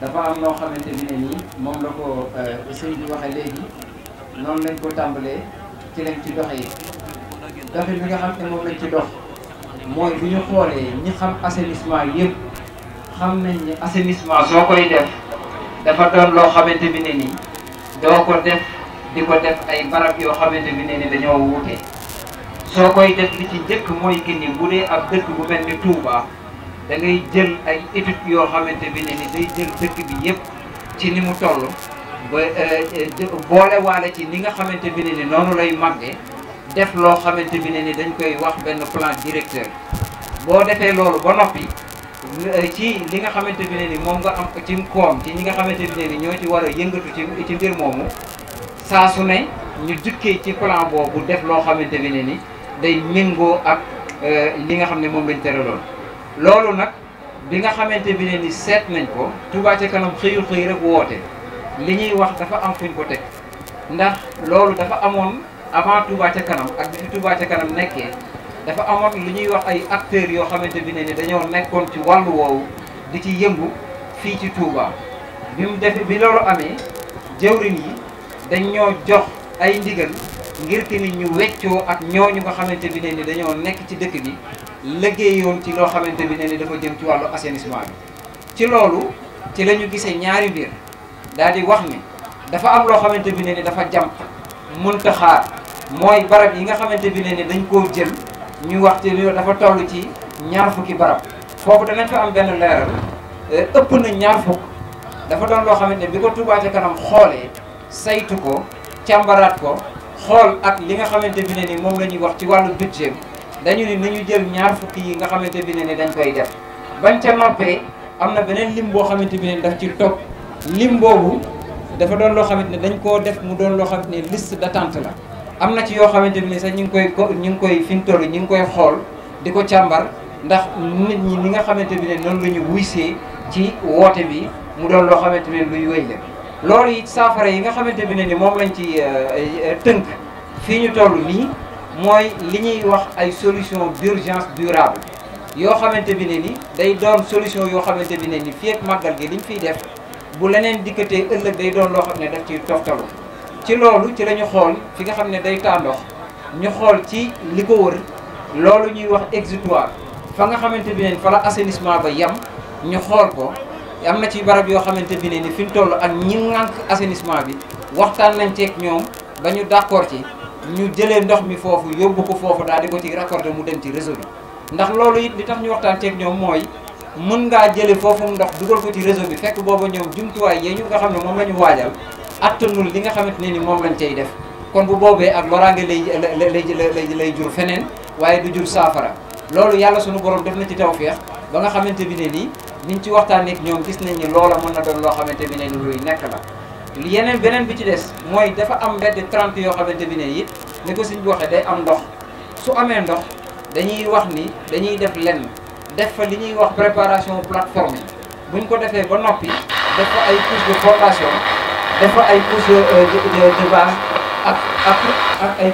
dafa am noo xamante bi ne ni moom la ko euh, sëñ bi waxee léegi noonu lañ ko tàmbalee ci lañ ci doxee doxin bi nga xam ne moom lañ ci dox mooy bu ñu xoolee ñi xam assainissement yëpp xam nañ ne assainissement soo koy def dafa doon loo xamante bi ne ni doo ko def di ko def ay barab yoo xamante bi ne ni dañoo wuute soo koy def li ci njëkk mooy que ni bu dee ab dëkk bu mel ni Touba da ngay jël ay études yoo xamante bi ne ni day jël dëkk bi yëpp ci ni mu toll ba euh, boole waale ci ni nga xamante bi ne ni noonu lay màggee def loo xamante bi ne ni dañ koy wax benn plan directeur boo defee loolu ba noppi ci li nga xamante ne ni moom nga am ci koom ci ñi nga xamante ne ni ñoo ci war a yëngatu ci ci mbir moomu saa su ne ñu jukkee ci plan boobu def loo xamante ne ni day méngoo ak euh, li nga xam ne moom lañ tëraloon loolu nag bi nga xamante ne ni seet nañ ko Touba ca kanam xëyul xëy rek woote li ñuy wax dafa am fuñ ko teg ndax loolu dafa amoon avant Touba ca kanam ak bi fi Touba ca kanam nekkee dafa amoon lu ñuy wax ay acteurs yoo xamante bi ne ni dañoo nekkoon ci wàllu woowu di ci yëngu fii ci Touba bi mu def bi loolu amee jëwrin yi dañ ñoo jox ay ndigal ngir ki ni ñu weccoo ak ñu nga xamante bi ne ni dañoo nekk ci dëkk bi liggéeyoon ci loo xamante ni dafa jëm ci wàllu assainissement bi ci loolu ci la ñu gisee ñaari biir daal di wax ni dafa am loo xamante bi ne ni dafa jàmp mënta xaar mooy barab yi nga xamante bi ne ni dañ koo jël ñuy wax ci dafa toll ci ñaar fukki barab foofu danañ fa am benn leeral ëpp na ñaar fukk dafa doon loo xamante ne bi ko Touba kanam xoolee saytu ko càmbaraat ko xool ak li nga xamante bi ne ni moom la ñuy wax ci wàllu budget dañu ni nañu jël ñaar fukki yi nga xamante bi ne ni dañ koy def bañ ca noppee am na beneen lim boo xamante bi ne daf ci topp lim boobu dafa doon loo xamante ne dañ koo def mu doon loo xamante ne liste d'attente la am na ci yoo xamante ni sax ñu ngi koy ko ñu ngi koy fi mu toll ñu ngi koy xool di ko càmbar ndax nit ñi li nga xamante bi ne noonu la ñu wuysee ci woote bi mu doon loo xamante ne luy wéy la loolu it saafara yi nga xamante bi ne ni moom lañ ci euh, euh, tënk fii ñu toll nii mooy li ñuy wax ay solution d'urgence durable yoo xamante bi ne ni day doon solution yoo xamante bi ne ni fii ak màggal gi liñ fiy def bu leneen dikkatee ëllëg day doon loo xam ne daf ci toftalu ci loolu ci la xool fi nga xam ne day taa ñu xool ci li ko wër loolu ñuy wax exutoire fa nga xamante bi ne fa la assainissement ba yem ñu xool ko am na ci barab yoo xamante bi ne ni fi ñu toll ak ñi ŋànk assainissement bi waxtaan nañ ceeg ñoom ba ñu d'accord ci ñu jëlee ndox mi foofu yóbbu ko foofu daal di ko ci raccordé mu dem ci réseau bi ndax loolu it li tax ñu waxtaan ceeg ñoom mooy mën ngaa jëlee foofu ndox dugal ko ci réseau bi fekk booba ñoom jumtuwaay yee ñu nga xam ne la ñu waajal attanul li nga xamante ne ni moom lañ cay def kon bu boobee ak loraange lay lay lay jur feneen waaye du jur saafara loolu yàlla sunu borom def na ci tawféex ba nga xamante bi ne nii niñ ci waxtaanee ak ñoom gis nañ ni loola mën na doon loo xamante bi ne ni luy nekk la yeneen beneen bi ci des mooy dafa am mbedd 30 yoo xamante bi ne it ni ko suñ bi waxee day am ndox su amee ndox dañuy wax ni dañuy def lenn def fa li ñuy wax préparation plateforme buñ ko defee ba noppi def dafa ay couches euh, de de base ak ak ak ay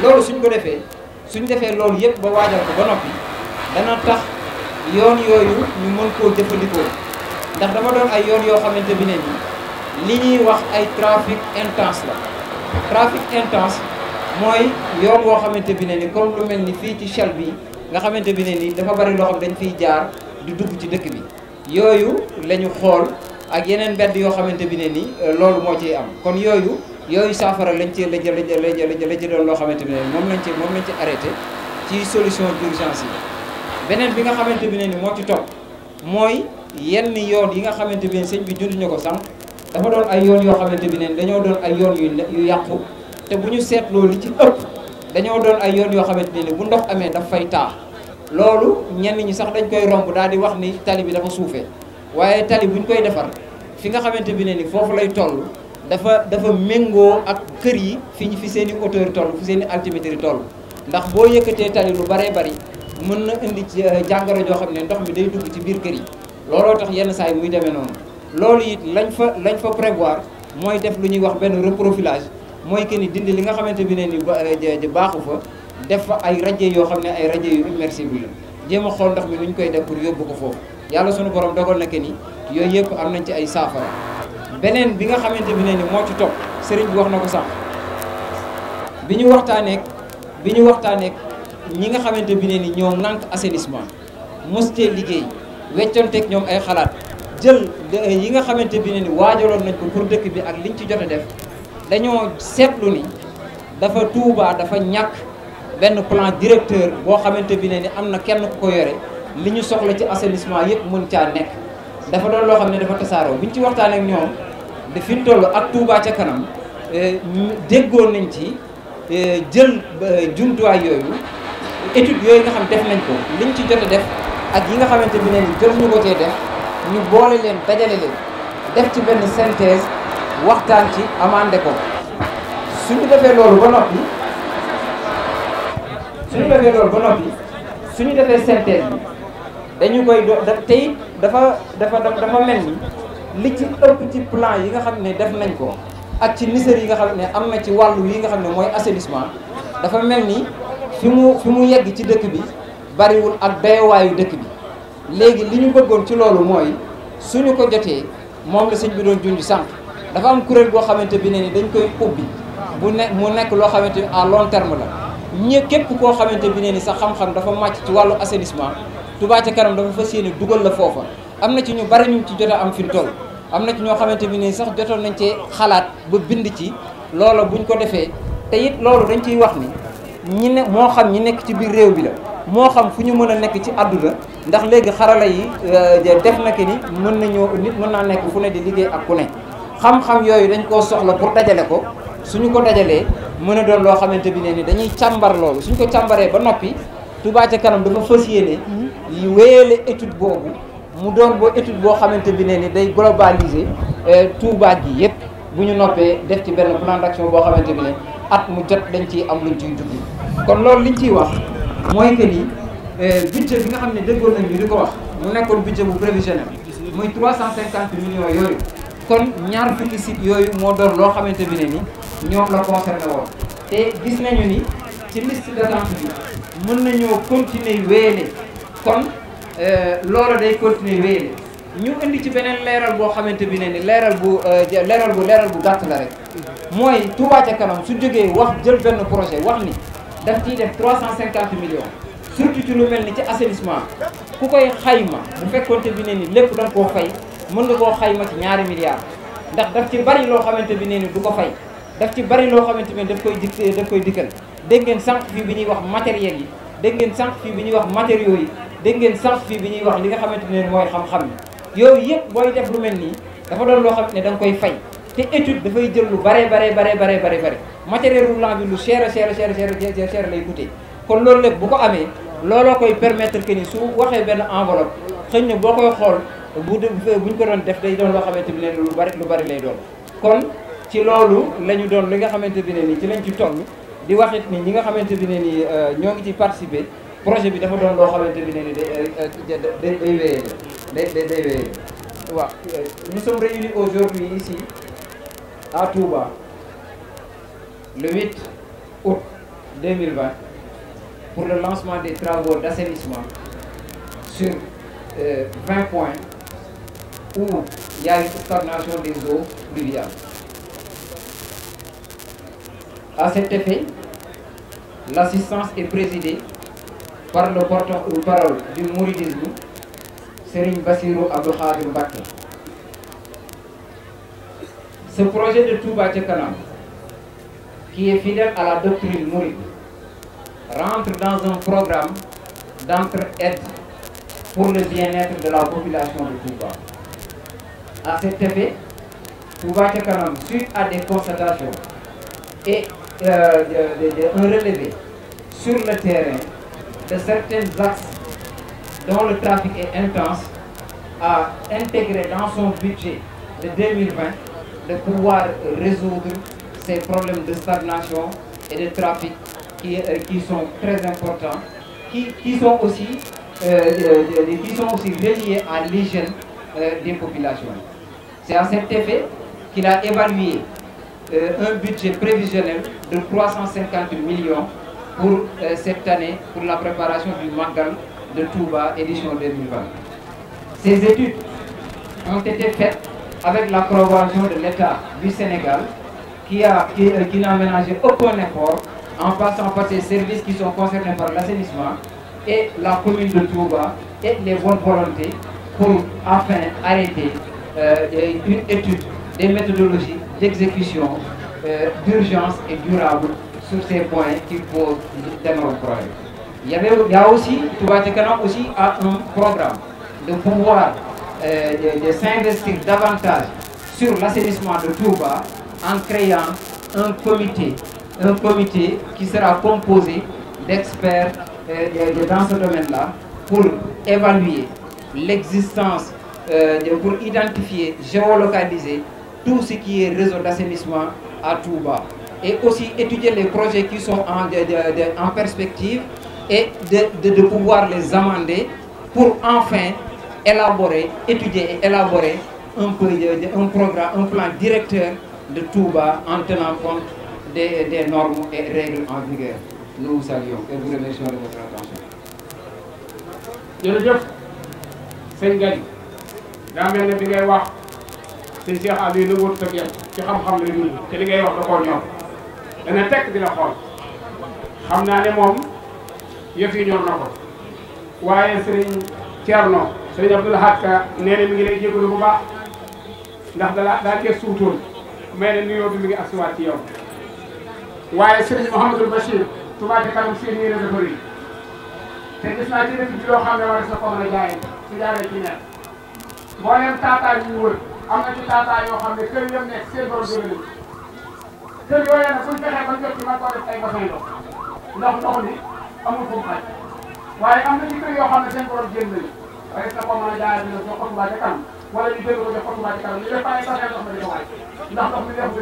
loolu suñ ko defee suñ defee loolu yëpp ba waajal ko ba noppi dana tax yoon yooyu ñu mën koo jëfandikoo ndax dama doon ay yoon yoo xamante bi ne nii li ñuy wax ay trafic intense la trafic intense mooy yoon woo xamante bi ne ni comme lu mel ni fii ci Shell bi nga xamante bi ne nii dafa bari loo dañ fiy jaar di dugg ci dëkk bi yooyu la xool ak yeneen mbedd yoo xamante bi ne nii euh, loolu moo ciy am kon yooyu yooyu saafara lañ ci lañ lañ lañ lañ ci doon loo xamante bi ne moom lañ ci moom lañ ci arrêté ci solution d'urgence yi beneen bi nga xamante bi ne ni moo ci topp mooy yenn yoon yi nga xamante bi ne sëñ bi junduñu ko sànq dafa doon ay yoon yoo xamante bi ne dañoo doon ay yoon yu yu yàqu te bu ñu seetloo li ci ëpp dañoo doon ay yoon yoo xamante ne ni bu ndox amee daf fay taax loolu ñenn ñi sax dañ koy romb daal di wax ni tali bi dafa suufee waaye tali bu ñu koy defar fi nga xamante bi ne ni foofu lay toll dafa dafa méngoo ak kër yi fi ñu fi seen i hauteur toll fi seen i altimétrie ndax boo yëkkatee tali lu bare bari mën na indi euh, jàngoro joo xam ne ndox mi day dugg ci biir kër yi looloo tax yenn saa yi muy demee noonu loolu it lañ fa lañ fa prévoir mooy def lu ñuy wax benn reprofilage mooy que ni dindi li nga xamante bi ne ni euh, baaxu fa def fa ay raje yoo xam ne ay rajo yu immersible la jéem a xool ndox mi nu ñu koy def pour yóbbu ko foofu yàlla sunu borom dogal na que yooyu yëpp am nañ ci ay saafara beneen bi nga xamante bi ne ni moo ci topp sëriñ bu wax na ko sànq bi ñu waxtaaneek bi ñu waxtaaneek ñi nga xamante bi ne ni ñoo nànk assainissement mostee liggéey wecconteeg ñoom ay xalaat jël yi nga xamante bi ne ni waajaloon nañ ko pour dëkk bi ak liñ ci jote def dañoo seetlu ni dafa tuubaa dafa ñàkk benn plan directeur boo xamante bi ne ni am na kenn ku ko yore li ñu soxla ci assainissement yëpp mën caa nekk dafa doon loo xam ne dafa tasaaroo bi ñu ci waxtaanee ak ñoom de fi ak Touba ca kanam déggoon nañ ci e, jël jumtuwaay yooyu étude yooyu nga xam def nañ ko liñ ci jot a def ak yi nga xamante bi ne jot ñu ko cee def ñu boole leen dajale leen def ci benn synthèse waxtaan ci amande ko suñu defee loolu ba noppi suñu defee loolu ba noppi suñu defee synthèse bi dañu koy do tey dafa dafa dafa mel ni li ci ëpp ci plan yi nga xam ne def nañ ko ak ci nisër yi nga xam ne am na ci wàllu yi nga xam ne mooy assainissement dafa mel ni fi mu fi mu yegg ci dëkk bi bariwul ak dayowaayu dëkk bi léegi li ñu bëggoon ci loolu mooy suñu ko jotee moom la sëñ bi doon junj sànq dafa am kuréel goo xamante bi ne ni dañ koy ubbi bu ne mu nekk loo xamante ni à lon terme la ñë képp koo xamante bi ne ni sa xam-xam dafa màcc ci wàllu assainissement Touba ca kanam dafa fas yéene dugal la foofa am na ci ñu bari ñu ci jot a am fi mu am na ci ñoo xamante bi nii sax jotoon nañ cee xalaat ba bind ci loola buñ ko defee te it loolu dañ ciy wax ni ñi ne moo xam ñi nekk ci biir réew bi la moo xam fu ñu mën a nekk ci àdduna ndax léegi xarala yi euh, def na ki ni mën nañoo nit mën naa nekk ku ne di liggéey ak ku ne xam-xam yooyu dañ koo soxla pour dajale ko su ñu ko dajalee mën a doon loo xamante bi ne ni dañuy càmbar loolu suñ ko càmbaree ba noppi Touba ca kanam dafa fas yéene yi wéyale étude boobu mu doon boo étude boo xamante bi ne ni day globaliser euh, Touba gi yëpp bu ñu noppee def ci benn plan d'action boo xamante bi ne at mu jot dañ ci am luñ ciy dugg kon loolu liñ ciy wax mooy que ni euh, budget bi nga xam ne déggoon nañ ñu di ko wax mu nekkoon budget bu prévisionnel muy 350 millions yooyu kon ñaar fukki site yooyu moo doon loo xamante bi ne ni ñoom la concerné woon te gis nañu ni ci liste d'attente bi mën kon euh, loolu day continuer wéyale ñu indi ci beneen leeral boo xamante bi ne ni leeral bu euh, leeral bu leeral bu gàtt la rek mooy Touba ca kanam su jógee wax jël benn projet wax ni daf ciy def cent 350 million surtout ci lu mel ni ci assainissement ku koy xayma bu fekkonte bi ne ni lépp da koo fay mën nga koo xayma ci ñaari milliards ndax daf ci bari loo xamante bi ne ni du ko fay daf ci bari loo xamante bi ne daf koy dikk daf koy dikkal dégg ngeen sànq bi ñuy wax matériels yi dégg ngeen sànq bi ñuy wax matériaux yi dégg ngeen sànq fii bi ñuy wax li nga xamante ne mooy xam-xam yi yooyu yëpp booy def lu mel nii dafa doon loo xam ne da nga koy fay te étude dafay jël lu bare bare bare bare bare bare matériel roulant bi lu cher a cher a cher a lay coûter kon loolu lépp bu ko amee looloo koy permettre que ni su waxee benn enveloppe xëñ na boo koy xool bu buñ ko doon def day doon loo xamante bi ne lu bari lu bari lay doon kon ci loolu la ñu doon li nga xamante bi ne nii ci lañ ci toll di waxit ni ñi nga xamante bi ne nii euh, ñoo ngi ci participer projet bi dafa doon loo xamante bi ne ni euh, day day day wéyee day day day wéyee waaw euh, nous sommes réunis aujourd'hui ici à Touba le 8 août 2020 pour le lancement des travaux d'assainissement sur euh, 20 points où il y a une stagnation des eaux pluviales. À cet effet, l'assistance est présidée par le porte-parole du mouridisme Serigne Bassirou Abdou Khadir Mbacké. Ce projet de Touba Ca Kanam qui est fidèle à la doctrine mouride rentre dans un programme d'entraide pour le bien-être de la population de Touba. À cet effet, Touba Kanam, suite à des constatations et euh, un relevé sur le terrain de certains axes dont le trafic est intense a intégré dans son budget de 2020 de pouvoir résoudre ces problèmes de stagnation et de trafic qui, euh, qui sont très importants, qui, qui sont aussi, euh, euh, reliés à l'hygiène des populations. C'est à cet effet qu'il a évalué euh, un budget prévisionnel de millions pour euh, cette année, pour la préparation du Magal de Touba, édition 2020. Ces études ont été faites avec la collaboration de l'État du Sénégal, qui n'a qui, euh, qui n'a aucun effort en passant par ces services qui sont concernés par l'assainissement et la commune de Touba et les bonnes volontés pour enfin arrêter euh, une étude des méthodologies d'exécution euh, d'urgence et durable sur ces points qu'il faut démarrer le projet. Il y, avait, il y a aussi, Touba aussi a un programme de pouvoir euh, de, de s'investir davantage sur l'assainissement de Touba en créant un comité, un comité qui sera composé d'experts dans ce domaine-là pour évaluer l'existence, euh, pour identifier, géolocaliser tout ce qui est réseau d'assainissement à tout Touba. et aussi étudier les projets qui sont en, en perspective et de, de, pouvoir les amender pour enfin élaborer, étudier et élaborer un, peu, un programme, un plan directeur de Touba en tenant compte des, des normes et règles en vigueur. Nous vous saluons et vous de votre attention. jërëjëf sëñ Gadi daa mel ne bi ngay wax sëñ Cheikh Aliou la wóor sa ci xam-xam la ñu te li wax da koo dana tekk di xool xam naa ne moom yëf yi ñor na ko waaye sëriñ Thierno sëriñ Abdoul Ahad Ka nee na ngi lay jégalu bu baax ndax dala daa gee suutoon may ne nuyoo bi mi ngi asiwaat ci yow waaye sëriñ Mouhamadou Bachir naa xam ne war sa ko mën a jaayee su jaaree ci ñaar mbooleem taataa yi wër am na ci taataa yoo xam ne kër yam nekk seen borom jëgale kër yooyu nag buñ fexee ba jot ci man koo def ay bassin ndox ndox ndox mi amul fu mu xaj waaye am na ci kër yoo xam ne seen borom génn nañu par exemple mën a jaay di la jox Touba ca kanam wala ñu jël ko jox Touba ca kanam ñu def ay bassin ndox ma di ko waaj ndax ndox mi neexu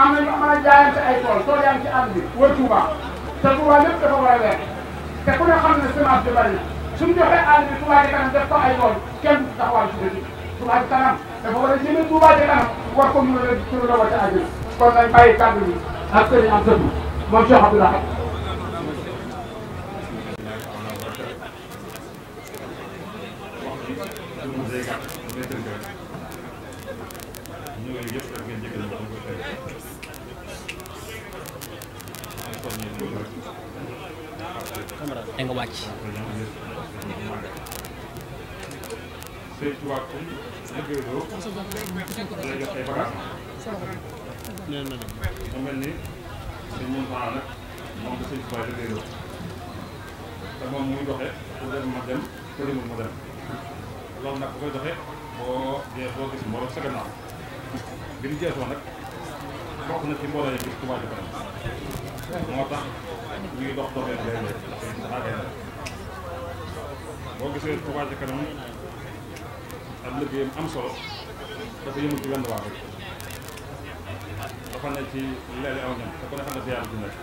dëgg la Touba am na ñu mën a jaayante ay tool tool yaa ngi ci ànd bi wër Touba te Touba lépp dafa war a leer te ku ne xam ne semence bi bari na suñu joxee àll bi Touba ca kanam def ko ay tool kenn taxawal ci dëkk Touba ca kanam dafa war a jëlee Touba ca kanam war ko mën a def ci lu la war a àjjana kon nañ bàyyi kàddu bi ak sëriñ nee na rek. mu mel ni sëñ Mountakha nag moom la sëñ Tuubaa liggéeyoo te moom muy doxee ku dem ma dem ku demul dem loolu nag ku koy doxee boo jee boo gis mbooloo sa gannaaw bi mu jeexoon nag bokk na ci mbooloo yi gis Tuubaa ji kanam moo tax ñuy dox doxee léeg-léeg ndax boo gisee Tuubaa ji kanam ak liggéeyam am solo dafa yëngu ci benn waa rek. dafa ne ci leeli aw ñam te ku ne xam ne siyaaba ji nekk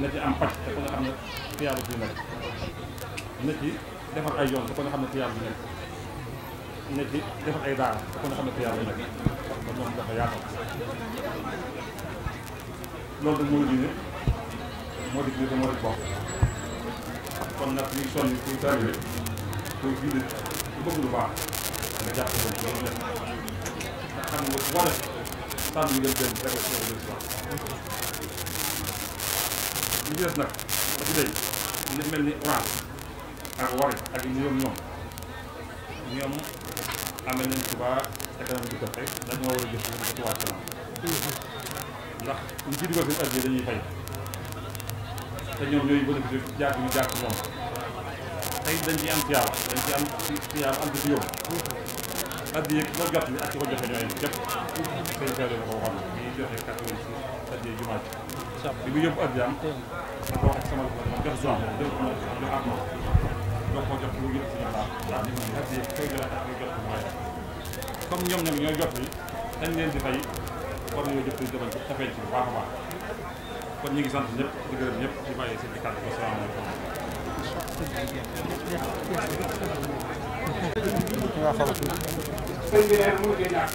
na ci am paj te ku ne xam ne siyaaba ji nekk na ci defar ay yoon te ku ne xam ne siyaaba ji nekk na ci defar ay daara te ku ne xam ne siyaaba ji nekk kon moom dafa yaatal loolu dañ mooy diine moo di diine moo di bokk kon nag ñuy sonn kuy tariwe kuy jullit ku bëgg lu baax nga jàpp loolu loolu def xam nga boo def tànn ñu dem benn jagleel ci wàllu islam li ñu nag ba ci tey li mel ni orange ak wari ak yu ñoom ñoom ñoom amee nañ Touba économie bi gerte dañoo war a jëf ci Touba Calam ndax ñu dañuy fay te ñoom ñooy bénéficié jaar ñu jaar moom tey dañ ci am tiyaaba dañ ci am tiyaaba am ci yóbbu addi yëg loo jot ni ak ci ko joxe ñooy jëpp sëñ Saliou ko waxoon ñuy joxe 86 addi jumaa ji bi mu yóbbu addi am ak wax ak sama ma jox zone jox ko jox ak moom jox ko jox mu yëpp suñu baax ndax di addi yëg kay joxe ak ñuy jot jumaa ji comme ñoom ñoom ñooy jot ni dañ leen di fay war nañoo jëpp di demal ci tafeel ci bu baax a baax kon ñu ngi sant ñëpp di gërëm ñëpp di bàyyi seen i kàddu ko salaamaaleykum nga xaw a tuuti. bi nee na mënul nga ñàkk.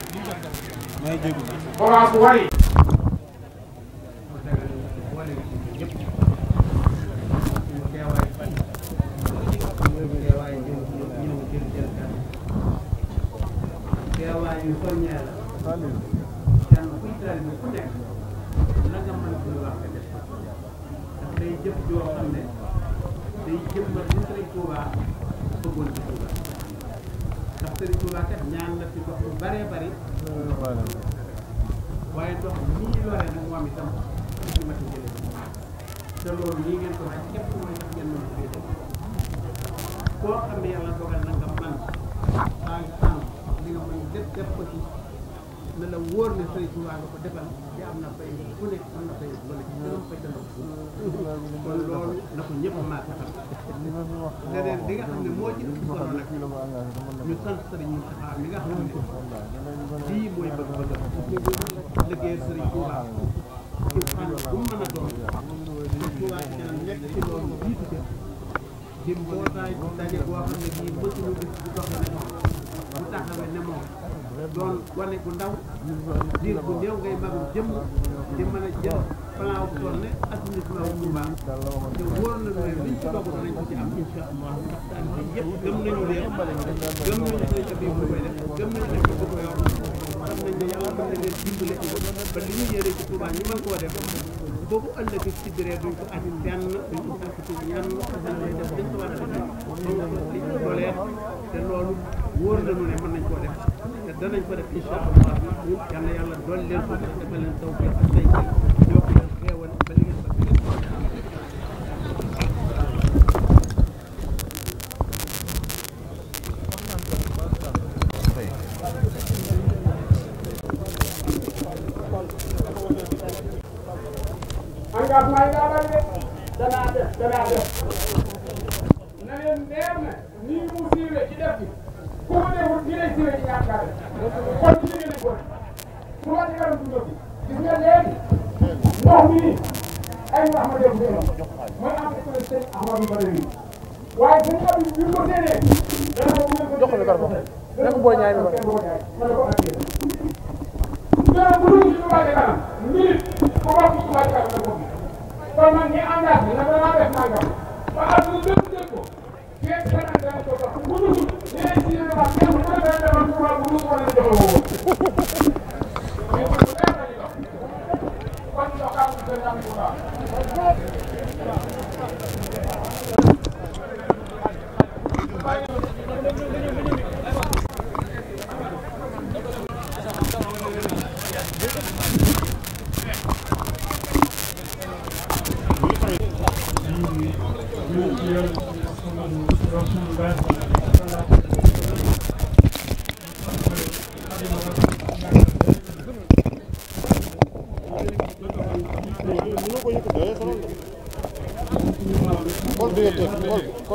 may déglu. orange kooku danañ ko ci am incha allah ndax daal bi yëpp gëm nañu leen gëm nañu ne def yi mu koy def gëm nañu ne ko ko yor xam nañ ne yàlla mën na leen dimbale ci ba li ñu yére def a def li ñu te loolu leen ko defal leen taw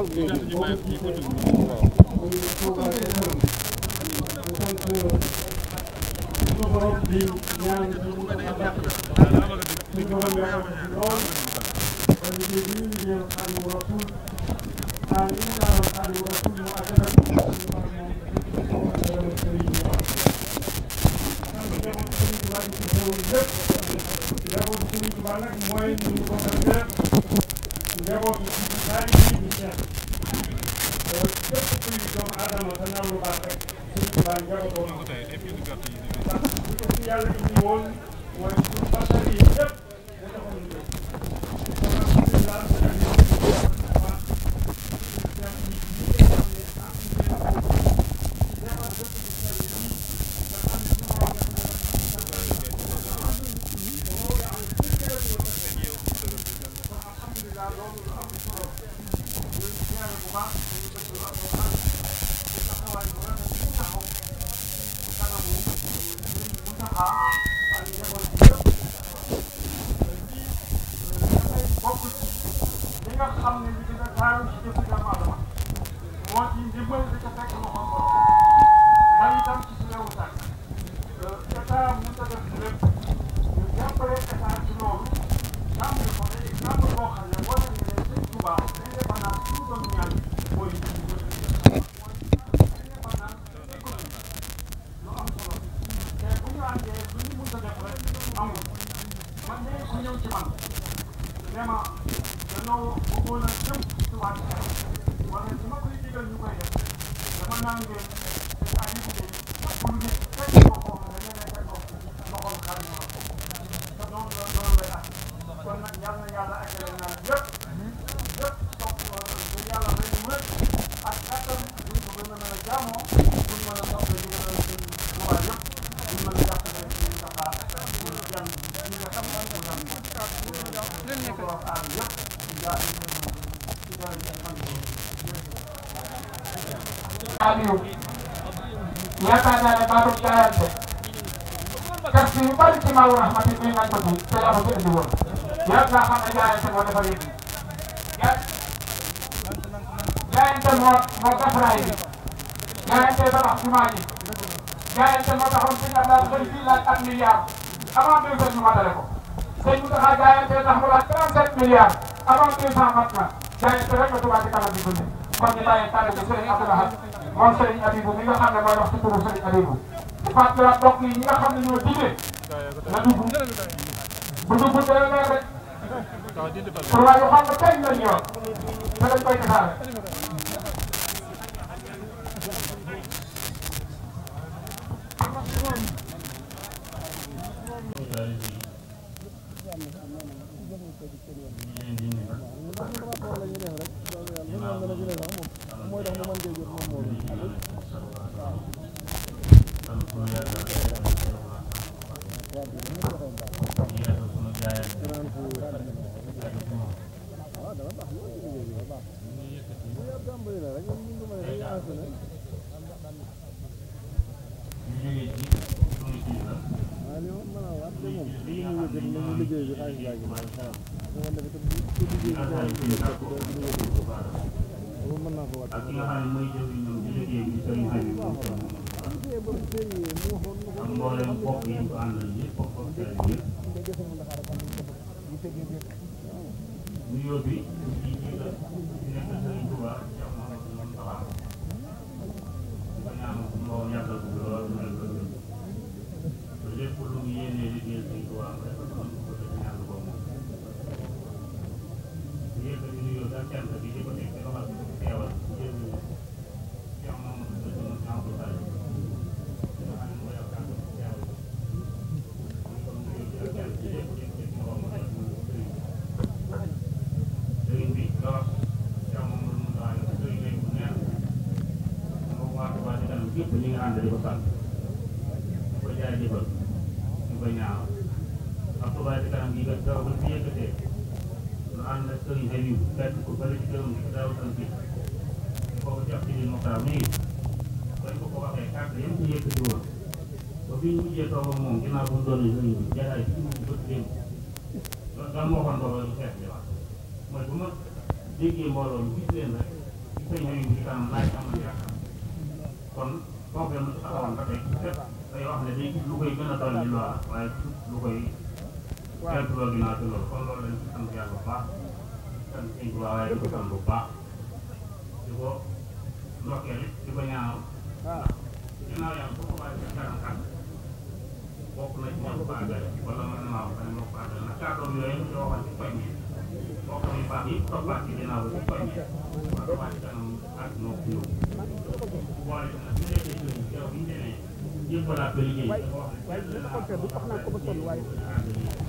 xool koy jaayante kër gi yu bëri ci Maou Rahmati mii nañ ko ji te yaa ko ci indi woon yëpp nga xam ne jaayante moo defar yëpp jaayante moo moo gafaraay bi jaayante tabax jumaa ji jaayante moo taxoon suñu ablaat bëri fii laaj ak milliard avant deux heures ñu matale ko sëñ bi taxaa jaayante tax mu laaj 37 milliards avant deux cent mat na jaayante rek la Touba ci kanam bi dundee kon ñu bàyyi tànn ci Serigne Abdou Lahad moom Serigne Abibou mi nga xam ne mooy wax ci turu Serigne Abibou fàttaliwaat mbokk yi ñi nga xam ne ñoo digle na dugg bu dugg dana leer rek pour waaye xam nga tey la ñor te dañ koy tasaare ga daaw ba fi yëkkatee mu ànd ak sëriñ Aliou fekk ko bële ci këram bi daaw tam bi foofu jox ci biir Mokhtar mu ngi bañ ko ko waxee kàddu yëpp ñu yëkkati woon ba fi ñu mujjee toog ak moom ginnaaw bu mu doon sëriñ bi jataay ci ñu bët démb loolu daal moo waxoon boobu ñu fekk di wax mooy bu ma déggee mbooloo ñu gis leen rek ci sëriñ Aliou bi tam laaj am na yaakaar kon foofu la mu taxawoon ba tey fépp day wax ne day lu koy gën a dolli loi waaye lu koy lépp loolu naa dundal kon loolu lañ ci sant yàlla bu baax sant sëñ bu baax waaye di ko sant bu baax di ko ndokkeel di ko ñaanal ndax ginnaaw yàlla bu ko waaye ci kanam kan bokk na ci ñoom ko àggale wala mën naa wax ne moo ko àggale ndax kàddoom yooyu ñu waxoon ci koñ yi bokk na baax yi toppaat ci ginnaaw ba ci koñ yi waaye waa ci kanam ak noo ko ñëw boole ci nag ñu nekk ci yow bu ñu demee yëpp balaa ko liggéey dafa wax ne kenn dinaa ko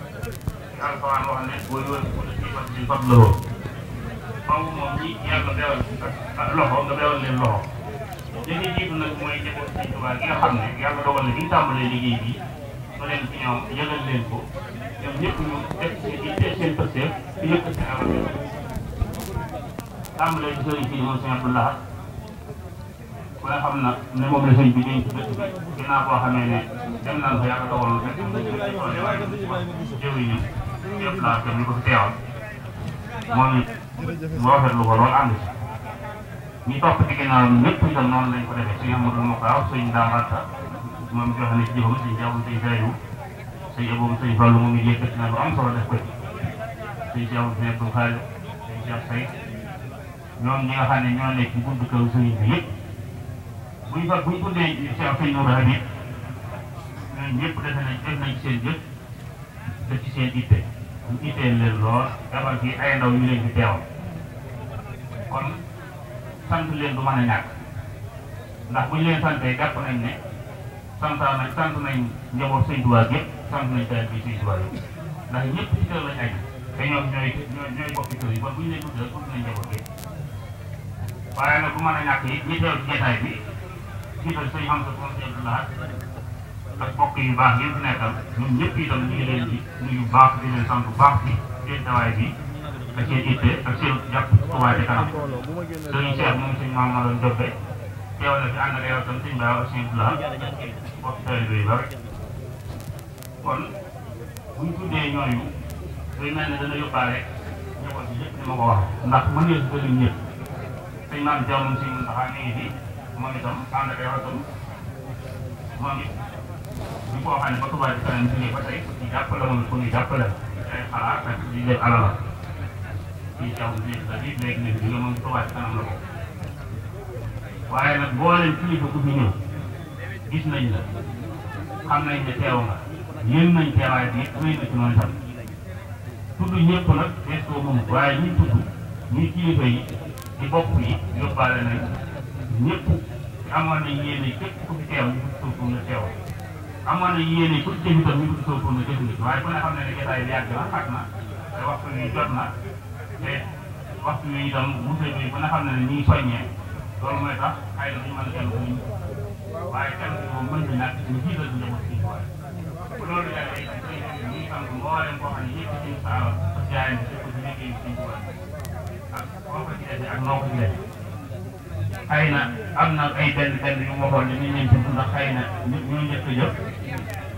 alxuraan wax ne boo yoon ko la ñuy wax ci fab la woon faaw moom ñi yàlla beewal ak loxo nga beewal leen loxo dañuy jiitu nag mooy jëfoo ci tubaab gi nga xam ne yàlla dogal na bi ñu tàmbalee liggéey bi ma leen fi ñoom yëgal leen ko ñoom ñëpp ñu teg seen seen pëstéef di yëkk seen alal tàmbalee ci sëriñ bi moom sëriñ Abdoulaye ku ne xam na ne moom la sëriñ bi denc dëkk bi ginnaaw boo xamee ne dem naan fa yàlla dogal na fekk mu ngi ci waaye jëwriñam si yëpp laa ñu ko fi teewal moom it mu rafetlu ko loolu ànd ci ñi topp ci ginnaaw ñëpp itam noonu lañ ko defee suñu Amadou Moukaw suñu Dame Atta moom joxe na ci jëfam suñu jaww ji jërëjëf suñu ëppam suñu Fallu moom it yëkkati na lu am solo def ko ci suñu jaww ji nekk bu xaale suñu jaww say ñoom ñi nga xam ne ñoo nekk ci buntu kaw sëriñ bi yëpp buñ fa buñ tuddee Cheikh Sëñ Nour Habib ñoom ñëpp defe nañ def nañ seen jëf def ci seen itte ñu itteel leen lool defal fii ay ndaw ñu leen kon sant leen du a ñàkk ndax bu ñu leen santee jàpp nañ ne santaa nañ sant nañ njaboot sëñ Tuubaa yëpp sant nañ taal bi sëñ Tuubaa yëpp ndax ñëpp ci kër lañ aju te ñoom ñooy ñooy bokk ci kër yi kon bu ñu leen tuddee tudd nañ njaboot yëpp waaye nag bu mën a ñàkk yi ñu teew ci jotaay bi jiital sëñ xam sa ak mbokk yu baax ngeen fi nekkal ñun ñëpp itam ñu ngi leen di nuyu baax di leen sant bu baax ci seen tawaay bi ak seen itte ak seen jàpp Touba Ca Kanam dañuy seet moom suñ maam ma doon jobbe teew na fi ànd ak yow tam suñ baaw ak seen plan bokk taalibe yi bari kon bu ñu tuddee ñooñu day mel ne dana yóbbaale njaboot bi yëpp ni ma ko wax ndax mën ngeen ko lim ñëpp suñ maam jaamum suñ Muntaxa mi ngi fi moom itam ànd ak yow tam moom it ñi koo xam ne ba Touba Ca Kanam ñu ba tey ku ñu jàppale woon ku ñu jàppale day xalaat ak di def alala fii jaww ji nekk ba bii léegi nag ñu moom Touba Ca Kanam la ko waaye nag boo leen kilifa ku fi ñëw gis nañ la xam nañ ne teew nga yéen nañ teewaay bi amee na ci noonu tam tudd ñëpp nag des koo moom waaye ñi tudd ñi kilifa yi di bokk yi yóbbaale nañ ñëpp amoon nañ yéen képp ku fi teew ñu tudd na teew amoon na yéene pour jënd itam ñu ko gisoo pour nga jëfandikoo waaye ku ne xam ne ne jotaay bi yàgg na xat na te waxtu wi jot na te waxtu wi itam monsieur bi ku ne xam ne ne ñu ngi soññee loolu mooy tax xëy na duñu mën a jënd bu waaye kenn ku moom mën na ñàkk ñu jiital ñu njaboot bi waaye. loolu yàlla it ñu ngi sant mboolem koo xam ne yëpp ci sa jaayam ci ko ci liggéey bi ci ak boo ko ci defee ak noo ko ci defee xëy na am na ay benn benn yu waxoon ne ñu ñëw ndax xëy na ñu njëkk a jëf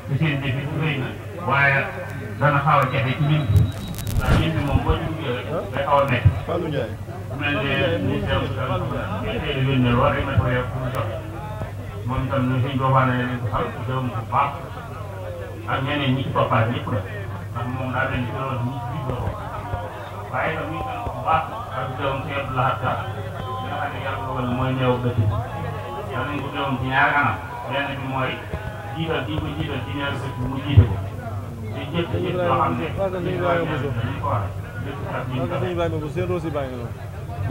te seen defi rëy na waaye dana xaw a jafe ci ñun ndax ñun bi moom boo duggee rek day xaw a métti. bu mel ne ministère bi daal ngeen teel a yónnee war nañ la ko yegg pour jot moom itam ñu suñ boobaa ne leen ko xam gërëm bu baax ak ñeneen ñi ci toppaat ñëpp la ndax moom daa leen di gërëm ñi ci biir waaye itam ñu ngi bu baax ak gërëm seen laata. nga xam ne yàlla dogal mooy néew bëccëg danañ ko teewoon ci ñaari anam benn bi mooy jiital di ko jiital ci néew bëccëg mu jiite ko te jëf jëf yoo xam ne dañu ko war a jëf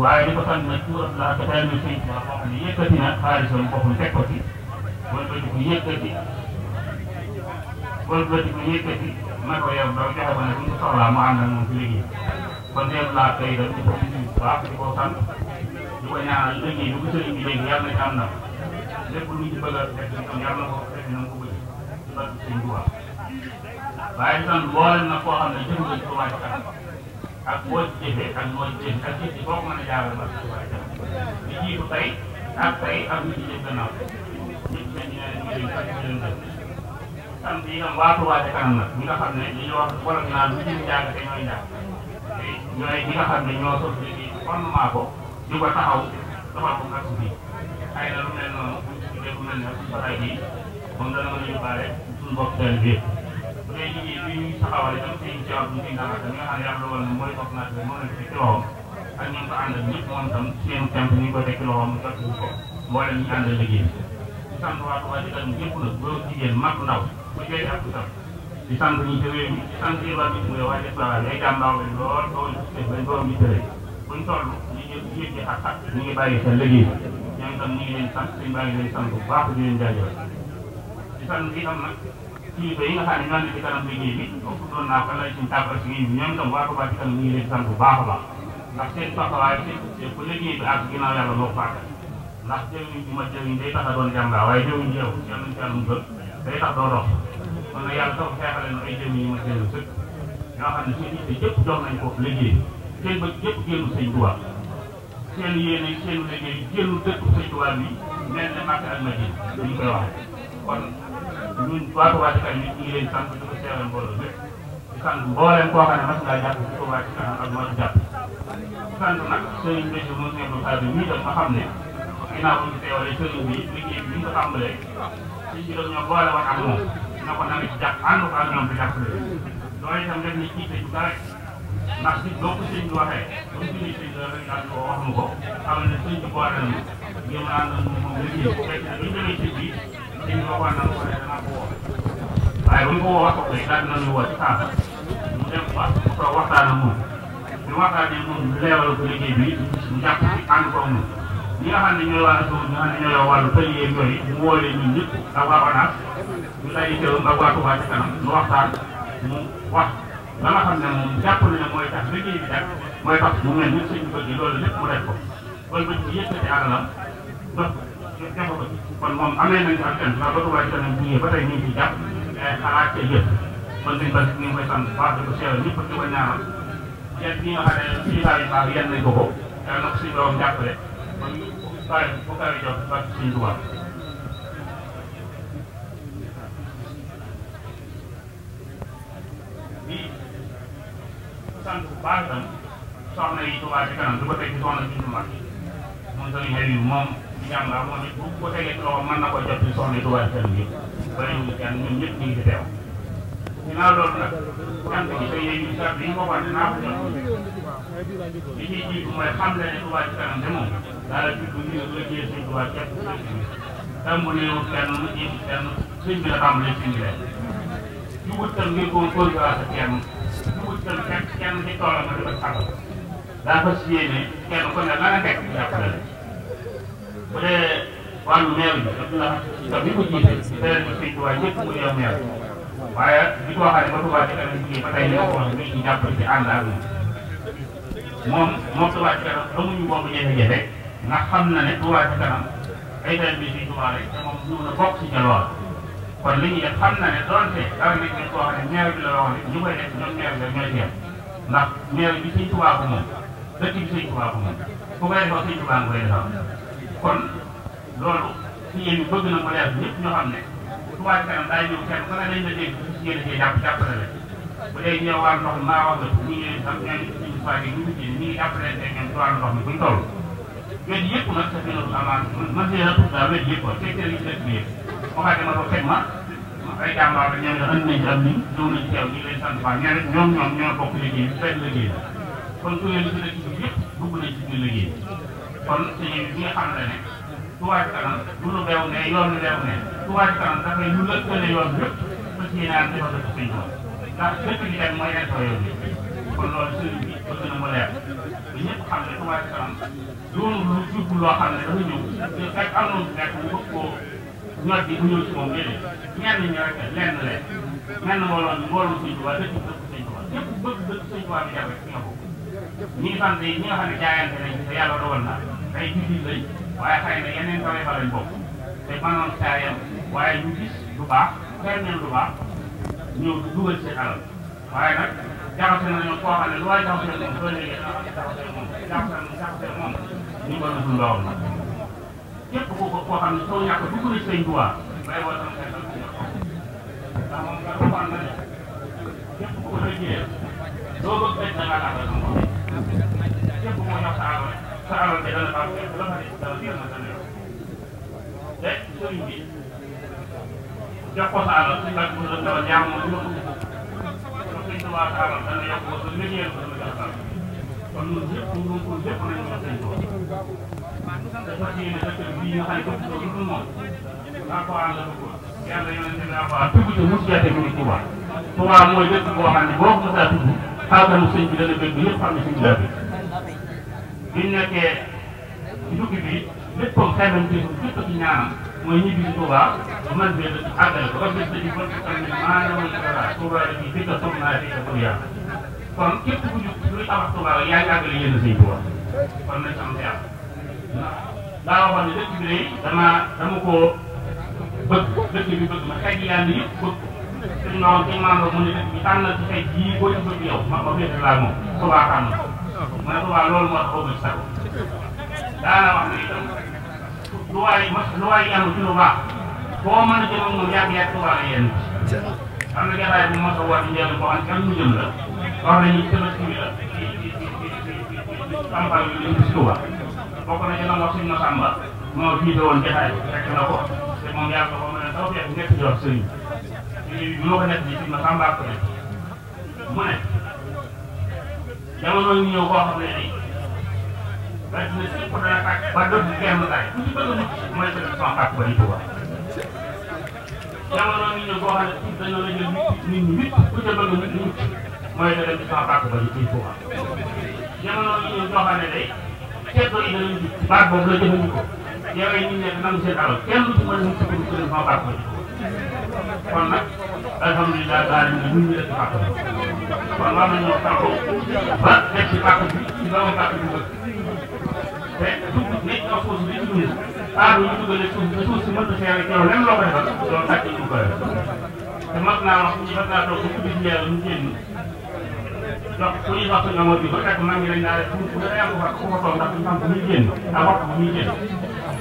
waaye di ko tànn nag ci wàllu laata teel na fii ndax boo xam ne yëkkati na xaalisam boppam teg ko ci wala bëccëg bu yëkkati wala bëccëg bu yëkkati na ko yow doo joxe ba ne bu ñu soxlaa mu àndal moom ci liggéey kon néew laata yi dañu ko baax di ko sant koy ñaanal liggéey bi bu sëriñ bi léegi yàlla na am na lépp lu ci bëgg a def itam yàlla na ko def na mu ko bëgg ci barke sëriñ Tuubaa waaye itam boole na koo xam ne jëm nga Tuubaa ci kanam ak boo ci jëfee ak moo ci jëfee ak jëf ci boo ko mën a jaarale barke Tuubaa ci kanam li jiitu tey ak tey ak lu ci jëf gannaaw ñëpp nañ ñu ne leen sant leen gën sant yi itam waa Tuubaa ci kanam nag ñi nga xam ne li ñu wax wolof naan lu ci jàng te ñooy jàng te ñooy ñi nga xam ne ñoo sos liggéey fondement ko di ko taxaw defal ko ak suuf ay na lu mel noonu buñ ci tuddee lu mel ne suñu bataay bii moom dana mën a yóbbaale suñu bopp teel bi bu dee nit ñi li ñuy taxawale tam seen ci wàllu ci nga xam ne yàlla dogal na mooy bopp naa bi moo nekk ci loxoom ak ñoom ko àndal ñëpp moom tam seen temp ñu ngi ko teg ci loxoom fekk ko mboolem ñu àndal liggéey di sant waa Touba Ca Kanam ñëpp nag góor jigéen mag ndaw bu jëlee ak sax di sant ñi ci réew mi di sant yëpp ak ñi mu ne waaye def la waaye day jàmbaaw lool lool ci bañ borom bi tëlee buñ toll yëpp yëpp ak ak ñu ngi bàyyi xel liggéey ñoom itam ñu ngi leen sant suñu bàyyi leen sant bu baax di leen jaajëfal di sant bi am nag kilifa yi nga xam ne ñoo nekk ci kanam liggéey bi ëpp doon naa ko lay suñu tàbbal si liggéey bi ñoom itam waa Touba ci kanam ñu ngi leen sant bu baax a baax ndax seen taxawaay te ku liggéey bi ak ginnaaw yàlla moo ko ndax jëriñ bi ma jëriñ day tax a doon jàmbaar waaye jëriñ yow ci am nañ ci àllum gën day tax doo dox kon nag yàlla dafa xeexale na ay jëriñ yi ma jëriñ sëkk ñoo xam ne seen itte yëpp jox nañ ko liggéey seen ba yëpp génn sëñ Tuubaa seen yéene seenu liggéey jëlu dëkk Sëñ Tuubaa bi mel ne Màkka ak Madina dañu koy wax kon ñun waa Touba Ca Kanam ñu ngi leen sant di ko seeral mbooloo lépp di sant mbooleem koo xam ne mas ngaa jàpp ci Touba Ca Kanam ak moo ci jàpp sant nag sëriñ bi si mos ngeen xaar bi ñuy def nga xam ne ginnaaw bu ñu teewalee sëriñ bi liggéey bi ñu ko tàmbalee suñ ci def ñoo boole woon ak moom na ko na nga ci jàpp ànd ko ak ñoom di jàppale loolu itam def ni ciite ci dara ndax nit boo ko sëñ bi waxee ba mu julli sëñ bi rek daal ko wax mu ko xamal ne sëñ bi boole nañu ñoom naan nañ moom liggéey fekk na bu ñu demee ci bii sëñ bi waxoon na ko ne danaa ko woo waaye bu ñu ko woo wax ko koy daal dinañu woo ci saasa mu dem ba mu toog waxtaan ak moom bi waxtaanee moom leeral ko liggéey bi mu jàpp ci ànd ko moom ñi nga xam ne ñooy wàllu suuf ñi nga xam ne ñooy wàllu pël yeeg yooyu mu woo leen ñun ñëpp ak waa ONAS ñu daje teewam ak waa Touba ci kanam ñu waxtaan mu wax ba nga xam ne moom jàpp na ne mooy tax liggéey bi tax mooy tax mu mel ni suñu bëgg loolu lépp mu def ko loolu ba ci yëkkati alalam dox defa ko ci kon moom amee nañ ko ak kenn ba Touba Ca Kanam bu ñëwee ba tey ñu ngi ciy jàpp xalaat te jëf kon suñu bëgg ñu ngi koy sant bu baax di ko seeral ñëpp di ko ñaanal yéen ñi nga xam ne suñu baax yi baax yenn nañ ko ko yàlla na ko suñu borom jàppale kon bàyyi bu kawe jox ba suñu Touba sant bu baax itam soxna yi Touba Ca Kanam du ko teg ci soxna si mag yi moom tamit xel yi moom jàmbaar moom it bu ko tegee ci loxo mën na ko jot ci soxna yi Touba Ca Kanam yëpp bari ñu kenn ñun ñëpp ñu ngi ci teew ginnaaw loolu nag cant gi tey yéen ñu sat liñ ko wax dinaa ko jot li ciy jiitu mooy xam le ne Touba Ca Kanam de moom daala judd ñu ne liggéey suñ Touba képp tam bu néew kenn mu jiitu kenn suñ bi la tàmbalee suñ bi la ñu wut tam ngir ko kóor bi waa sa jël fekk kenn ci toolam a dugg ak daa fas yéene kenn ku ne la nga fekk jàppale la bu dee wàllu meew yi daf la daf ñu ko jiite ci beneen bi fii waaye ñëpp mu yow meew waaye li ko waxaale ba Touba ci kanam jigéen ba tey ñoo ko wax ñu jàppale ci ànd ak moom moom Touba ci kanam amuñu boobu jafe-jafe ndax xam na ne Touba ci kanam ay benn bi fii Touba rek te moom ñu na bokk ci ca lool kon li ñuy def xam na ne donte dara nit ñi koo xam ne maire bi la waxoon ñu koy def ñoom maire bi ñooy teew ndax maire bi Sëñ Tuubaa ko moom dëkk bi Sëñ Tuubaa ko moom ku koy defoo Sëñ Tuubaa nga koy defal kon loolu suñu yéen bëgg na mu leer ñëpp ñoo xam ne Tuubaa ci kanam daay ñëw kenn ku ne dañ la dégg si yéen a cee jàpp jàppale la bu dee ñëw wàllu ndox mi maa wax la ñu ngi leen sax ñooñu suñu Tuubaa gi ñu ngi ci ñu ngi jàppale te ñoom ci wàllu ndox mi buñ toll wet yëpp nag sa fi na amaan mën see na tudd daal wet yëpp wa tegtal yi dëkk bi yëpp waxaate ma ko teg ma ay jàmbaar la ñoom ñoo ënd nañ am ni ñëw nañ teew ñu leen sant baax ñeneen ñoom ñoom ñoo bokk liggéey benn liggéey kon kuréel yi dina ci yëpp dugg nañ ci biir liggéey kon suñu bi nga xam ne ne Touba Ca Kanam du lu beew ne yoon lu beew ne Touba Ca Kanam dafay ñu lëkkale yoon yëpp ba ci naan defal ko suñu yoon ndax dëkk bi dem mooy nekk yoon bi kon loolu sëriñ bi bëgg na mu leer ba ñëpp xam ne Touba Ca Kanam doonu lu jublu loo xam ne dafa ñëw fekk am na nekk mu bëgg koo ñor bi bu ñëw ci moom léeg-léeg ñenn ñi rek lenn leen mel na mbooloo mi mbooloo Sëñ Tuubaa dëkk dëkk Sëñ Tuubaa ñëpp bëgg dëkk Sëñ Tuubaa bi jar rek ñoo ko ñi ngi sant ñi nga xam ne jaayante nañ te yàlla dogal na ay jullit lañ waaye xëy na yeneen tawee fa lañ bokk te mënoon saa yem waaye ñu gis lu baax xeer nañ lu baax ñëw dugal seen alal waaye nag jaxase nañu koo xam ne lu waaye jaxase moom soo léegi ah, jaxase moom jaxase moom ñu ko dugg lool nag képp koo ko koo xam ne soo ñàkk dugg na ci sëñ Tuubaa bàyyi woo sama xel ndax moom nga waxoon na ne képp ku ko liggéeyal doo bëgg rek da ngaa laajal sama bopp képp koo ñor sa alal sa alal bi dana baax képp la fa des dana biir na dana yor te sëriñ bi jox ko sa alal suñu laaj bu doon dawal jaamu ma dina ko kon sëñ Tuubaa sa alal dana yokk ko sa liggéeyal ko dana jox sa alal kon ñun ñëpp ñu ngi ko lépp nañu ko sëñ Tuubaa dafa jéem a dëkk bi nga xam ne dëkk boobu du moom alxuraan la bëggoon yàlla yonent bi alxuraan tudd te mos jaate muy Touba Touba mooy dëkk boo xam ne boo ko mos a tudd xaatamu sëñ bi dana bëgg yëpp xam ne sëñ bi laa bëgg biñ nekkee ci dugg bi lépp comme xëy na ñu def man de àggale ko ba bés dañu ko xam ne maanaam mooy Touba Touba bi dëkk soog naa dëkk pour yàlla kon képp ku ñu luy tabax Touba yaa ngi àggale yéen a sëñ Touba kon daa waxoon ne dëkk bi day dama dama koo bëgg dëkk bi bëgg ma xëy na bëgg ko. suñu noonu suñu maam la mu ne dëkk bi tànnal ci xëy jii boo ci bëgg yow ma ma féete laa moom Tuubaa tànn ko ma ne Tuubaa loolu moo tax bëgg sax daana wax ne itam lu waay lu waay yàlla ci lu baax boo mën a jëm ak moom yàgg-yàgg Tuubaa la yenn ci am na jataay bu mos a woote njëriñ boo xam ne mu jëm la wax nañu tëbës bi la ci ci ci ci ci campagne bi ñu ci Tuubaa bokk na ñu doon wax suñu Masamba moo jiite woon jotaay fekk na ko te moom yàlla ko mën a taw fekk nekk jox sëriñ bi bu ma ko nekk ji suñu Masamba ak mu ne jamono ñu ñëw koo xam ne nii laaj na si ko dana tàkk ba dootul kenn laay ku ci bëgg a mucc mooy que sama tàkk ba di Tuuba jamono ñu ñëw koo xam ne dañoo la jël nit ñi nit ku ca bëgg nit ñi mooy que dem ci sama tàkk ba di Tuuba jamono ñu ñëw koo xam ne day seetlu yi danañ gis baat boobu la jëfandikoo yow yi ñu nekk nangu seen alal kenn du mën a mën a sukkandiku leen sama baat kon nag alhamdulilah daal di ne ñu def ci baat kon war nañoo tàggoo ba def ci baat bi ci doomu baat bi bëgg te suuf nit ñoo suuf bi ñu aar ñu dugalee suuf ba suuf si mën na seere yow lenn loo ko defal loolu laaj te mën naa wax ñu mën naa toog ba ci biir ñu génn donc suñuy wax na moo di ba fekk maa ngi dañ naa fu mu gën a yàgg wax ku ko toog ndax ñu xam bu muy génn ak waxtu bu muy génn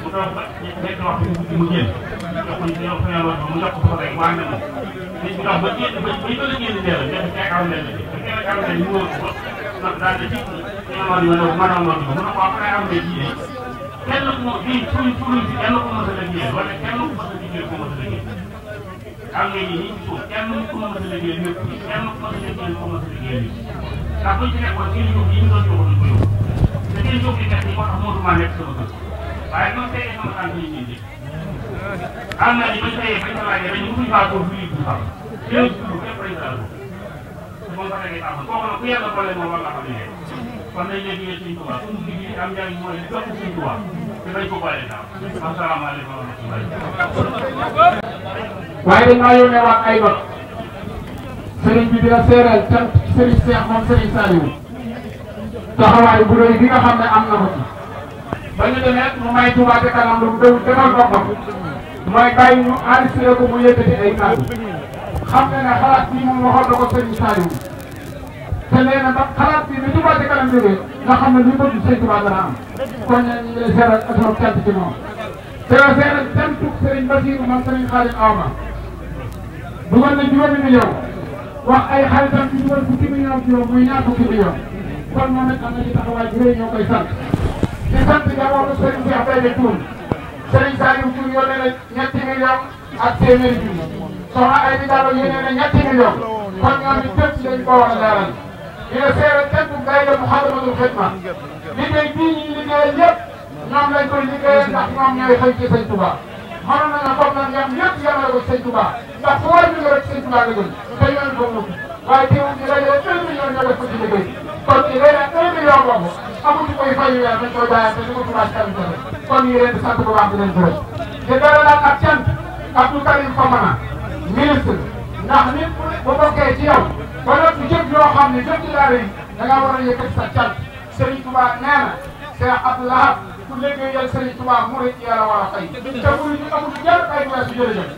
mu toog ba nekk waxtu bu mu génn jox ko ñu wax mu jox ko rek waa na moom nit ñi dox ba génn ba ba bëgg a génn deel nekk ca aw leen ba ca aw leen ñu wóor ko ndax daal de ci ñamoon yu ndaw mënoon noonu ko mën a ko am ay am ne ji kenn ku ma fii fuñ fuñ si kenn ku mos a liggéey wala kenn ku mos a liggéey ku mos a liggéey kàngee ji ñi ci suuf kenn ku mën a liggéey ñëpp kenn ku mën a liggéey ku mën a liggéey ñëpp ndax buñ ci nekkoon seen jiw yi ñu doon joxoon ko yóbbu te seen jiw bi kat yi moo tax mënutuma nekk sama kër waaye ñoom teyee sama tànk yi ñuy dégg am na ñu bañ teyee bañ sa laajee dañu mënuñ faa góor bu ñu bu xam kenn suuf képp lañ saa góor te moom sax ngay tàmbal kooku nag ku yàlla boole moom war la xam ne kon dañ leen liggéey suñ tubaab suñu liggéey am njariñ mooy li topp suñ tubaab te dañ ko boole daaw asalaamaaleykum wa rahmatulah waaye dañ maa yónnee waat ay not sëriñ bi dina seereel cant ci sëriñ Seex moom sëriñ Saliou taxawaay bu doy bi nga xam ne am na ko ci ba ñu demee mu may Touba ca kanam lu mu déglu defal boppam mooy bàyyi ñu enregistré ko mu yëkkati ay kàddu xam nga ne xalaat bii moom waxoon na ko sëriñ Saliou te nee na ndax xalaat bi ni Touba ca kanam jógee nga xam ne li bëgg sëriñ Touba dana am kon ñu ngi lay seeral ak cant ci moom. seeral cantuk Serigne Bassirou man Serigne Khadim Awa dugal na juróomi million wax ay xaritam ci dugal fukki million juróom muy ñaar fukki million kon moom it na ci taxawaay bu rëy ñoo koy sant di sant njabootu Serigne Cheikh Baye de Tour Serigne Saliou Tour na ñetti million ak téeméeri junni soxna ay di dara yónnee na ñetti million kon ñoom it fépp dañ ko war a leeral dina seeral cantuk Gaynde Muhammadatul Xidma liggéey bii ñu liggéeyal yëpp ñoom lañ koy liggéeyee ndax ñoom ñooy xëy ci sëñ Touba mënoon nañu comme nag yam yëpp yemale ko ci sëñ Touba ndax fu war a jógee rek sëñ Touba la gën te yéen ko mu waaye teewul ñu dajale 1 million ñu def ko ci liggéey kon ñu dajale 1 million boobu amuñu koy fay weer dañ koy bàyyi te ñu ko Touba Ca Kanam kon ñu leen di sant bu baax di leen gërëm di dalal ak cant Abdou Karim Fofana ministre ndax nit bu bokkee ci yow ba noppi jëf yoo xam ne jëf ci daara yi da ngaa war a yëkkati sa cant Serigne Touba nee na Cheikh Abdou Lahad ku liggéeyal Serigne Touba mu rëcc yàlla war a fay te bu ñu amul jël ay weesu jërëjëf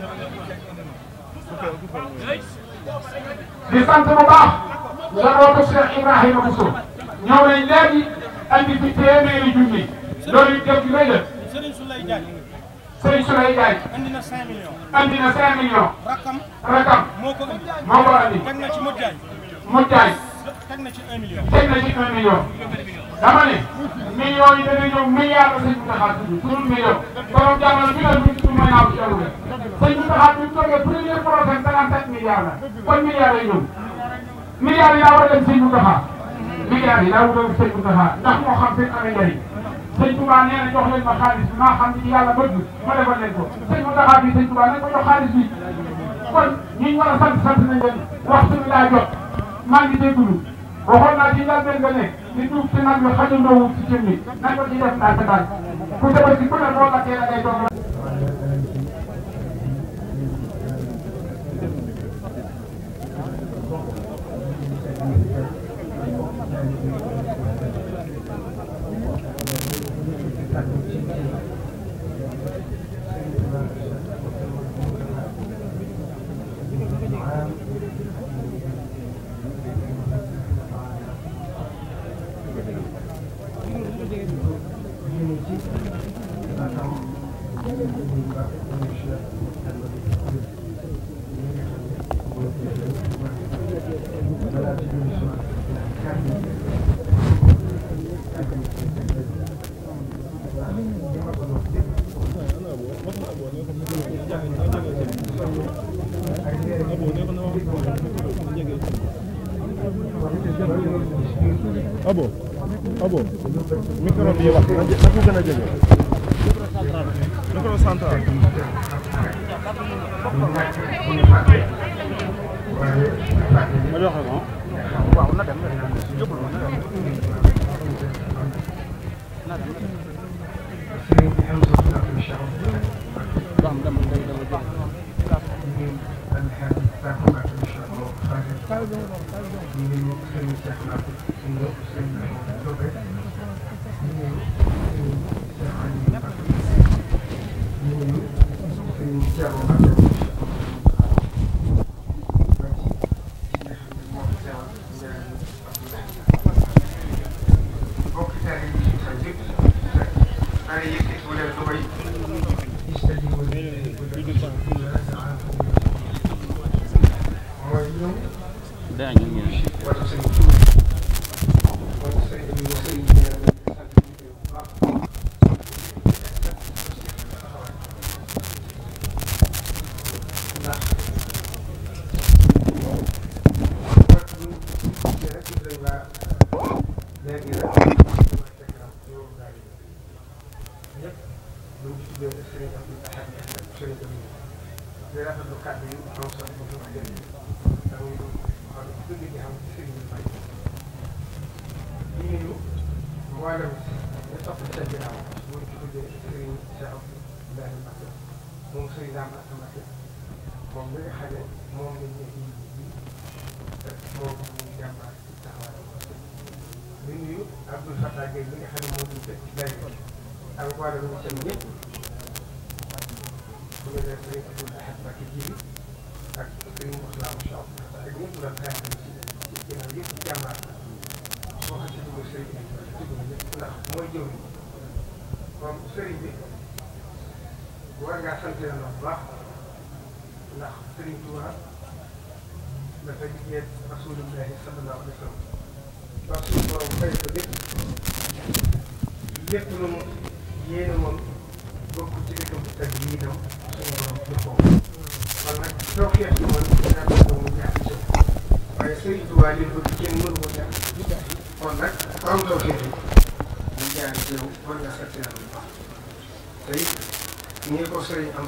di sant bu baax njabootu Cheikh Ibrahima Bousso ñëw nañ léegi andi fi téeméeri junni loolu it def lay def Serigne Souleye Ndiaye andi na 5 millions andi na 5 millions rakam rakam moo ko andi teg na ci Modjaay Modjaay teg na ci 1 million teg na ci 1 million dama ne millions yi dana ñëw milliards la sëñ bi taxaat suñu million borom jamono bi la ñu may naaw ci alu sëñ bi taxaat bi toogee premier projet cinquante-sept milliards la kon milliards lay ñëw milliards yi daa war a dem sëñ bi taxaat milliards yi daa war a dem sëñ bi taxaat ndax moo xam seen amee njëriñ sëñ Touba nee na jox leen ma xaalis bi maa xam ni yàlla bëgg ma defal leen ko sëñ bi taxaat bi sëñ Touba nañ ko jox xaalis bi kon ñu war a sant sant nañ leen waxtu bi laa jot maa ngi déglu waxoon naa ci njëlbeen nga ne li tuub ci nag mi xajandoowul ci cin li nañ ko ci def naa sa daan ku demal ci ku ne boo lakkee la ngay doon Thank you.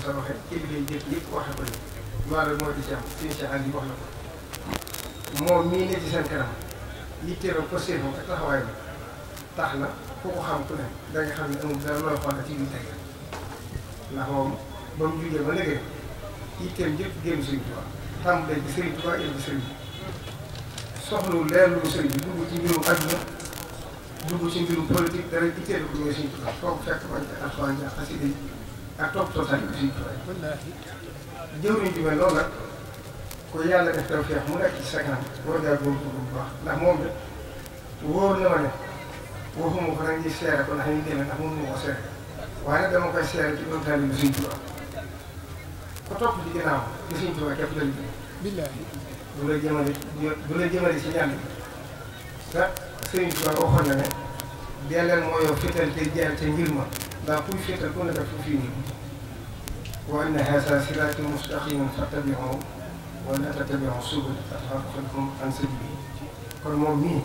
sa waxee kilifa yi jëkk yëpp di ci am suñu si àll yi wax na ko moom mii ci seen kanam yitteeroo ko tax na ku ko xam ku ne da nga xam ne amul dara looy xool ci biir teg ndax moom ba mu jugee ba léegi yitteem yëpp soxlu leer lu Sëriñ bi dugg ci mbirum àdduna dugg yitteelu ko ñooy Sëriñ Tuubaa foo ko fekk bañ ca alxuraan ja ak topp soo tànn si jëwriñ ji ko yàlla def tawfeex mu nekk ci sa kanam war ngaa góorgóorlu bu baax na ma ne waxuma ko nag ñuy seere ko ndax ñu demee ma ko seere waaye nag dama koy seere ci doon tànn bi suñ tubaab ko topp ci ginnaaw bi suñ tubaab képp la liggéey du la jëmale du la jëmale ci ñaan bi te suñ tubaab waxoon na ne delleel moo yow te jaar ca ngir ma باقول فتكون تكفيني وأن هذا صراطي مستقيم فاتبعوه ولا تتبعوا السبل فتفرقكم عن سبيله kon moom nii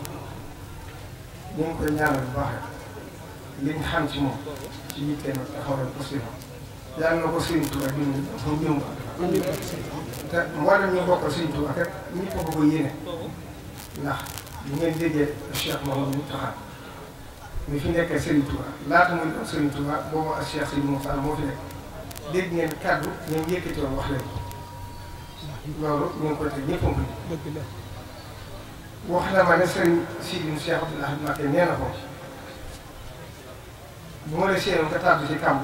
ñu ngi koy ñaanal bu baax liñ xam ci moom ci yitte nag taxawal aussi yàlla na ko Serigne Touba dindi mu jëm te mboolem ñu bokkal Serigne Touba rek ñëpp a bëgg a yéene ndax bu ngeen déggee Cheikh Mamadou Mountakha mu fi nekk Serigne Touba laata muy doon Serigne Touba boobu ak Cheikh Serigne Moussa moo fi nekk dégg ngeen kàddu ñoom yëkkati woon ngi wax na ma ne Serigne Sidi Cheikh Abdoul Ahad Mbacké nee na ko ma la séenoon nga tàbbi ci kàmb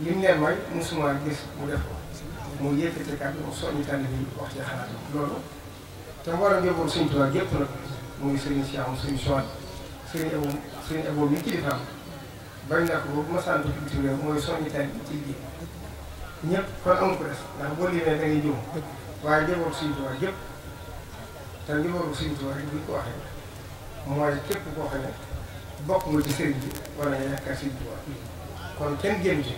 li mu ne mooy musuma gis mu def ko mu yëkkati kàddu mu soññi tànn bi wax ci xalaat loolu te war a njaboot suñu tubaab yëpp nag muy sëriñ Cheikh am suñu choix sëriñ Ebo sëriñ Ebo mi kilifaam bañ na ko ba bu ma sant fi bitim réew mooy soññi tànn bi ci liggéey ñëpp kon amu ko des ndax boo limee da ngay jëm waaye njaboot suñu tubaab yëpp te njaboot suñu tubaab rek ñu ko waxee mooy képp koo xam ne bokk nga ci sëriñ bi wala nga yaakaar suñu tubaab kon kenn génn ci.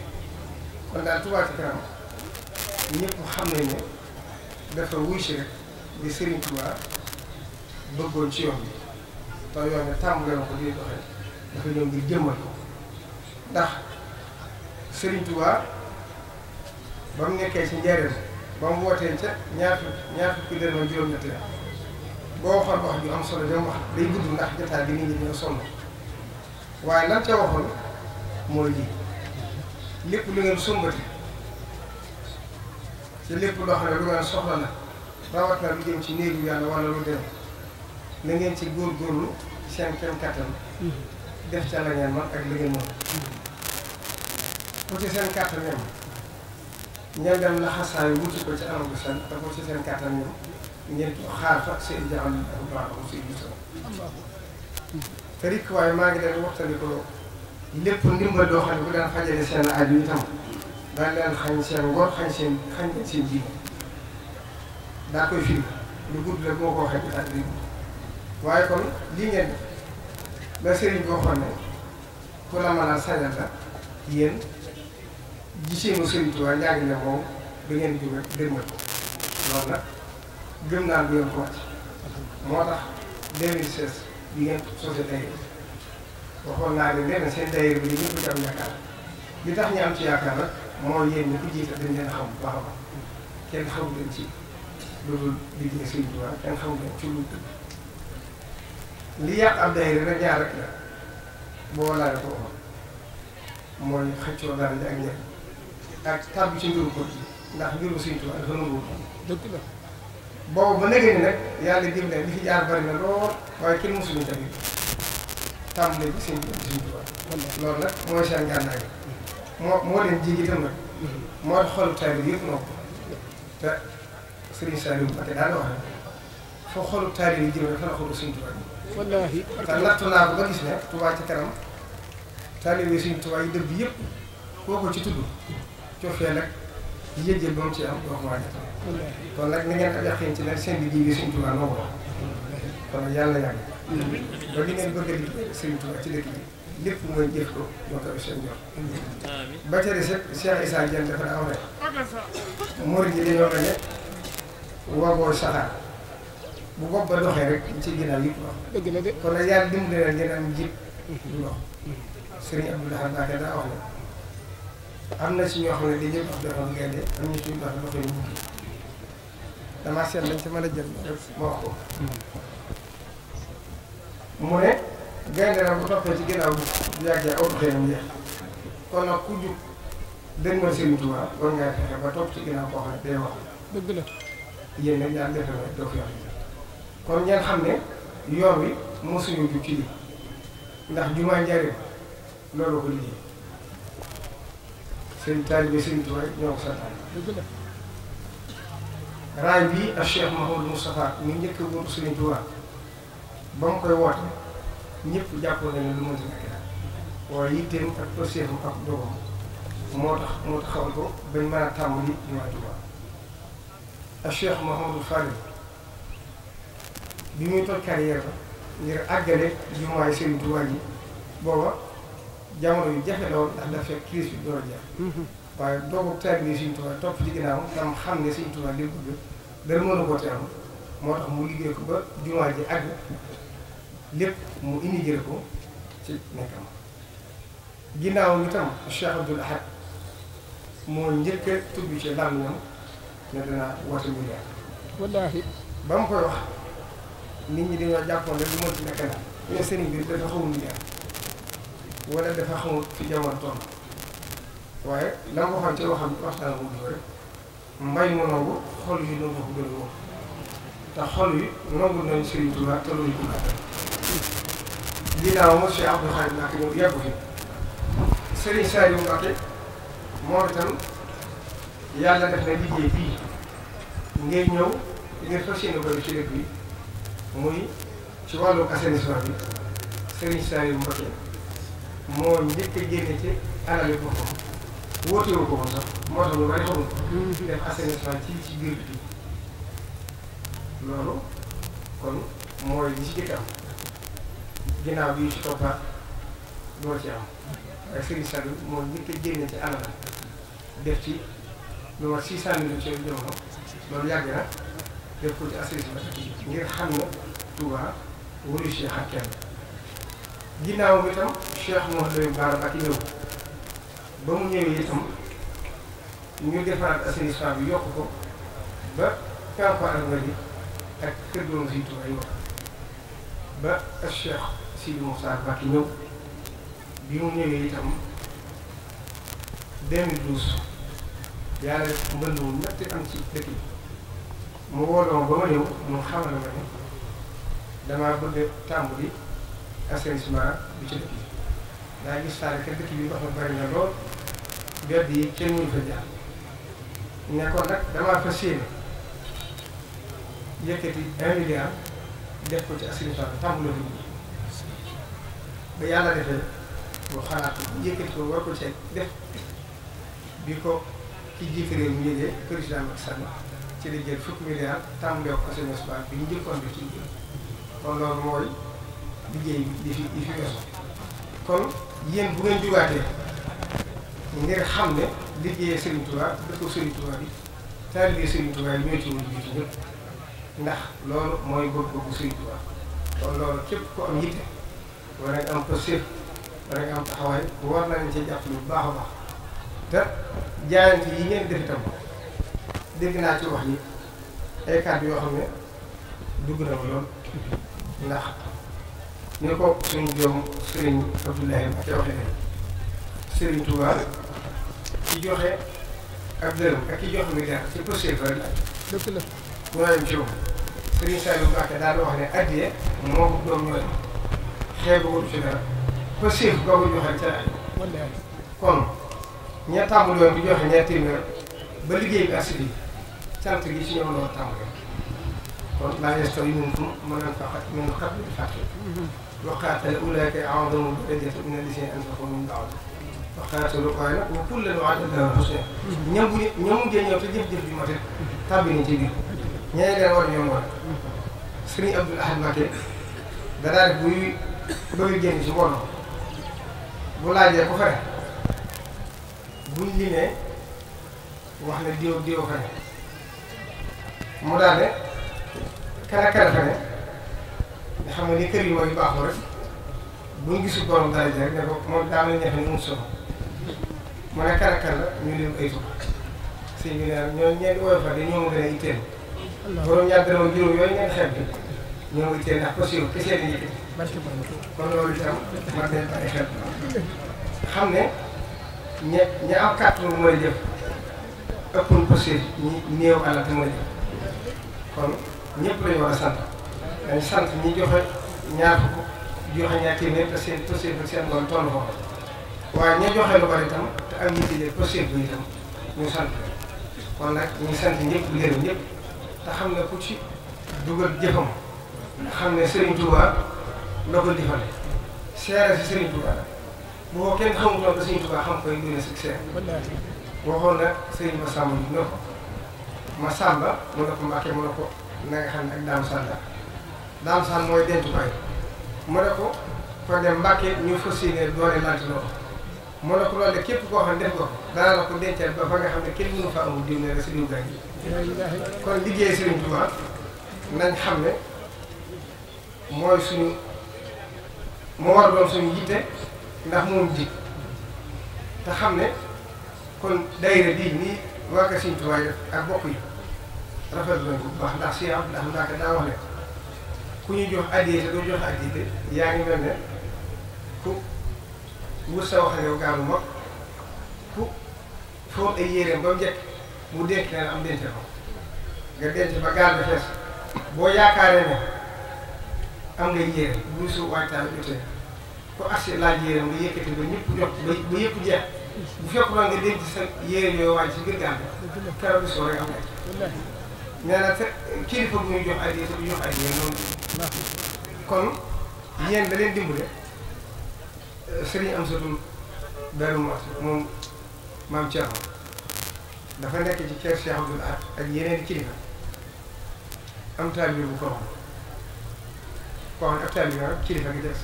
kon daal Touba Ca Kanam ñëpp xam nañ dafa wuy si rek di Serigne bëggoon ci yoon bi yoon ngir jëmmal ko ndax Serigne ba mu nekkee ci njëriñ ba mu wootee ca ñaar fukki ñaar fukki juróom-ñetti boo waxoon wax ju am solo dem wax day gudd ndax jotaay bi nit ñi dina sonn waaye lan ca waxoon mooy lii. lépp lu ngeen sombati te lépp loo xam ne lu ngeen soxla la rawat na lu jëm ci néegu yàlla wala lu dem na ngeen ci góorgóorlu seen kem kattan mm-hmm. def ca la ngeen man ak la ngeen man ku ci seen kattan yam ngeen dem la xasaay wuti ko ci anam seen te ku ci seen ngeen xaar fa seen jaxal ak baax am seen gisoon waaye maa ngi dem waxtali ko lépp ndimbal doo xam ne bu daan fajale seen aju itam daan leen xañ seen ngor xañ seen xañ seen diine daa koy firi lu gudd la moo ko waxee ak dégg waaye kon lii ngeen la sëriñ boo xam ne ku la mën a sañal la yéen gisee ma sëriñ Tuubaa njàng ne moom da ngeen jóge dëgmal ko loolu nag gëm naa du ngeen ko wàcc moo tax 2016 bi ngeen sosé tey waxoon naa leen léegi seen daayira bi ñëpp ci am yaakaar li tax ñu am ci yaakaar nag mooy yéen ñi ko jiite dañ leen xam bu baax kenn xamu leen ci loolu liggéey Sëriñ Tuubaa kenn xamu leen ci lu li yàq ab daayira rek ak ñebe ak tàbbi ci la boobu ba léegi nag yàlla jëm leen li fi jaar bari na lool waaye kenn mosuñu tamit. tàmbalee bi seen jiw bi loolu nag mooy seen gànnaay bi moo moo leen jigi itam nag moo xolu taalibe yëpp noo ko foo xolu taalibe yi jëm rek fa la xolu Sëriñ te nattu naa ko ba gis ne Tuubaa ci kanam taalibe Sëriñ Tuubaa yi dëgg yëpp koo ko ci tudd cofee nag yëjjël ba mu ci am doo kon nag ni ngeen am yàqin ci ne seen liggéey bi Sëriñ Tuubaa noo ko kon yàlla yàgg ba li ngeen bëgg a liggéey Serigne Touba ci dëkk bi lépp mooy jëf ko moo tax seen jox ba ca des it Cheikh Issa Dieng dafa aw rek murid yi dañoo la ne wagoo bu bopp ba doxee rek ci ginnaaw yëpp dox la de kon nag yàlla dimbali na ngeen am jib du dox Serigne Abdoulaye daa wax am na si ñoo xam ne dañuy dox doxam gaynde am ñu suñu dox doxee mukki seet lañ ci mën a jël rek ma wax ko mu ne gaynde nag bu toppee ci ginnaaw bu yàggee de doxalinam jeex kon nag ku jub dëgg ma Serigne Touba war ngaa fexe ba topp ci ginnaaw koo xam ne day wax. dëgg la yéen nag ñaar defe na doo fi wax kon ngeen ko liggéey seen ñoo ko santaane. dëgg la raay bii ak Cheikh Mouhamadou Moustapha mi njëkk a wóor ba mu koy woote ñëpp jàppoo na ne lu mënti nekk daal waaye yitteem ak procédure ak dogoom moo tax moo taxawal ko bañ mën a tàmbali jumaa Tuubaa ak Cheikh Mouhamadou Fallou ji booba jamono yu jafe la woon ndax dafa fekk crise bi door a jeex mhm. waaye doogu taalibe yi Sëriñ Tuubaa topp ci ginnaaw dam xam ne Sëriñ Tuubaa li bëgg dara mënu koo teew moo tax mu liggéey ko ba jumaa ji àgg lépp mu indi jële ko ci nekkam ginnaaw itam Cheikh Abdoul Ahad moo njëkk a tudd ci làmmiñam ne dana woote milliard wallaahi ba mu koy wax nit ñi dañoo jàppoon rek lu mënti nekk na mais sëriñ bi dafa xamul milliard wala dafa xamul fi jamono toll waaye la nga waxoon ci waxam waxtaan wu ñu rek mbay mu nangu xol yi nangu ko gën a te xol yi nangu nañ Sëriñ Tuubaa te loolu ko ginnaaw moom Cheikh Abdou Khadre Mbacké moom yàggu fi Serigne Saliou Mbacké moom itam yàlla def na liggéey bii ngay ñëw ngir fas yéene ko ci dëkk bi muy ci wàllu assainissement bi Serigne Saliou Mbacké moo njëkk a génne ci alali boppam wóotewu ko woon sax moo tax ñu bari xamul ko def assainissement ci ci biir bi loolu kon mooy li ci jëkk am ginnaaw bi Yusufa Ba doo ci am waaye Serigne Saliou moom njëkk a génne ci alal def ci lu ma six cent mille ci jamono loolu yàgg na def ko ci assainissement ngir xam ne Touba wuri Cheikh ak kenn ginnaaw ba mu ñëwee itam ñu defaraat assainissement bi yokk ko ba kanko alal nga ji ak kër doomu si Touba yi wax ba Cheikh Sidi Moussa Bakki ñëw bi mu ñëwee itam 2012 yàlla def mbënd mu metti am ci dëkk bi mu wóoloon ba ma ñëw mu xamal ma ne damaa bëgg tàmbali assainissement bi ci dëkk bi daa gis saa ne dëkk bi ndox ma bari na lool bedd yi kenn ñu fa jaar ne ko nag damaa fa séenee yëkkati un def ko ci assainissement bi tàmbali ba yàlla defee boo xalaat yëkkati ko war ko cee def bi ko ci jiite réew mi yëgee président Macky Sall ci la jël fukki milliards tàmbale ko assurance baa bi ñu njëkkoon bi ci jël bi fi di fi weesu kon yéen bu ngeen jugaatee xam ne liggéeyee Serigne Touba dëkk Serigne Touba bi ci woon ndax loolu mooy bëgg-bëggu Serigne Touba kon képp ku am yitte war nañ am positif war nañ am taxawaay war nañ ci jàpp lu baax a baax te jaayante yi ngeen def itam dégg naa ci wax yi ay kàddu yoo xam ne dugg na ma lool ndax ni ko suñu joom Serigne Abdoulaye Mbacké waxee Serigne Touba ci joxe ak dërëm ak ki joxe mi dara ci positif rek la dëgg la ñoo yem ci moom Serigne Saliou Mbacké daal wax ne addiye moo ko doom ñoo jéego wut ci dara ba siif googu joxe ca laaj kon ña tàmbali woon di joxe ñaar téeméer ba liggéey bi assi bi cant gi ci ñoom la war a tàmbali kon laa yastawi minkum man anfaqa min qabli al-fathi wa qaatala ulaa'ika a'zamu darajatan mina allaziina anfaqu min ba'du wa qaatalu waaye nag wa kullan wa'ada Allaahu al-husnaa ñoom bu ñoom mujjee ñëw te jëf-jëf bi matit tàbbi nañ ci biir ñee leen war ñoom war Sëriñ Abdul Ahad Mbacké danaa def buy doy génn ci woon bu laajee ko fere buñ li ne wax ne diw diw fa ne mu daal ne kala kala fa ne nga xam ne ni kër yi mooy baaxoo rek buñ gisul borom daal ji rek ne ko moom daa mel ne ñafe ne mu solo ma ne kala kala ñu lim ay tur sëñ bi ne ñoo ñeenti woyofal yi ñoo ma gën a itteel borom ñaar dërëm juróom yooyu ñeenti xeet bi ñoo ma itteel ndax possible kese la kon loolu itam man de xel xam ne ña ña am kàttan bu mooy jëf ëppoon ko séer ñi néew alal te mooy jëf kon ñëpp lañu war a sant sant ñi joxe ñaar ko joxe ñaar téeméer te seen possible ak seen ngoon toll foofu waaye ña joxe lu bari itam te am nit yi possible bu itam ñu sant kon nag ñu sant ñëpp gërëm ñëpp te xam ne ku ci dugal jëfam xam ne Serigne Touba. la ko defale seere si Serigne Touba boo kenn xamutoon ba Serigne Touba xam koy dina si seere waxoon nag Serigne Massamba ñu ne ko Massamba mu ne ko Mbacke mu ne ko na xam ne ak Dame Sall la Dame Sall mooy dencukaay mu ne ko kon de Mbacke ñu fas yéene doole laajte loolu mu ne ko loolu de képp koo xam ne def nga ko dana la ko dencal ba fa nga xam ne kenn mënu fa amul diw ne la Serigne Touba gi kon liggéey Serigne Touba nañ xam ne mooy suñu. moo war doon suñu yitte ndax moom ji te xam ne kon daayira bii nii waa Kër Sëriñ Tuubaa ak bokk yi rafetlu nañ ko bu baax ndax Cheikh Abdou ndax daa wax ne ku ñu jox addiya te doo jox addiya te yaa ngi mel ne ku wut sa wax yow gaalu mag ku fóot ay yéreem ba mu njëkk mu denc leen ko nga denc ba gaal ba fees boo yaakaaree ne. am nga yéere bu su waajtaay jotee ku arsé laaj yéere nga yëkkati ba ñëpp jot ba ba yëpp jeex bu fekkoon nga denc sa yéere yooyu waaj si biir gàllankoor keroog bi soo rek am nga ci. nee jox ay yéen te jox ay yéen maam Thierno dafa nekk ci kër Cheikh Abdoul Ahad ak yeneen kilifa am taal bi bu ko koo xam ne ak kilifa gi des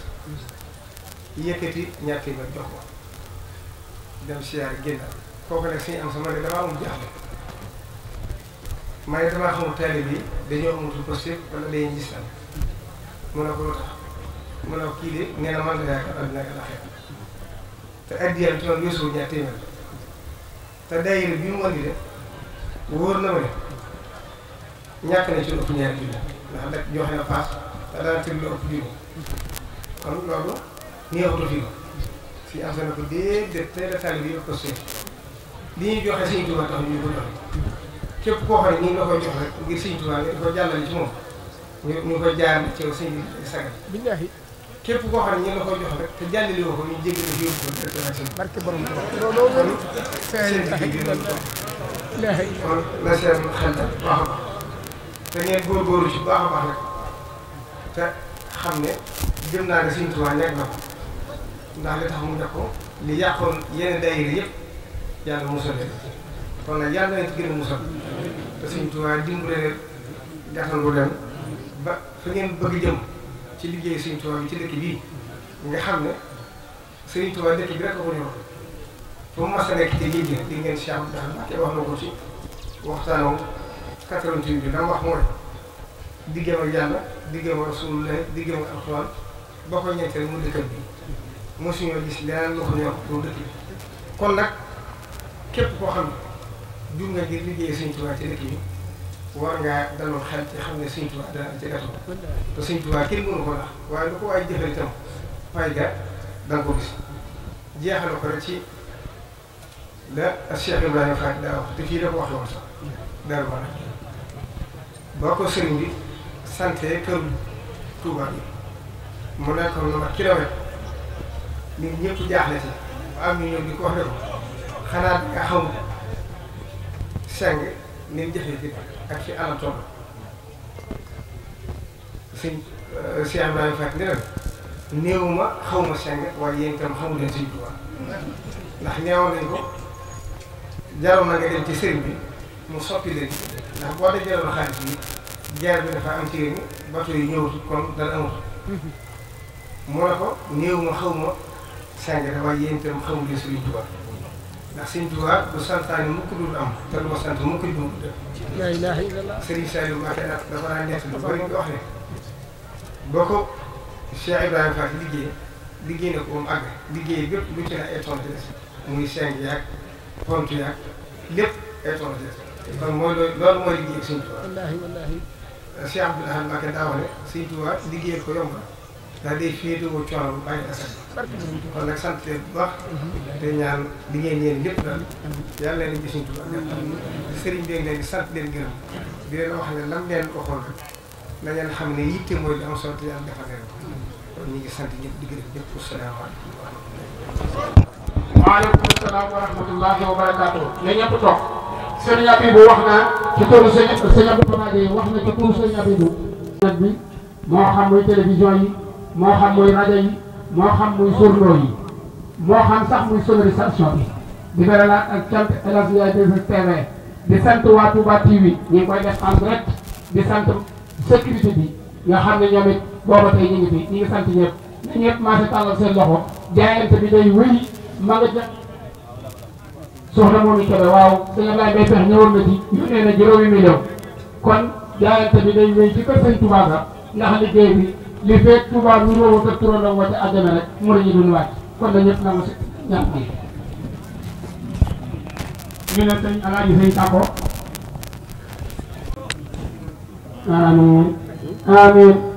yëkkati ñaar téeméer jox ko dem siyaar génnaat kooku nag suñu am sa man de damaa amul jaaxle man de damaa xamul taalibe yi dañoo amatul posté wala day gis lan mun na ko lu tax mun na ko kii na man de yaakaar àddina ak alaxira te addiyal ci noonu yoosuwul ñaar téeméer te daayira bi mu andi de wóor na ma ne te dana teg lu ëpp lii kon loolu néewatu fi ma suñu am ko déedéet teel a tànn bi yëpp ko suñu li ñuy joxe Sëriñ Tuubaa tax ñu ko joxe képp koo xam ne ñu ngi la koy jox rek ngir Sëriñ Tuubaa nga ko jàllale ci moom ñu ñu ko jaar koo xam ne ñu la koy te jàllale woo ko ñu jéggi la borom te ngeen góorgóorlu ci baax baax rek. te xam ne gëm naa ne Sëriñ Tuubaa nekk la ko ndax li tax mu def ko li yàqoon yeneen daayira yëpp yàlla musal leen kon nag yàlla nañ gën a musal te Sëriñ Tuubaa dimbale leen gàttandu leen ba fa ngeen bëgg jëm ci liggéey Sëriñ Tuubaa bi ci dëkk bii nga xam ne Sëriñ Tuubaa dëkk bi rek ko ñor ba mu mas a nekk te lii di di ngeen si am daal ndaxte wax na ko ci waxtaanoo 88 bi dama wax mooy diggam yàlla. diggam rasulullah diggam alxuraan boo ko ñeenteel mu dëkkal bi mosuñoo gis leneen lu ko ñor mu dëkk bi kon nag képp koo xam ne jur nga liggéey Sëñ Tuubaa ci dëkk bi war ngaa daloon xel ci xam ne Sëñ Tuubaa dana ci gàttal te Sëñ ko ndax waaye ko gis jeexal ko rek ci la Cheikh Ibrahima Fall daa wax te fii da ko waxee woon sax dara ko sëriñ bi sante kër Touba bi mu nekkoon lu mat kilomètre nit ñëpp jaaxle ci am ñu ñëw di ko wax ne ko xanaa di nga xamul seng ni mu jëfee fi ak fi anam toll suñ Cheikh Ibrahima Faty ne leen néewuma xawma seng waaye yéen itam xamu leen suñ Touba ndax neewoon nañ ko jaroon na nga dem ci sëriñ bi mu soppi leen ndax boo dee jaroon xaalis bi jaar bi dafa am ci réew mi bato yi ñëwut kon dara amut mu ne ko néew ma xaw ma sàngara waaye yéen itam xamu leen Sëriñ Tuubaa ndax Sëriñ Tuubaa du santaane mukk dul am te du ma sant mukk dul def laa ilaaha illallaah Sëriñ Saliou Mbacké dafa daan lu bari di wax ne boo ko Cheikh Ibrahima Fall liggéey liggéey na ko àgg liggéey bépp lu ci ne ay tontu des muy seng yaag pont yaag lépp ay tontu mooy loolu mooy liggéey Sëriñ Tuubaa Cheikh Abdoul Ahad Mbacké daawale Sëñ Tuubaa liggéeyal ko yomb ndax day féetewoo coono bu bàyyi asal kon sant leen bu baax te ñaan li ngeen yéen ñëpp daal yàlla leen di Sëñ Tuubaa sëriñ bi di sant leen gërëm di leen wax ne lam leen waxoon rek na ngeen xam ne yitte mooy li am te yàlla defal leen ñu ngi sant ñëpp di gërëm ñëpp asalaamaaleykum waaleykum salaam wa rahmatullahi wa barakaatu ñëpp toog sëñ Abibu wax na ci turu sëñ sëñ Abdou wax na ci turu sëñ Abibu moo xam muy télévision yi moo xam muy rajo yi moo xam muy journaux yi moo xam sax muy sonorisation bi di beralaat ak cant El Hadj Ndiaye 2STV di sant waa Touba TV ñu ngi koy def en di sant sécurité bi nga xam ne ñoom it booba tey ñu ngi ñu ngi sant ñëpp ñëpp maa ngi tàllal seen loxo jaayante bi day wéy ma soxna moom itamit waaw sëñ Ablaye Mbaye Pekh ñëwoon na ci yónnee na juróomi million kon jaayante bi day wéy ci kër sëñ Touba ga liggéey bi li fekk Touba bi ñu woo kër turandoom wa ca rek mu ñu dund wàcc kon na ñu ne sëñ Alaaji